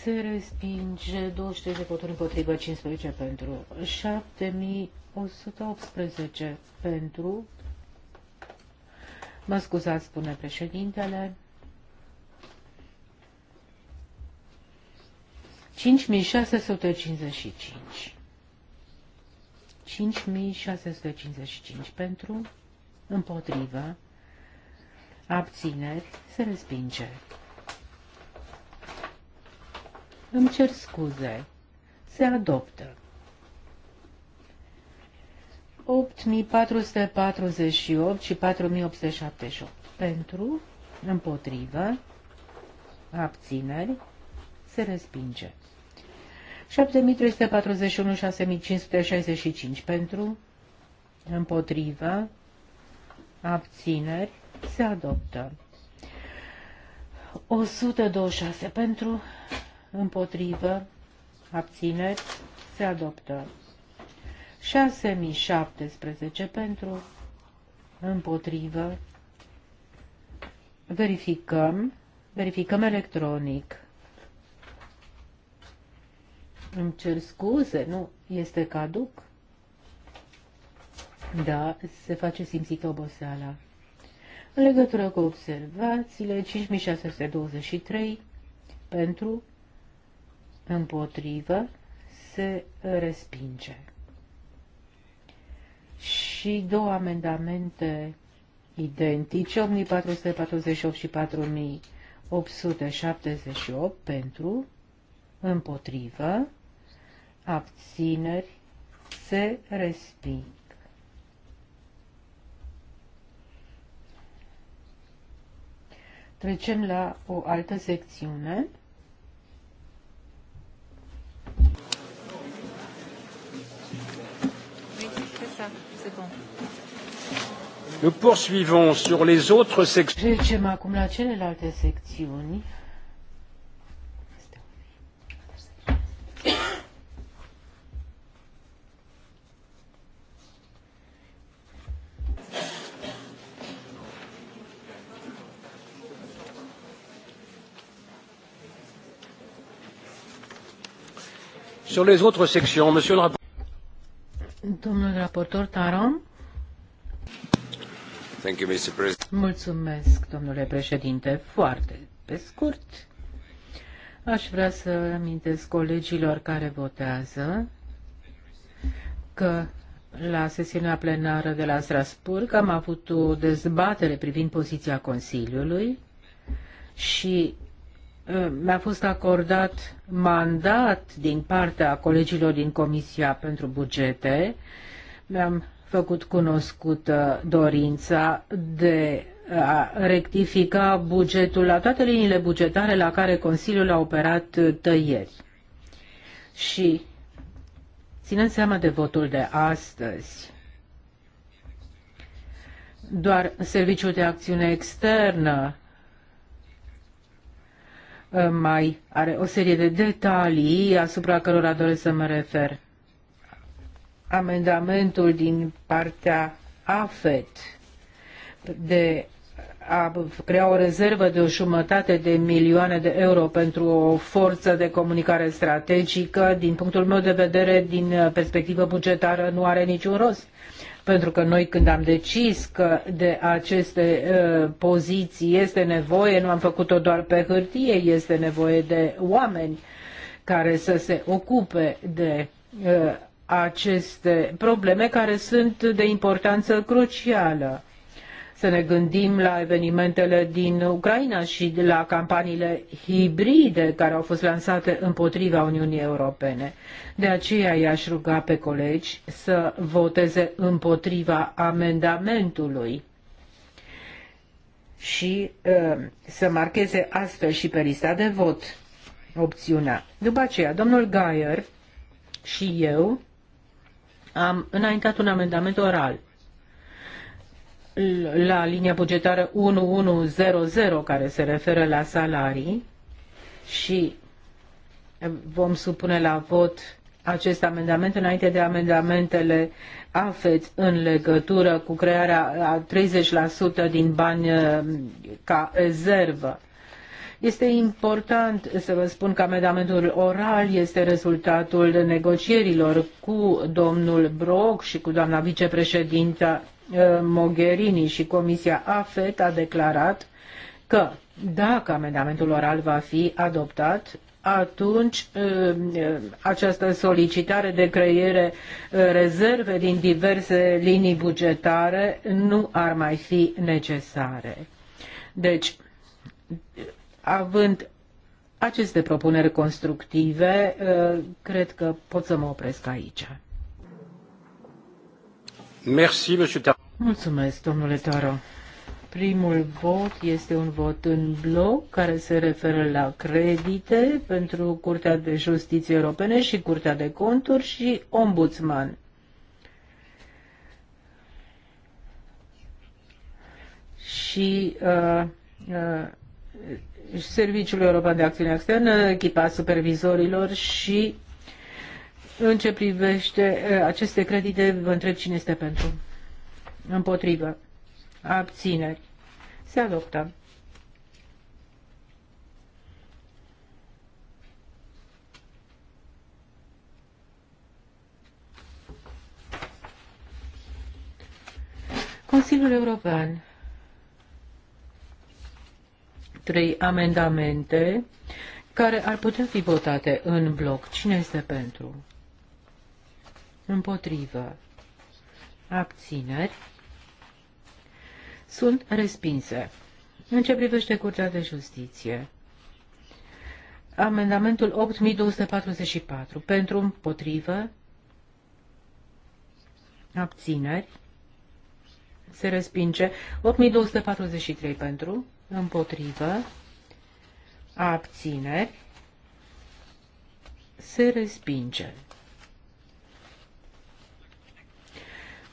se respinge 23 de voturi împotrivă, 15 pentru, 7118 pentru, mă scuzați, spune președintele, 5655. 5655 pentru, împotrivă, abțineri, se respinge. Îmi cer scuze. Se adoptă. 8448 și 4878 pentru, împotrivă, abțineri, se respinge. 7341 6565 pentru, împotrivă, abțineri, se adoptă. 126 pentru, împotrivă, abțineri, se adoptă. 6017 pentru, împotrivă, verificăm, verificăm electronic. Îmi cer scuze, nu, este caduc. Da, se face simțită oboseala. În legătură cu observațiile 5623 pentru împotrivă, se respinge. Și două amendamente identice, 1448 și 4878 pentru, împotrivă, abțineri, se resping. Trecem la o altă secțiune. Nous poursuivons sur les autres sections. Sur les autres sections, monsieur le rapporteur. Domnul raportor Taran. Mulțumesc, domnule președinte. Foarte pe scurt, aș vrea să amintesc colegilor care votează că la sesiunea plenară de la Strasburg am avut o dezbatere privind poziția Consiliului și uh, mi-a fost acordat mandat din partea colegilor din Comisia pentru Bugete. Mi-am făcut cunoscută dorința de a rectifica bugetul la toate liniile bugetare la care Consiliul a operat tăieri. Și ținând seama de votul de astăzi, doar Serviciul de Acțiune Externă uh, mai are o serie de detalii asupra cărora doresc să mă refer amendamentul din partea AFET de a crea o rezervă de o jumătate de milioane de euro pentru o forță de comunicare strategică, din punctul meu de vedere, din perspectivă bugetară, nu are niciun rost. Pentru că noi când am decis că de aceste uh, poziții este nevoie, nu am făcut-o doar pe hârtie, este nevoie de oameni care să se ocupe de uh, aceste probleme care sunt de importanță crucială. Să ne gândim la evenimentele din Ucraina și la campaniile hibride care au fost lansate împotriva Uniunii Europene. De aceea i-aș ruga pe colegi să voteze împotriva amendamentului și uh, să marcheze astfel și pe lista de vot opțiunea. După aceea, domnul Gaier și eu am înaintat un amendament oral la linia bugetară 1100 care se referă la salarii și vom supune la vot acest amendament înainte de amendamentele AFET în legătură cu crearea a 30% din bani eh, ca rezervă. Este important să vă spun că amendamentul oral este rezultatul negocierilor cu domnul Brok și cu doamna vicepreședintă uh, Mogherini și Comisia AFET a declarat că dacă amendamentul oral va fi adoptat, atunci uh, uh, această solicitare de creiere rezerve din diverse linii bugetare nu ar mai fi necesare. Deci, având aceste propuneri constructive, uh, cred că pot să mă opresc aici. Merci, Mulțumesc, domnule Taro. Primul vot este un vot în bloc care se referă la credite pentru Curtea de Justiție Europene și Curtea de Conturi și Ombudsman. Și uh, uh, Serviciul European de Acțiune Externă, echipa supervizorilor și în ce privește aceste credite, vă întreb cine este pentru. Împotrivă. Abțineri. Se adoptă. Consiliul European trei amendamente care ar putea fi votate în bloc. Cine este pentru? Împotrivă. Abțineri. Sunt respinse. În ce privește Curtea de Justiție? Amendamentul 8244. Pentru împotrivă. Abțineri. Se respinge. 8243 pentru împotrivă, abțineri, se respinge.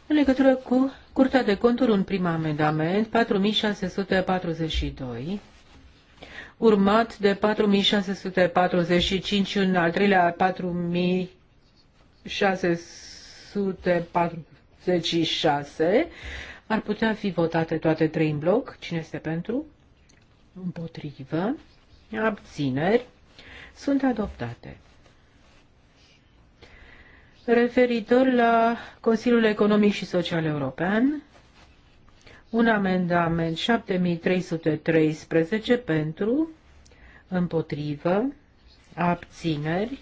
În legătură cu Curtea de Conturi, un prim amendament, 4642, urmat de 4645 un al treilea 4646, ar putea fi votate toate trei în bloc. Cine este pentru? împotrivă, abțineri, sunt adoptate. Referitor la Consiliul Economic și Social European, un amendament 7313 pentru, împotrivă, abțineri,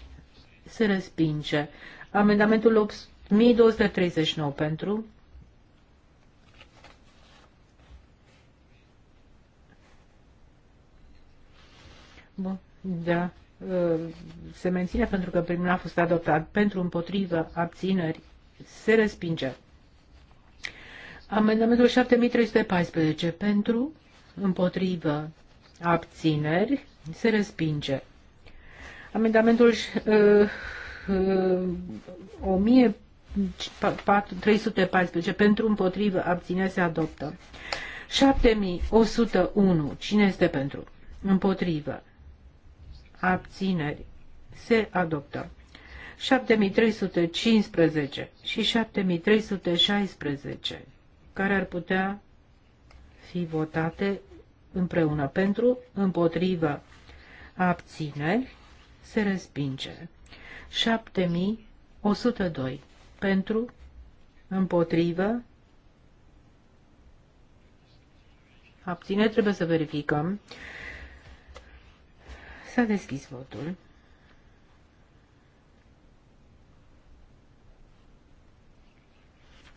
se respinge. Amendamentul 8239 pentru, Bun, da, ă, se menține pentru că primul a fost adoptat. Pentru, împotrivă, abțineri, se respinge. Amendamentul 7314 pentru, împotrivă, abțineri, se respinge. Amendamentul uh, uh, 1314 pentru, împotrivă, abțineri, se adoptă. 7101. Cine este pentru? Împotrivă abțineri se adoptă. 7315 și 7316, care ar putea fi votate împreună pentru, împotrivă, abțineri, se respinge. 7102 pentru, împotrivă, abține, trebuie să verificăm. S-a deschis votul.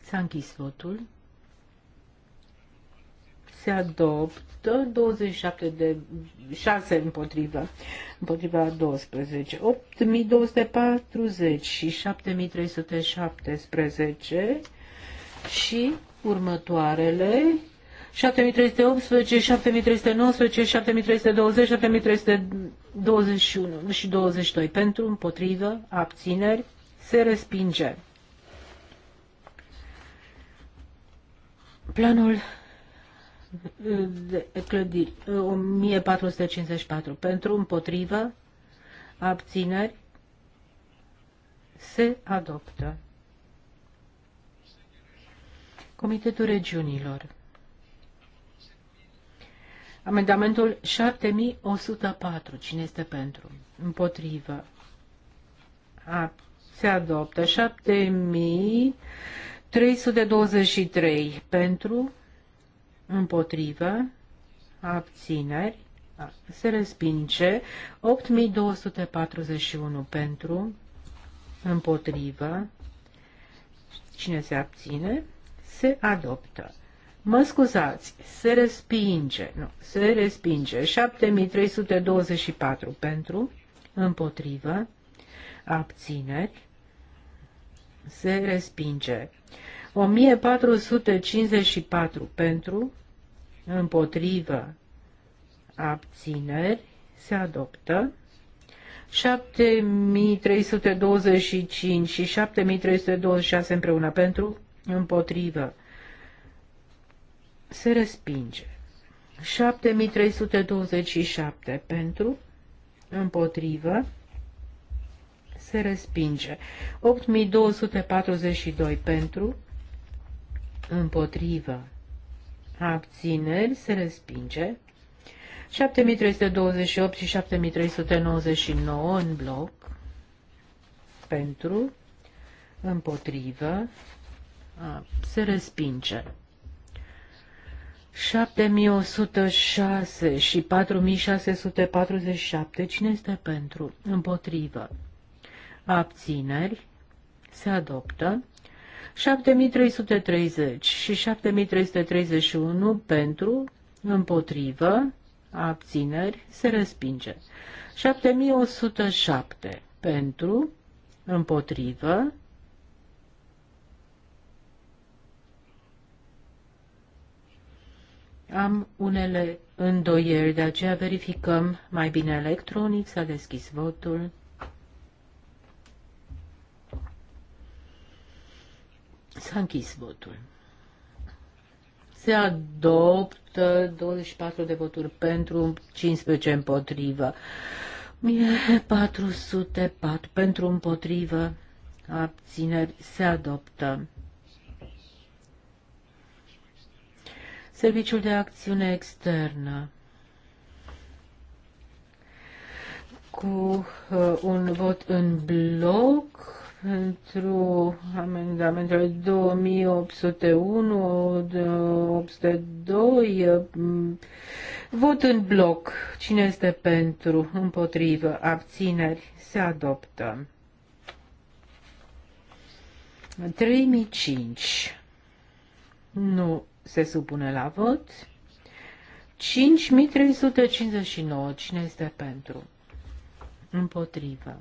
S-a închis votul. Se adoptă 27 de 6 împotriva, împotriva 12, 8240 și 7317 și următoarele 7318, 7319, 7320, 7321 și 22. Pentru, împotrivă, abțineri, se respinge. Planul de clădiri 1454. Pentru, împotrivă, abțineri, se adoptă. Comitetul Regiunilor Amendamentul 7104. Cine este pentru? Împotrivă. A, se adoptă. 7323 pentru. Împotrivă. Abțineri. Se respinge. 8241 pentru. Împotrivă. Cine se abține? Se adoptă. Mă scuzați, se respinge, nu, se respinge. 7324 pentru, împotrivă, abțineri, se respinge. 1454 pentru, împotrivă, abțineri, se adoptă. 7325 și 7326 împreună pentru, împotrivă, se respinge. 7327 pentru, împotrivă, se respinge. 8242 pentru, împotrivă, abțineri, se respinge. 7328 și 7399 în bloc, pentru, împotrivă, se respinge. 7106 și 4647, cine este pentru? Împotrivă. Abțineri. Se adoptă. 7330 și 7331 pentru, împotrivă, abțineri, se respinge. 7107 pentru, împotrivă, Am unele îndoieri de aceea verificăm mai bine electronic. S-a deschis votul. S-a închis votul. Se adoptă 24 de voturi pentru, 15 împotrivă. 1404 pentru împotrivă, abțineri se adoptă. Serviciul de acțiune externă. Cu uh, un vot în bloc pentru amendamentele 2801, 802, uh, vot în bloc. Cine este pentru, împotrivă, abțineri, se adoptă. 3005. Nu se supune la vot. 5359. Cine este pentru? Împotrivă.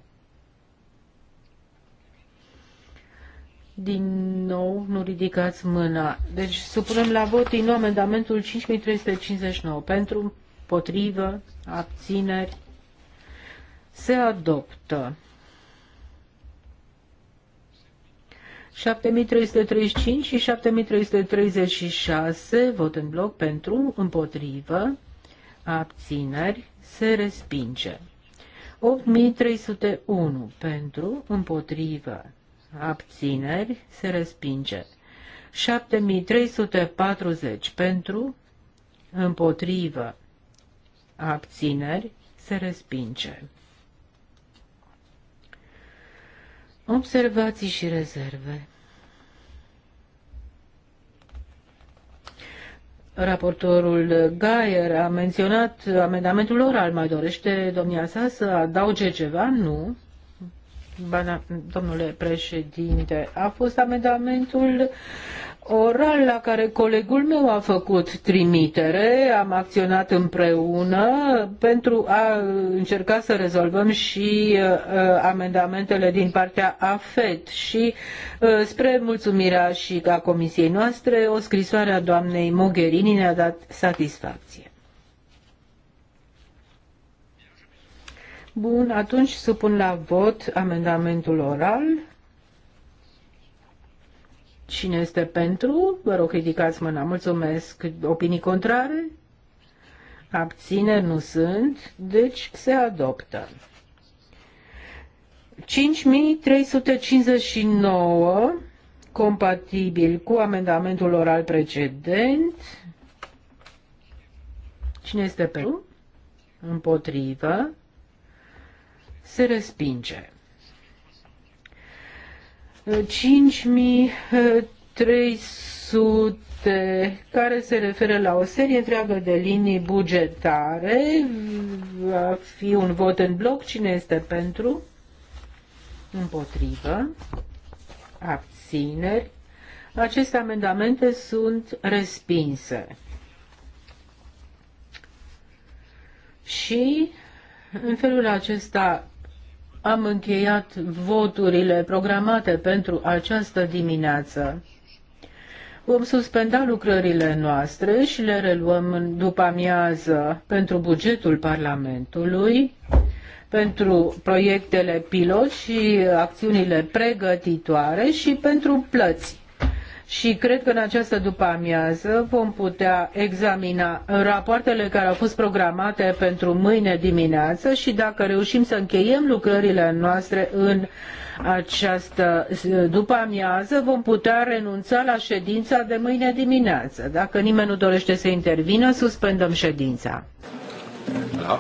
Din nou, nu ridicați mâna. Deci supunem la vot din nou amendamentul 5359. Pentru, potrivă, abțineri. Se adoptă. 7335 și 7336, vot în bloc pentru, împotrivă, abțineri, se respinge. 8301 pentru, împotrivă, abțineri, se respinge. 7340 pentru, împotrivă, abțineri, se respinge. Observații și rezerve. Raportorul Gaier a menționat amendamentul oral. Mai dorește domnia sa să adauge ceva? Nu. Domnule președinte, a fost amendamentul oral la care colegul meu a făcut trimitere, am acționat împreună pentru a încerca să rezolvăm și uh, amendamentele din partea AFET și uh, spre mulțumirea și a comisiei noastre, o scrisoare a doamnei Mogherini ne-a dat satisfacție. Bun, atunci să pun la vot amendamentul oral. Cine este pentru? Vă rog, ridicați mâna. Mulțumesc. Opinii contrare? Abțineri nu sunt, deci se adoptă. 5359, compatibil cu amendamentul oral precedent. Cine este pentru? Împotrivă se respinge. 5300 eh, care se referă la o serie întreagă de linii bugetare. Va fi un vot în bloc. Cine este pentru? Împotrivă. Abțineri. Aceste amendamente sunt respinse. Și în felul acesta am încheiat voturile programate pentru această dimineață. Vom suspenda lucrările noastre și le reluăm după amiază pentru bugetul Parlamentului, pentru proiectele pilot și acțiunile pregătitoare și pentru plăți și cred că în această după-amiază vom putea examina rapoartele care au fost programate pentru mâine dimineață și dacă reușim să încheiem lucrările noastre în această după-amiază, vom putea renunța la ședința de mâine dimineață. Dacă nimeni nu dorește să intervină, suspendăm ședința. Da.